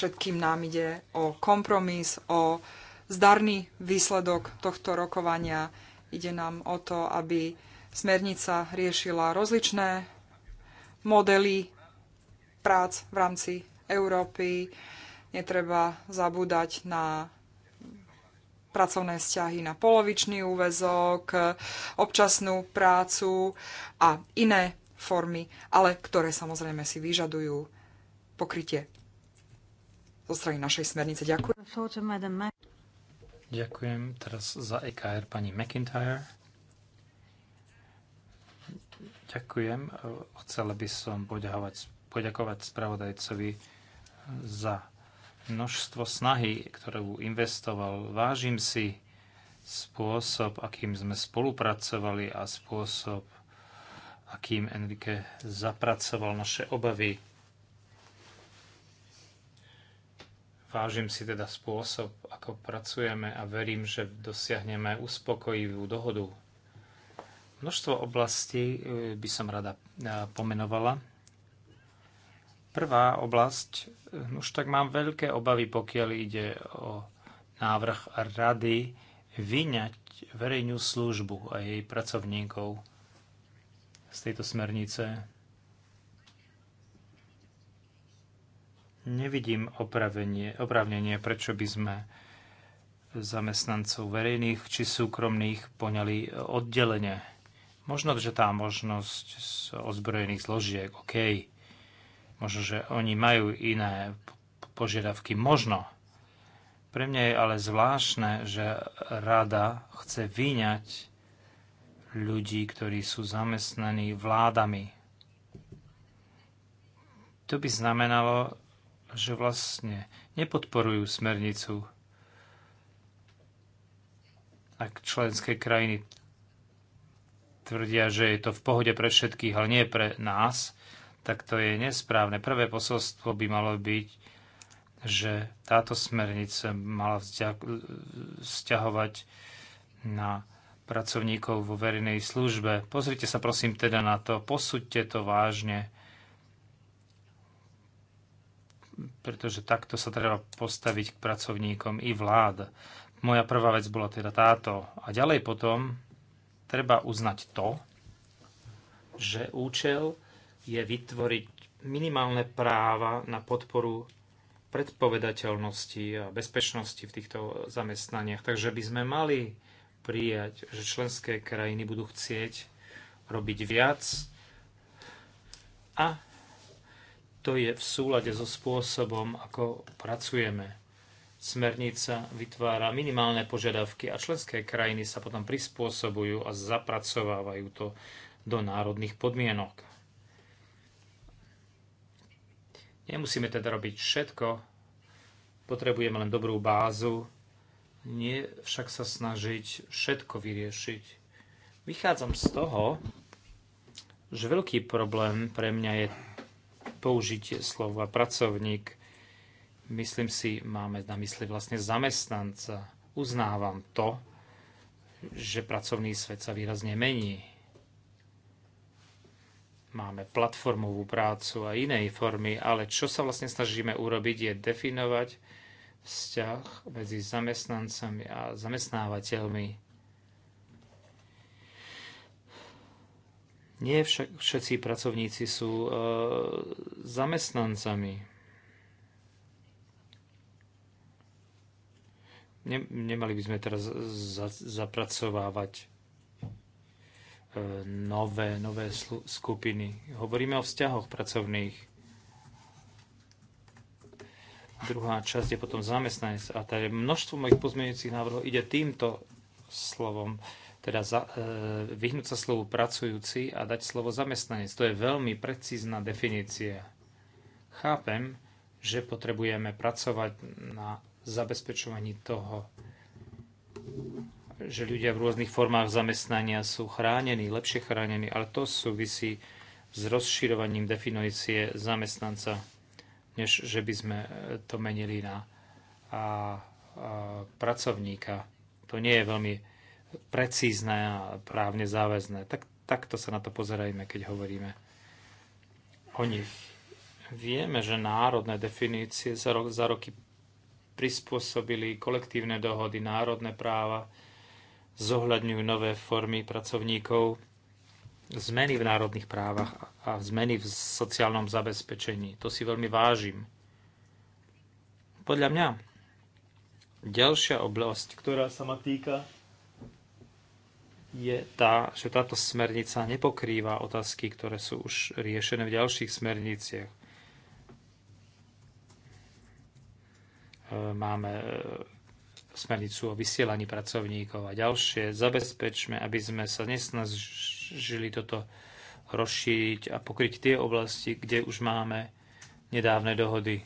Všetkým nám ide o kompromis, o zdarný výsledok tohto rokovania. Ide nám o to, aby smernica riešila rozličné modely prác v rámci Európy. Netreba zabúdať na pracovné vzťahy na polovičný úvezok, občasnú prácu a iné formy, ale ktoré samozrejme si vyžadujú pokrytie zo strany našej smernice. Ďakujem. Ďakujem. Teraz za EKR pani McIntyre. Ďakujem. Chcela by som poďakovať, poďakovať spravodajcovi za množstvo snahy, ktorú investoval. Vážim si spôsob, akým sme spolupracovali a spôsob, akým Enrique zapracoval naše obavy. Vážim si teda spôsob, ako pracujeme a verím, že dosiahneme uspokojivú dohodu. Množstvo oblastí eh, by som rada eh, pomenovala. Prvá oblasť No už tak mám veľké obavy, pokiaľ ide o návrh rady vyňať verejnú službu a jej pracovníkov z tejto smernice. Nevidím opravnenie, prečo by sme zamestnancov verejných či súkromných poňali oddelenie. Možno, že tá možnosť z ozbrojených zložiek, OK, Možno, že oni majú iné požiadavky. Možno. Pre mňa je ale zvláštne, že rada chce vyňať ľudí, ktorí sú zamestnaní vládami. To by znamenalo, že vlastne nepodporujú smernicu, ak členské krajiny tvrdia, že je to v pohode pre všetkých, ale nie pre nás, tak to je nesprávne. Prvé posolstvo by malo byť, že táto smernica mala vzťahovať na pracovníkov vo verejnej službe. Pozrite sa prosím teda na to, posúďte to vážne, pretože takto sa treba postaviť k pracovníkom i vlád. Moja prvá vec bola teda táto. A ďalej potom treba uznať to, že účel je vytvoriť minimálne práva na podporu predpovedateľnosti a bezpečnosti v týchto zamestnaniach. Takže by sme mali prijať, že členské krajiny budú chcieť robiť viac a to je v súlade so spôsobom, ako pracujeme. Smernica vytvára minimálne požiadavky a členské krajiny sa potom prispôsobujú a zapracovávajú to do národných podmienok. Nemusíme teda robiť všetko, potrebujeme len dobrú bázu, nie však sa snažiť všetko vyriešiť. Vychádzam z toho, že veľký problém pre mňa je použitie slova pracovník. Myslím si, máme na mysli vlastne zamestnanca. Uznávam to, že pracovný svet sa výrazne mení Máme platformovú prácu a iné formy, ale čo sa vlastne snažíme urobiť je definovať vzťah medzi zamestnancami a zamestnávateľmi. Nie však všetci pracovníci sú e, zamestnancami. nemali by sme teraz za, zapracovávať E, nové, nové skupiny. Hovoríme o vzťahoch pracovných. Druhá časť je potom zamestnanec a teda množstvo mojich pozmeňujúcich návrhov ide týmto slovom, teda za, e, vyhnúť sa slovu pracujúci a dať slovo zamestnanec. To je veľmi precízna definícia. Chápem, že potrebujeme pracovať na zabezpečovaní toho, že ľudia v rôznych formách zamestnania sú chránení, lepšie chránení, ale to súvisí s rozširovaním definície zamestnanca, než že by sme e, to menili na a, a, pracovníka. To nie je veľmi precízne a právne záväzné. Tak, takto sa na to pozerajme, keď hovoríme o nich. Vieme, že národné definície za, ro- za roky prispôsobili kolektívne dohody, národné práva, zohľadňujú nové formy pracovníkov, zmeny v národných právach a zmeny v sociálnom zabezpečení. To si veľmi vážim. Podľa mňa ďalšia oblasť, ktorá sa ma týka, je tá, že táto smernica nepokrýva otázky, ktoré sú už riešené v ďalších smerniciach. E, máme e, smernicu o vysielaní pracovníkov a ďalšie. Zabezpečme, aby sme sa nesnažili toto rozšíriť a pokryť tie oblasti, kde už máme nedávne dohody,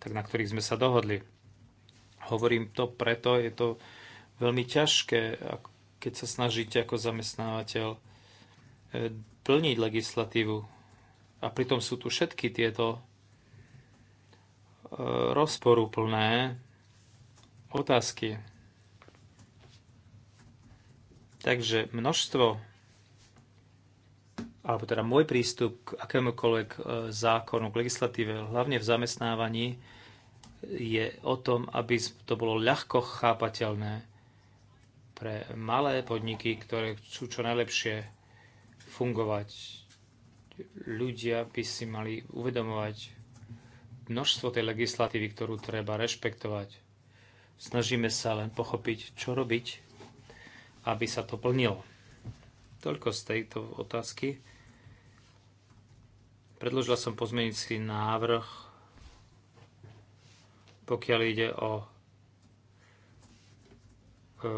tak na ktorých sme sa dohodli. Hovorím to preto, je to veľmi ťažké, keď sa snažíte ako zamestnávateľ e, plniť legislatívu. A pritom sú tu všetky tieto e, rozporúplné otázky. Takže množstvo, alebo teda môj prístup k akémukoľvek e, zákonu, k legislatíve, hlavne v zamestnávaní, je o tom, aby to bolo ľahko chápateľné pre malé podniky, ktoré chcú čo najlepšie fungovať. Ľudia by si mali uvedomovať množstvo tej legislatívy, ktorú treba rešpektovať Snažíme sa len pochopiť, čo robiť, aby sa to plnilo. Toľko z tejto otázky. Predložila som si návrh, pokiaľ ide o e,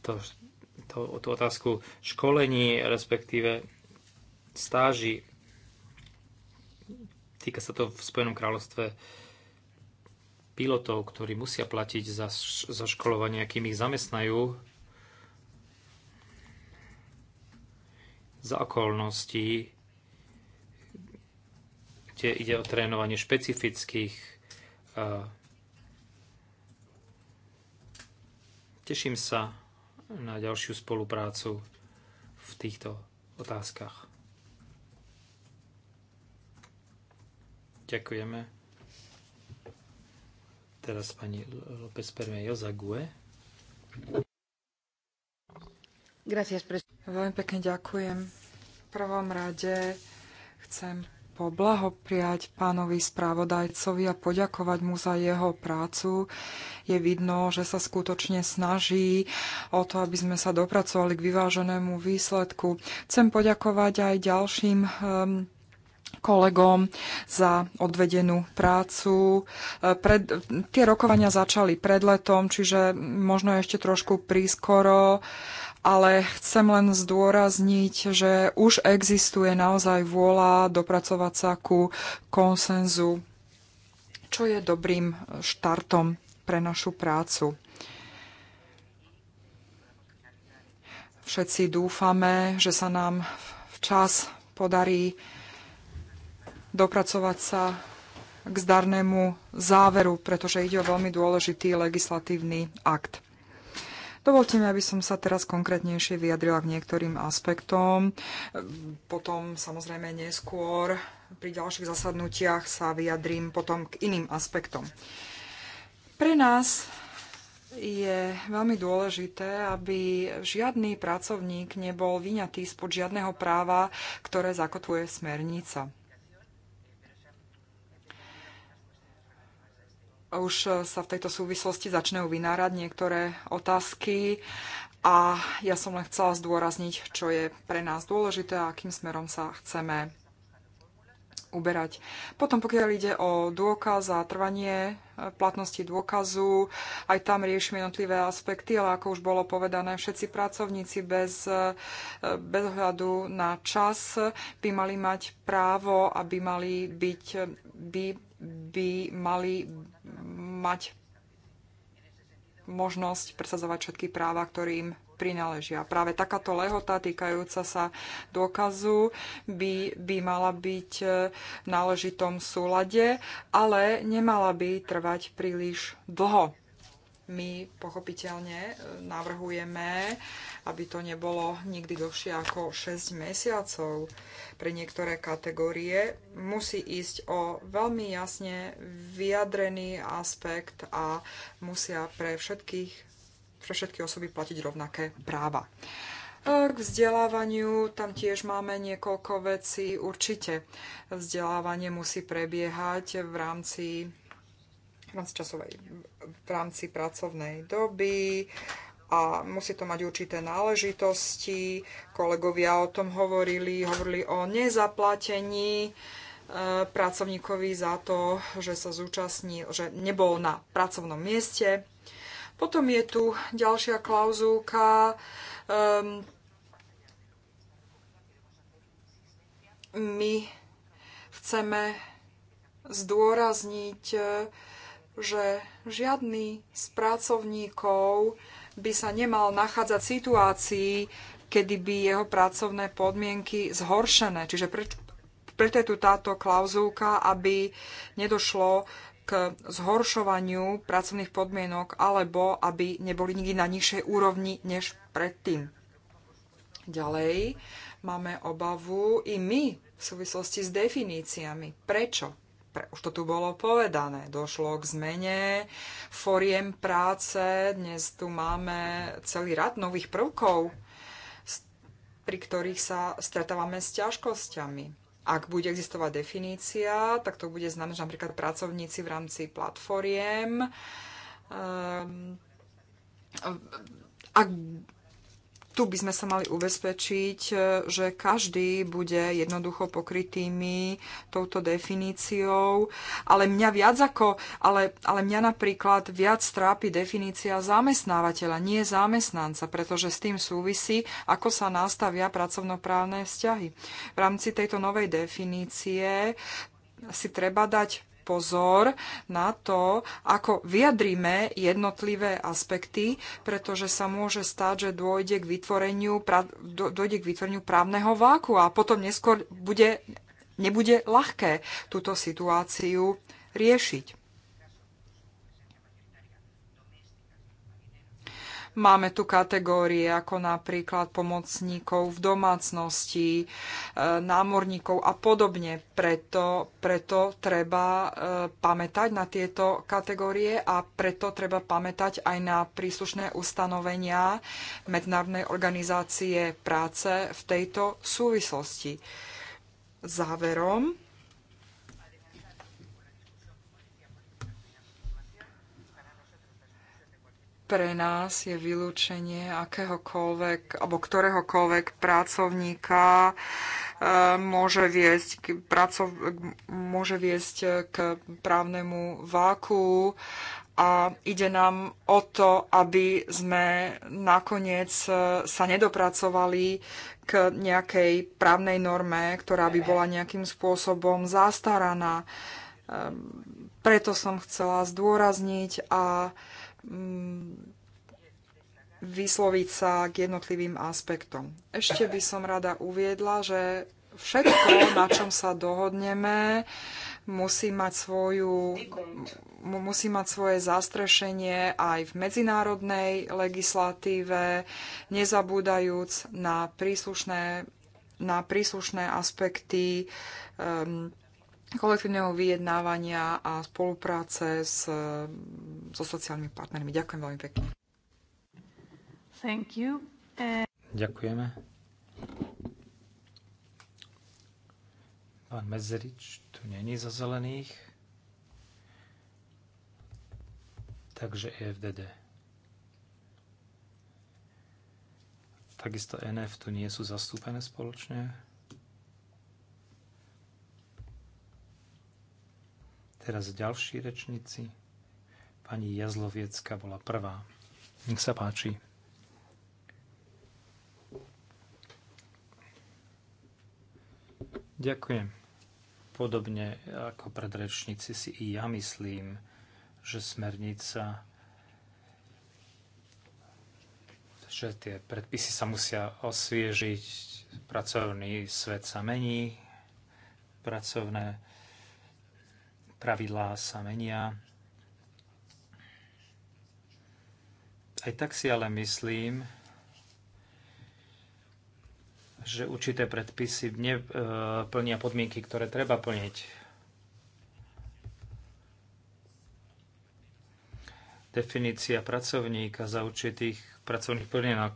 to, to, tú otázku školení, respektíve stáži. Týka sa to v Spojenom kráľovstve pilotov, ktorí musia platiť za, za školovanie, kým ich zamestnajú, za okolnosti, kde ide o trénovanie špecifických. Eh, teším sa na ďalšiu spoluprácu v týchto otázkach. Ďakujeme. Teraz pani López Permejo za GUE. Veľmi pekne ďakujem. V prvom rade chcem poblahopriať pánovi správodajcovi a poďakovať mu za jeho prácu. Je vidno, že sa skutočne snaží o to, aby sme sa dopracovali k vyváženému výsledku. Chcem poďakovať aj ďalším um, kolegom za odvedenú prácu. E, pred, tie rokovania začali pred letom, čiže možno ešte trošku prískoro, ale chcem len zdôrazniť, že už existuje naozaj vôľa dopracovať sa ku konsenzu, čo je dobrým štartom pre našu prácu. Všetci dúfame, že sa nám včas podarí dopracovať sa k zdarnému záveru, pretože ide o veľmi dôležitý legislatívny akt. Dovolte mi, aby som sa teraz konkrétnejšie vyjadrila k niektorým aspektom. Potom samozrejme neskôr pri ďalších zasadnutiach sa vyjadrím potom k iným aspektom. Pre nás je veľmi dôležité, aby žiadny pracovník nebol vyňatý spod žiadneho práva, ktoré zakotvuje smernica. už e, sa v tejto súvislosti začnú vynárať niektoré otázky a ja som len chcela zdôrazniť, čo je pre nás dôležité a akým smerom sa chceme uberať. Potom pokiaľ ide o dôkaz a trvanie e, platnosti dôkazu, aj tam riešime jednotlivé aspekty, ale ako už bolo povedané, všetci pracovníci bez, e, bez ohľadu na čas by mali mať právo, aby mali byť, by by mali mať možnosť presadzovať všetky práva, ktorým prináležia. Práve takáto lehota týkajúca sa dôkazu by, by mala byť v e, náležitom súlade, ale nemala by trvať príliš dlho my pochopiteľne e, navrhujeme, aby to nebolo nikdy dlhšie ako 6 mesiacov. Pre niektoré kategórie musí ísť o veľmi jasne vyjadrený aspekt a musia pre všetkých pre všetky osoby platiť rovnaké práva. E, k vzdelávaniu tam tiež máme niekoľko vecí. Určite vzdelávanie musí prebiehať v rámci časovej, v rámci pracovnej doby a musí to mať určité náležitosti. Kolegovia o tom hovorili, hovorili o nezaplatení e, pracovníkovi za to, že sa zúčastnil, že nebol na pracovnom mieste. Potom je tu ďalšia klauzulka. Um, my chceme zdôrazniť že žiadny z pracovníkov by sa nemal nachádzať v situácii, kedy by jeho pracovné podmienky zhoršené. Čiže pre, preto je tu táto klauzulka, aby nedošlo k zhoršovaniu pracovných podmienok alebo aby neboli nikdy na nižšej úrovni než predtým. Ďalej máme obavu i my v súvislosti s definíciami. Prečo? Pre už to tu bolo povedané, došlo k zmene foriem práce, dnes tu máme celý rad nových prvkov, pri ktorých sa stretávame s ťažkosťami. Ak bude existovať definícia, tak to bude znamenáť, že napríklad pracovníci v rámci platformiem, um, ak tu by sme sa mali ubezpečiť, e, že každý bude jednoducho pokrytými touto definíciou. Ale mňa viac ako, ale, ale mňa napríklad viac trápi definícia zamestnávateľa, nie zamestnanca, pretože s tým súvisí, ako sa nastavia pracovnoprávne vzťahy. V rámci tejto novej definície si treba dať pozor na to, ako vyjadríme jednotlivé aspekty, pretože sa môže stať, že dôjde k vytvoreniu, dôjde k vytvoreniu právneho váku a potom neskôr bude, nebude ľahké túto situáciu riešiť. Máme tu kategórie ako napríklad pomocníkov v domácnosti, e, námorníkov a podobne. Preto, preto treba e, pamätať na tieto kategórie a preto treba pamätať aj na príslušné ustanovenia Medzinárodnej organizácie práce v tejto súvislosti. Záverom pre nás je vylúčenie akéhokoľvek alebo ktoréhokoľvek pracovníka e, môže viesť k, pracov, môže viesť k právnemu váku a ide nám o to, aby sme nakoniec e, sa nedopracovali k nejakej právnej norme, ktorá by bola nejakým spôsobom zastaraná. E, preto som chcela zdôrazniť a uh, Mm, vysloviť sa k jednotlivým aspektom. Ešte by som rada uviedla, že všetko, na čom sa dohodneme, musí mať, svoju, musí mať svoje zastrešenie aj v medzinárodnej legislatíve, nezabúdajúc na príslušné, na príslušné aspekty um, kolektívneho vyjednávania a spolupráce s, so sociálnymi partnermi. Ďakujem veľmi pekne. Thank you. And... Eh, Ďakujeme. Pán Mezerič tu není za zelených. Takže EFDD. Takisto NF tu nie sú zastúpené spoločne. Teraz ďalší rečníci. Pani Jazloviecka bola prvá. Nech sa páči. Ďakujem. Podobne ako predrečníci si i ja myslím, že smernica že tie predpisy sa musia osviežiť, pracovný svet sa mení, pracovné pravidlá sa menia. Aj tak si ale myslím, že určité predpisy neplnia e, podmienky, ktoré treba plniť. Definícia pracovníka za určitých pracovných podmienok.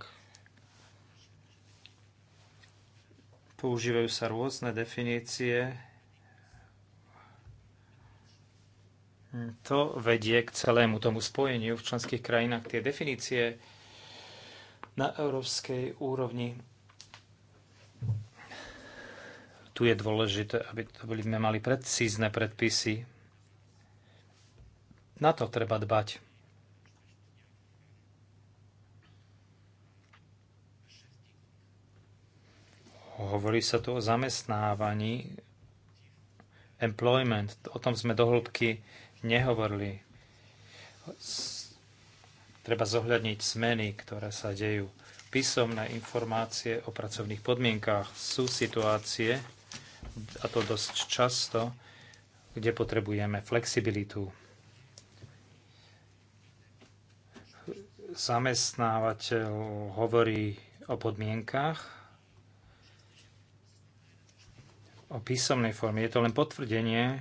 Používajú sa rôzne definície To vedie k celému tomu spojeniu v členských krajinách. Tie definície na európskej úrovni tu je dôležité, aby to boli, sme mali precízne predpisy. Na to treba dbať. Hovorí sa tu o zamestnávaní, employment, o tom sme dohlbky nehovorili. Treba zohľadniť zmeny, ktoré sa dejú. Písomné informácie o pracovných podmienkách sú situácie, a to dosť často, kde potrebujeme flexibilitu. Zamestnávateľ hovorí o podmienkách, o písomnej forme. Je to len potvrdenie,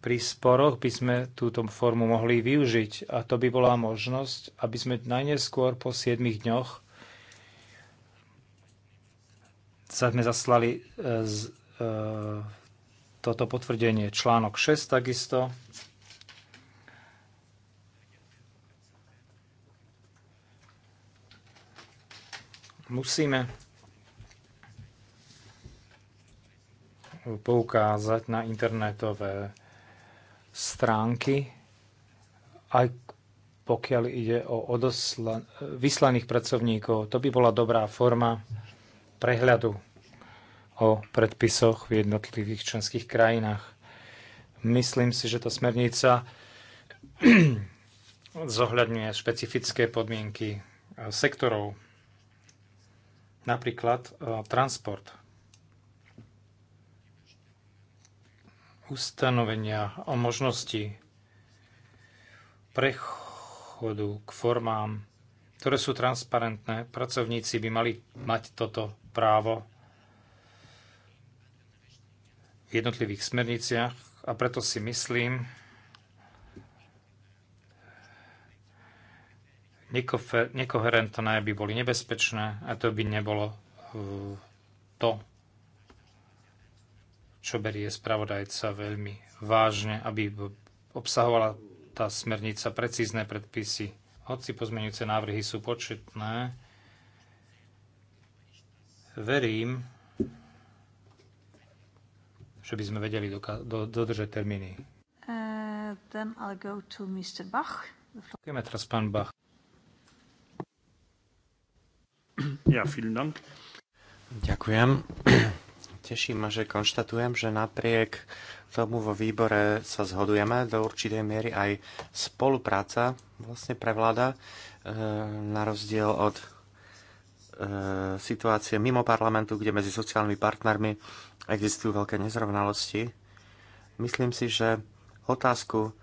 pri sporoch by sme túto formu mohli využiť a to by bola možnosť, aby sme najneskôr po 7 dňoch sa sme zaslali e, z, e, toto potvrdenie článok 6 takisto. Musíme poukázať na internetové stránky, aj pokiaľ ide o odosla- vyslaných pracovníkov. To by bola dobrá forma prehľadu o predpisoch v jednotlivých členských krajinách. Myslím si, že tá smernica zohľadňuje špecifické podmienky sektorov, napríklad eh, transport. ustanovenia o možnosti prechodu k formám, ktoré sú transparentné. Pracovníci by mali mať toto právo v jednotlivých smerniciach a preto si myslím, nekoherentné by boli nebezpečné a to by nebolo to, čo berie spravodajca veľmi vážne, aby obsahovala tá smernica precízne predpisy. Hoci pozmeňujúce návrhy sú početné, verím, že by sme vedeli do- dodržať termíny. Uh, Ďakujeme teraz pán Bach. Ja, vielen Dank. Ďakujem. Teší ma, že konštatujem, že napriek tomu vo výbore sa zhodujeme do určitej miery aj spolupráca vlastne prevláda e, na rozdiel od e, situácie mimo parlamentu, kde medzi sociálnymi partnermi existujú veľké nezrovnalosti. Myslím si, že otázku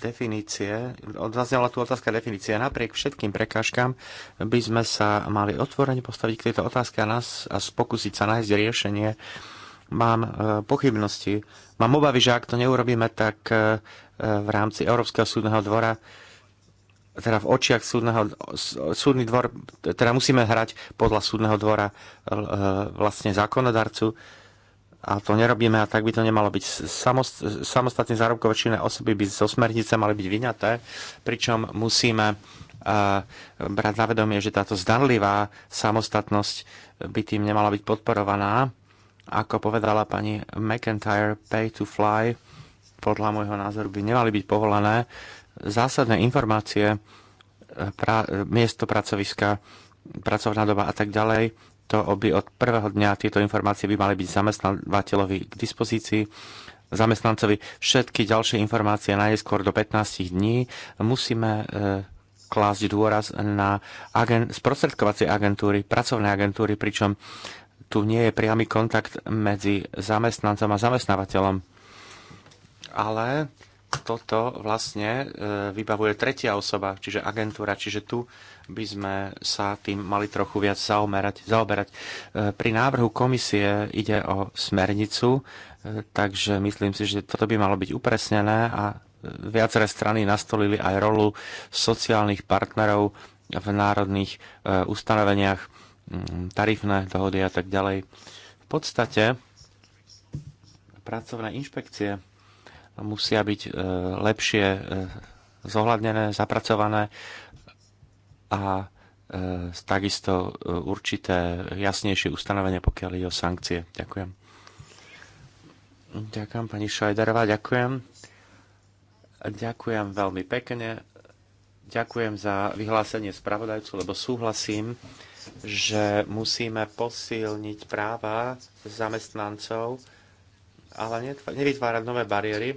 definície, odzaznela tu otázka definície. Napriek všetkým prekážkam by sme sa mali otvorene postaviť k tejto otázke a, nás, a spokúsiť sa nájsť riešenie. Mám e, pochybnosti, mám obavy, že ak to neurobíme, tak e, v rámci Európskeho súdneho dvora teda v očiach súdneho, súdny dvor, teda musíme hrať podľa súdneho dvora e, vlastne zákonodarcu a to nerobíme a tak by to nemalo byť. Samost, samostatne zárobkové činné osoby by zo smernice mali byť vyňaté, pričom musíme e, brať na vedomie, že táto zdanlivá samostatnosť by tým nemala byť podporovaná. Ako povedala pani McIntyre, pay to fly, podľa môjho názoru by nemali byť povolené. Zásadné informácie, e, pra, e, miesto pracoviska, pracovná doba a tak ďalej to by od prvého dňa tieto informácie by mali byť zamestnávateľovi k dispozícii zamestnancovi všetky ďalšie informácie najskôr do 15 dní. Musíme e, klásť dôraz na agent, sprostredkovacie agentúry, pracovné agentúry, pričom tu nie je priamy kontakt medzi zamestnancom a zamestnávateľom. Ale toto vlastne e, vybavuje tretia osoba, čiže agentúra, čiže tu by sme sa tým mali trochu viac zaomerať, zaoberať. E, pri návrhu komisie ide o smernicu, e, takže myslím si, že toto by malo byť upresnené a viaceré strany nastolili aj rolu sociálnych partnerov v národných ustanoveniach, tarifné dohody a tak ďalej. V podstate pracovné inšpekcie musia byť e, lepšie e, zohľadnené, zapracované a e, takisto určité jasnejšie ustanovenie, pokiaľ ide o sankcie. Ďakujem. Ďakujem, pani Šajdarová, ďakujem. Ďakujem veľmi pekne. Ďakujem za vyhlásenie spravodajcu, lebo súhlasím, že musíme posilniť práva zamestnancov, ale nevytvárať nové bariéry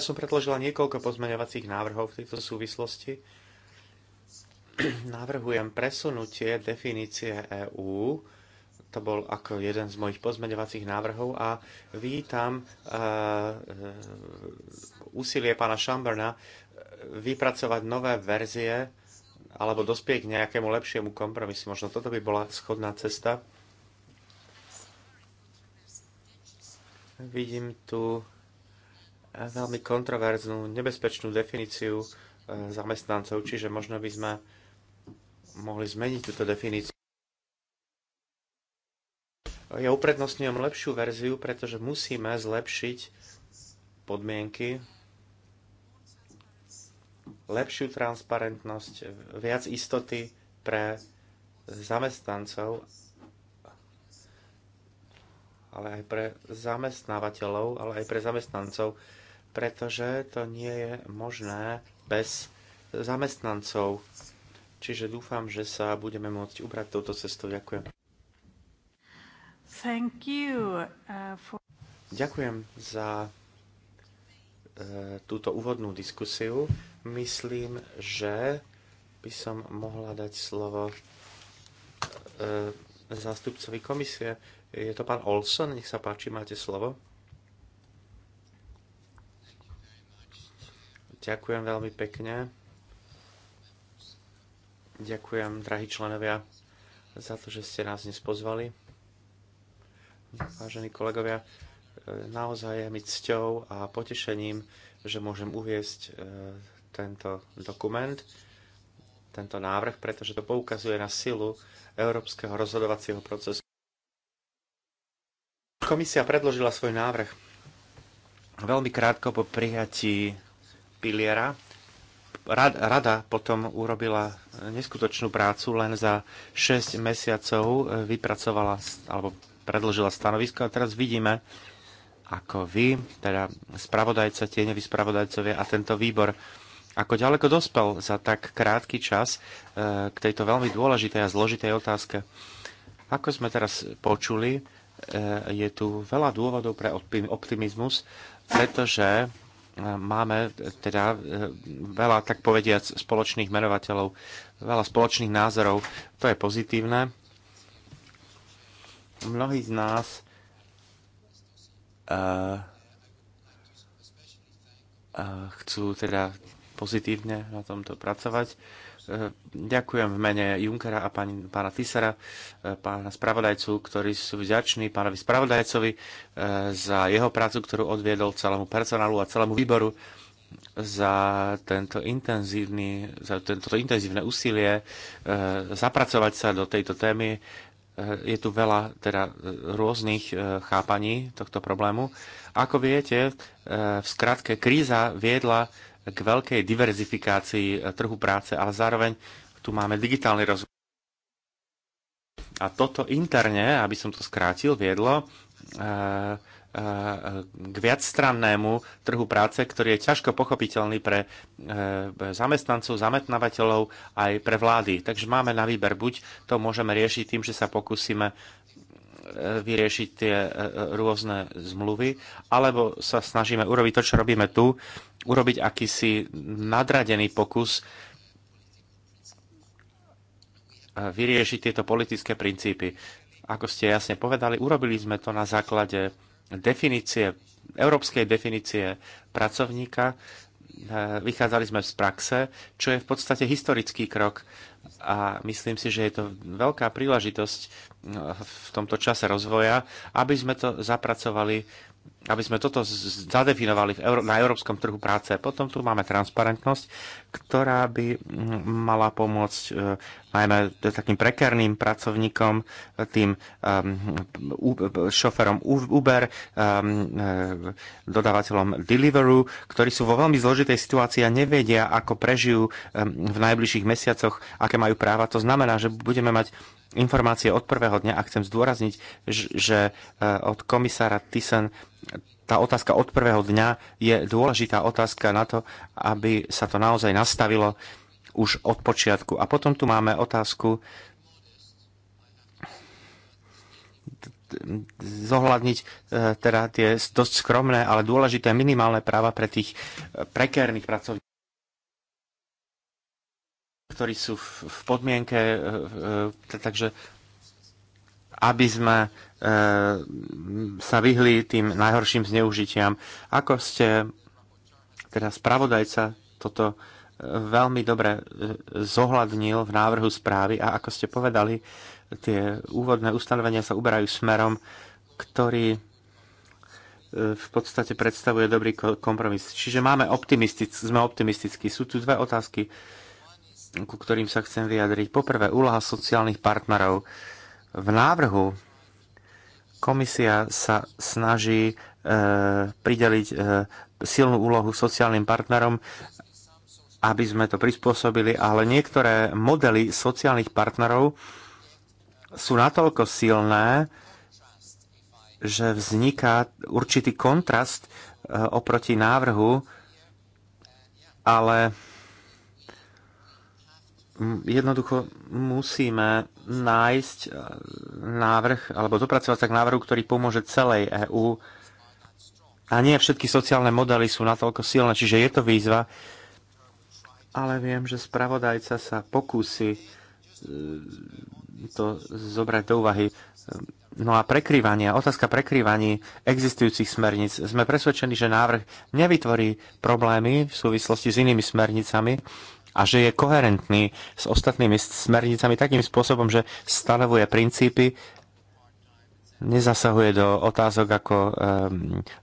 ja som predložila niekoľko pozmeňovacích návrhov v tejto súvislosti. Navrhujem presunutie definície EÚ, to bol ako jeden z mojich pozmeňovacích návrhov a vítam uh, úsilie pána Šamberna e, vypracovať nové verzie alebo dospieť k nejakému lepšiemu kompromisu. Možno toto by bola schodná cesta. Vidím tu veľmi kontroverznú, nebezpečnú definíciu e, zamestnancov, čiže možno by sme mohli zmeniť túto definíciu. Ja uprednostňujem lepšiu verziu, pretože musíme zlepšiť podmienky, lepšiu transparentnosť, viac istoty pre zamestnancov, ale aj pre zamestnávateľov, ale aj pre zamestnancov pretože to nie je možné bez zamestnancov. Čiže dúfam, že sa budeme môcť ubrať touto cestou. Ďakujem. Thank you, uh, for... Ďakujem za uh, túto úvodnú diskusiu. Myslím, že by som mohla dať slovo uh, zástupcovi komisie. Je to pán Olson, nech sa páči, máte slovo. Ďakujem veľmi pekne. Ďakujem, drahí členovia, za to, že ste nás dnes pozvali. Vážení kolegovia, e, naozaj je mi cťou a potešením, že môžem uviesť e, tento dokument, tento návrh, pretože to poukazuje na silu európskeho rozhodovacieho procesu. Komisia predložila svoj návrh veľmi krátko po prijatí piliera. Rada potom urobila neskutočnú prácu, len za 6 mesiacov e, vypracovala alebo predložila stanovisko a teraz vidíme, ako vy, teda spravodajca, tieňoví spravodajcovia a tento výbor, ako ďaleko dospel za tak krátky čas e, k tejto veľmi dôležitej a zložitej otázke. Ako sme teraz počuli, e, je tu veľa dôvodov pre optimizmus, pretože máme teda e, veľa, tak povediac, spoločných menovateľov, veľa spoločných názorov. To je pozitívne. Mnohí z nás uh, uh, chcú teda pozitívne na tomto pracovať. Eh, ďakujem v mene Junkera a pani, pána Tisera, eh, pána spravodajcu, ktorí sú vďační pánovi spravodajcovi eh, za jeho prácu, ktorú odviedol celému personálu a celému výboru za, tento intenzívny, za tento intenzívne úsilie zapracovať sa do tejto témy. Je tu veľa teda rôznych chápaní tohto problému. Ako viete, v skratke kríza viedla k veľkej diverzifikácii eh, trhu práce, ale zároveň tu máme digitálny rozvoj. A toto interne, aby som to skrátil, viedlo eh, eh, k viacstrannému trhu práce, ktorý je ťažko pochopiteľný pre zamestnancov, zametnávateľov aj pre vlády. Takže máme na výber, buď to môžeme riešiť tým, že sa pokúsime vyriešiť tie e, e, rôzne zmluvy, alebo sa snažíme urobiť to, čo robíme tu, urobiť akýsi nadradený pokus e, vyriešiť tieto politické princípy. Ako ste jasne povedali, urobili sme to na základe definície, európskej definície pracovníka, vychádzali sme z praxe, čo je v podstate historický krok a myslím si, že je to veľká príležitosť eh, v tomto čase rozvoja, aby sme to zapracovali aby sme toto zadefinovali na európskom trhu práce. Potom tu máme transparentnosť, ktorá by mm, mala pomôcť e, najmä takým prekerným pracovníkom, e, tým e, šoferom Uber, dodávateľom Deliveroo, ktorí sú vo veľmi zložitej situácii a nevedia, ako prežijú v najbližších mesiacoch, aké majú práva. To znamená, že budeme mať informácie od prvého dňa a chcem zdôrazniť, že e, od komisára Tyson tá otázka od prvého dňa je dôležitá otázka na to, aby sa to naozaj nastavilo už od počiatku. A potom tu máme otázku zohľadniť e, teda tie dosť skromné, ale dôležité minimálne práva pre tých e, prekérnych pracovníkov ktorí sú v podmienke, e, e, takže aby sme e, sa vyhli tým najhorším zneužitiam. Ako ste, teda spravodajca, toto veľmi dobre zohľadnil v návrhu správy a ako ste povedali, tie úvodné ustanovenia sa uberajú smerom, ktorý v podstate predstavuje dobrý kompromis. Čiže máme optimistic, sme optimistickí. Sú tu dve otázky, ku ktorým sa chcem vyjadriť. Poprvé, úloha sociálnych partnerov. V návrhu komisia sa snaží e, prideliť e, silnú úlohu sociálnym partnerom, aby sme to prispôsobili, ale niektoré modely sociálnych partnerov sú natoľko silné, že vzniká určitý kontrast e, oproti návrhu, ale jednoducho musíme nájsť e, návrh alebo dopracovať sa k návrhu, ktorý pomôže celej EÚ. A nie všetky sociálne modely sú natoľko silné, čiže je to výzva. Ale viem, že spravodajca sa pokúsi e, to zobrať do úvahy. No a prekrývanie, otázka prekrývaní existujúcich smerníc. Sme presvedčení, že návrh nevytvorí problémy v súvislosti s inými smernicami, a že je koherentný s ostatnými smernicami takým spôsobom, že stanovuje princípy, nezasahuje do otázok ako um,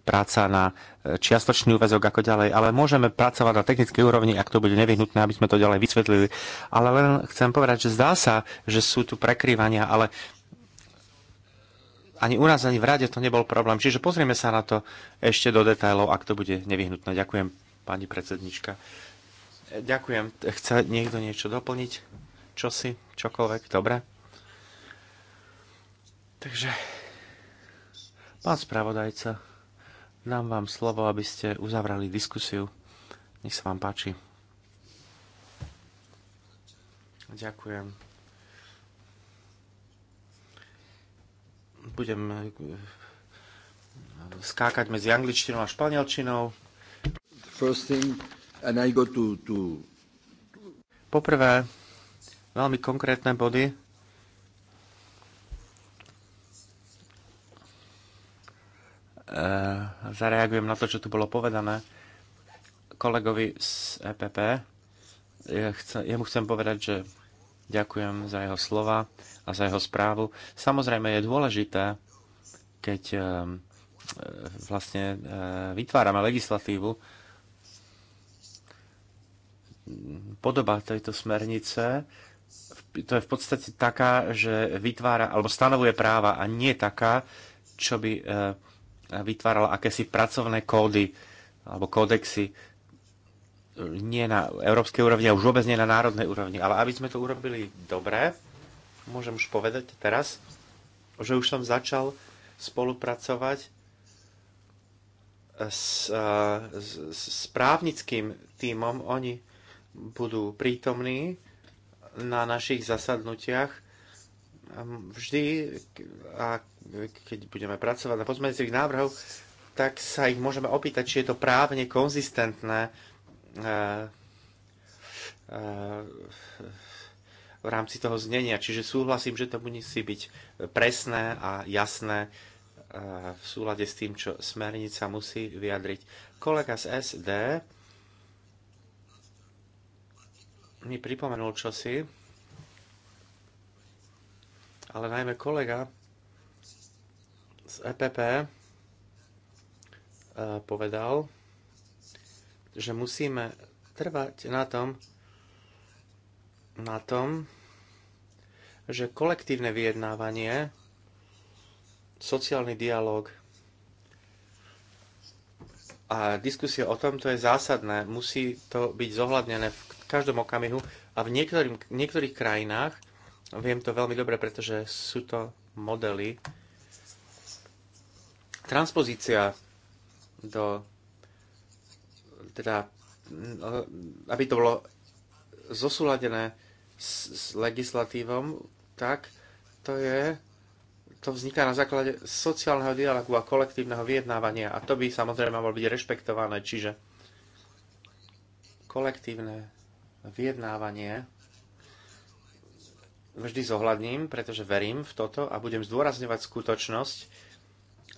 práca na e, čiastočný úvezok ako ďalej, ale môžeme pracovať na technickej úrovni, ak to bude nevyhnutné, aby sme to ďalej vysvetlili. Ale len chcem povedať, že zdá sa, že sú tu prekrývania, ale ani u nás, ani v rade to nebol problém. Čiže pozrieme sa na to ešte do detajlov, ak to bude nevyhnutné. Ďakujem, pani predsednička. Ďakujem. Chce niekto niečo doplniť? Čo si? Čokoľvek? Dobre. Takže, pán spravodajca, dám vám slovo, aby ste uzavrali diskusiu. Nech sa vám páči. Ďakujem. Budem eh, skákať medzi angličtinou a španielčinou. first thing Poprvé, veľmi konkrétne body. Eh, zareagujem na to, čo tu bolo povedané kolegovi z EPP. Ja chcem, jemu chcem povedať, že ďakujem za jeho slova a za jeho správu. Samozrejme je dôležité, keď eh, eh, vlastne vytvárame legislatívu, podoba tejto smernice to je v podstate taká, že vytvára alebo stanovuje práva a nie taká, čo by e, vytvárala akési pracovné kódy alebo kódexy e, nie na európskej úrovni a už vôbec nie na národnej úrovni. Ale aby sme to urobili dobre, môžem už povedať teraz, že už som začal spolupracovať s, e, s, s právnickým tímom. Oni budú prítomní na našich zasadnutiach ehm, vždy a keď budeme pracovať na pozmeňujúcich návrhov, tak sa ich môžeme opýtať, či je to právne konzistentné ehm, ehm, v rámci toho znenia. Čiže súhlasím, že to musí byť presné a jasné v súlade s tým, čo smernica musí vyjadriť. Kolega z SD mi pripomenul čosi, ale najmä kolega z EPP e, povedal, že musíme trvať na tom, na tom, že kolektívne vyjednávanie, sociálny dialog a diskusia o tomto je zásadné. Musí to byť zohľadnené v každom okamihu a v niektorým, niektorých krajinách, viem to veľmi dobre, pretože sú to modely, transpozícia do teda aby to bolo zosúladené s, s legislatívom, tak to je to vzniká na základe sociálneho dialogu a kolektívneho vyjednávania a to by samozrejme malo byť rešpektované, čiže kolektívne vyjednávanie vždy zohľadním, pretože verím v toto a budem zdôrazňovať skutočnosť,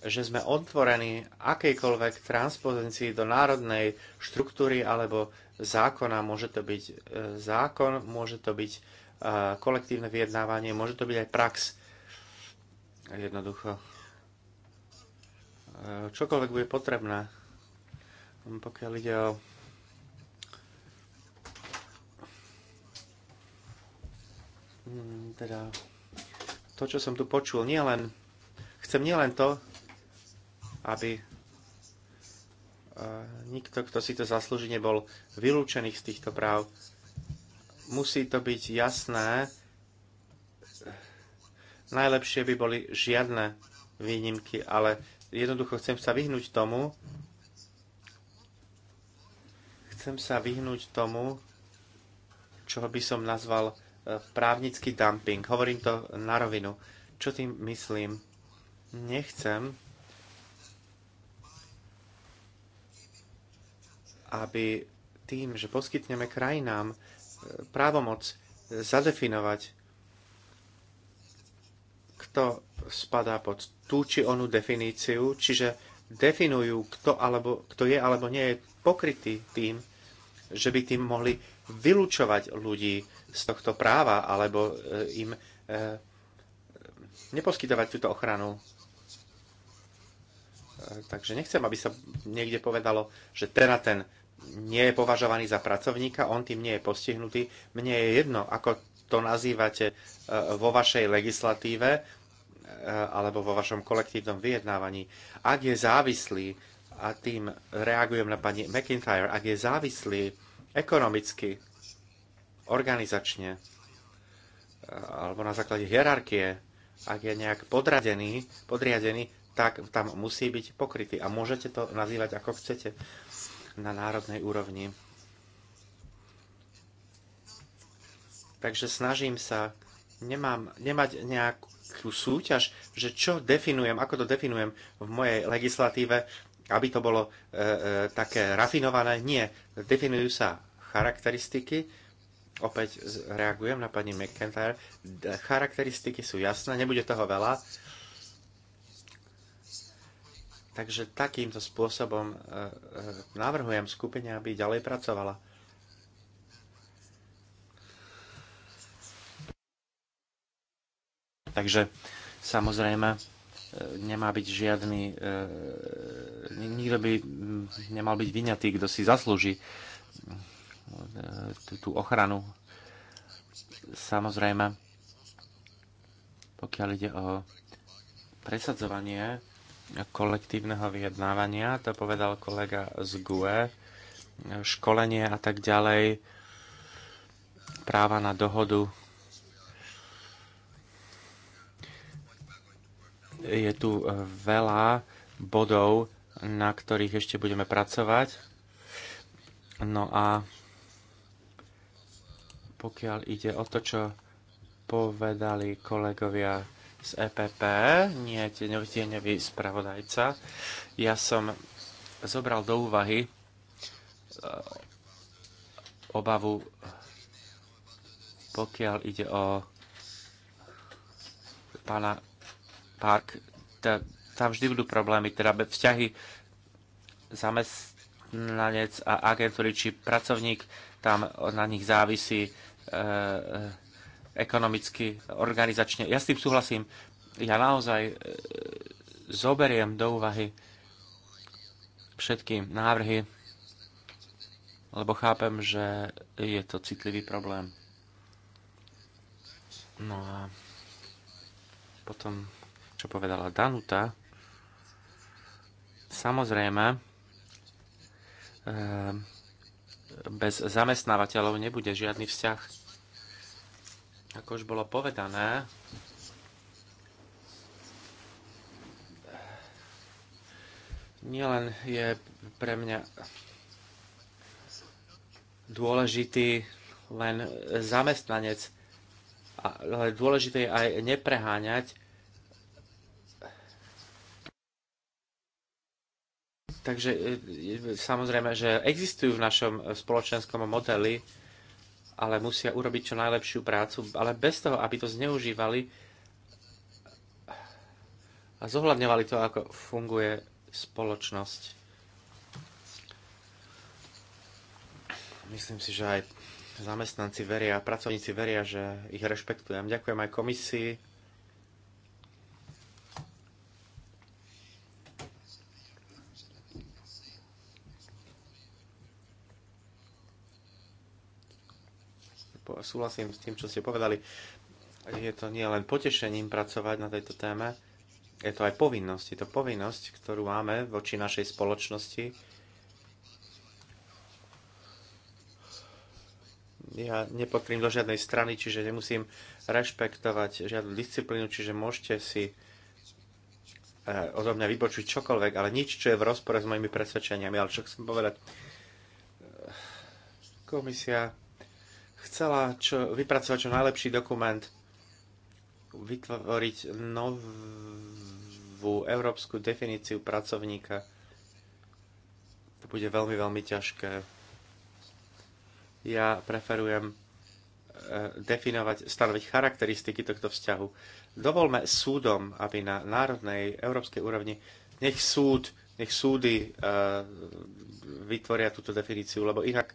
že sme otvorení akejkoľvek transpozencii do národnej štruktúry alebo zákona. Môže to byť e, zákon, môže to byť e, kolektívne vyjednávanie, môže to byť aj prax. Jednoducho. E, čokoľvek bude potrebné. Pokiaľ ide o Mm, teda to, čo som tu počul, len, chcem nielen to, aby e, nikto, kto si to zaslúži, nebol vylúčený z týchto práv. Musí to byť jasné. Najlepšie by boli žiadne výnimky, ale jednoducho chcem sa vyhnúť tomu, chcem sa vyhnúť tomu, čo by som nazval právnický dumping. Hovorím to na rovinu. Čo tým myslím? Nechcem, aby tým, že poskytneme krajinám e, právomoc e, zadefinovať, kto spadá pod tú či onú definíciu, čiže definujú, kto, alebo, kto je alebo nie je pokrytý tým, že by tým mohli vylúčovať ľudí z tohto práva alebo e, im e, neposkytovať túto ochranu. E, takže nechcem, aby sa niekde povedalo, že ten a ten nie je považovaný za pracovníka, on tým nie je postihnutý. Mne je jedno, ako to nazývate vo vašej legislatíve alebo vo vašom kolektívnom vyjednávaní. Ak je závislý, a tým reagujem na pani McIntyre, ak je závislý ekonomicky organizačne eh, alebo na základe hierarchie, ak je nejak podradený, podriadený, tak tam musí byť pokrytý. A môžete to nazývať ako chcete na národnej úrovni. Takže snažím sa nemám, nemať nejakú súťaž, že čo definujem, ako to definujem v mojej legislatíve, aby to bolo e, e, také rafinované. Nie, definujú sa charakteristiky, Opäť reagujem na pani McIntyre. Charakteristiky sú jasné, nebude toho veľa. Takže takýmto spôsobom e, e, navrhujem skupine, aby ďalej pracovala. Takže samozrejme e, nemá byť žiadny, nikto by nemal byť vyňatý, kto si zaslúži tú ochranu. Samozrejme, pokiaľ ide o presadzovanie kolektívneho vyjednávania, to povedal kolega z GUE, školenie a tak ďalej, práva na dohodu. Je tu e, veľa bodov, na ktorých ešte budeme pracovať. No a pokiaľ ide o to, čo povedali kolegovia z EPP, nie tieňový spravodajca, ja som zobral do úvahy e, obavu, pokiaľ ide o pána Park, tá, tam vždy budú problémy, teda vzťahy zamestnanec a agentúry či pracovník, tam na nich závisí Eh, eh, ekonomicky, organizačne. Ja s tým súhlasím. Ja naozaj eh, zoberiem do úvahy všetky návrhy, lebo chápem, že je to citlivý problém. No a potom, čo povedala Danuta, samozrejme, bez zamestnávateľov nebude žiadny vzťah ako už bolo povedané, nielen je pre mňa dôležitý len zamestnanec, ale dôležité je aj nepreháňať. Takže e, samozrejme, že existujú v našom spoločenskom modeli ale musia urobiť čo najlepšiu prácu, ale bez toho, aby to zneužívali a zohľadňovali to, ako funguje spoločnosť. Myslím si, že aj zamestnanci veria, pracovníci veria, že ich rešpektujem. Ďakujem aj komisii, súhlasím s tým, čo ste povedali. Je to nie len potešením pracovať na tejto téme, je to aj povinnosť. Je to povinnosť, ktorú máme voči našej spoločnosti. Ja nepotrím do žiadnej strany, čiže nemusím rešpektovať žiadnu disciplínu, čiže môžete si e, odo mňa vypočuť čokoľvek, ale nič, čo je v rozpore s mojimi presvedčeniami. Ale čo chcem povedať, e, komisia chcela čo, vypracovať čo najlepší dokument, vytvoriť novú európsku definíciu pracovníka. To bude veľmi, veľmi ťažké. Ja preferujem e, definovať, stanoviť charakteristiky tohto vzťahu. Dovolme súdom, aby na národnej, európskej úrovni, nech súd, nech súdy uh, vytvoria túto definíciu, lebo inak uh,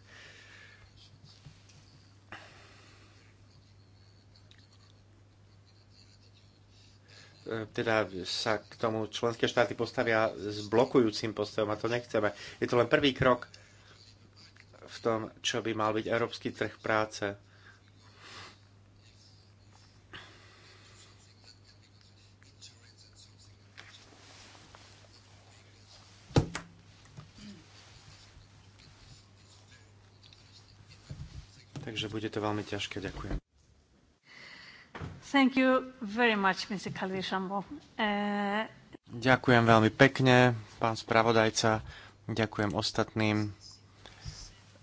teda sa k tomu členské štáty postavia s blokujúcim postojom a to nechceme. Je to len prvý krok v tom, čo by mal byť európsky trh práce. Takže bude to veľmi ťažké. Ďakujem. Thank you very much, Mr. Uh... Ďakujem veľmi pekne, pán spravodajca. Ďakujem ostatným,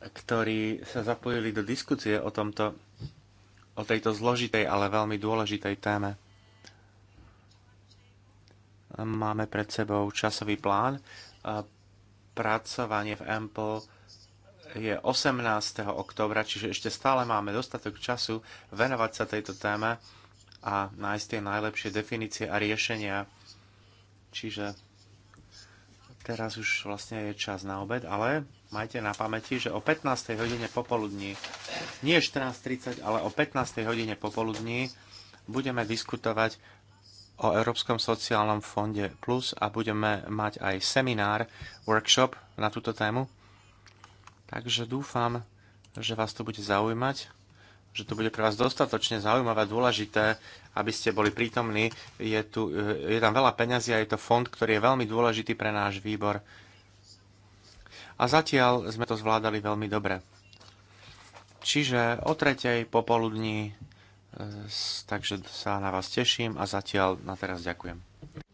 ktorí sa zapojili do diskusie o tomto, o tejto zložitej, ale veľmi dôležitej téme. Máme pred sebou časový plán. Pracovanie v Ample je 18. oktobra, čiže ešte stále máme dostatok času venovať sa tejto téme a nájsť tie najlepšie definície a riešenia. Čiže teraz už vlastne je čas na obed, ale majte na pamäti, že o 15. hodine popoludní, nie 14.30, ale o 15. hodine popoludní budeme diskutovať o Európskom sociálnom fonde Plus a budeme mať aj seminár, workshop na túto tému. Takže dúfam, že vás to bude zaujímať že to bude pre vás dostatočne zaujímavé a dôležité, aby ste boli prítomní. Je, tu, e, je tam veľa peňazí a je to fond, ktorý je veľmi dôležitý pre náš výbor. A zatiaľ sme to zvládali veľmi dobre. Čiže o tretej popoludní, e, takže sa na vás teším a zatiaľ na teraz ďakujem.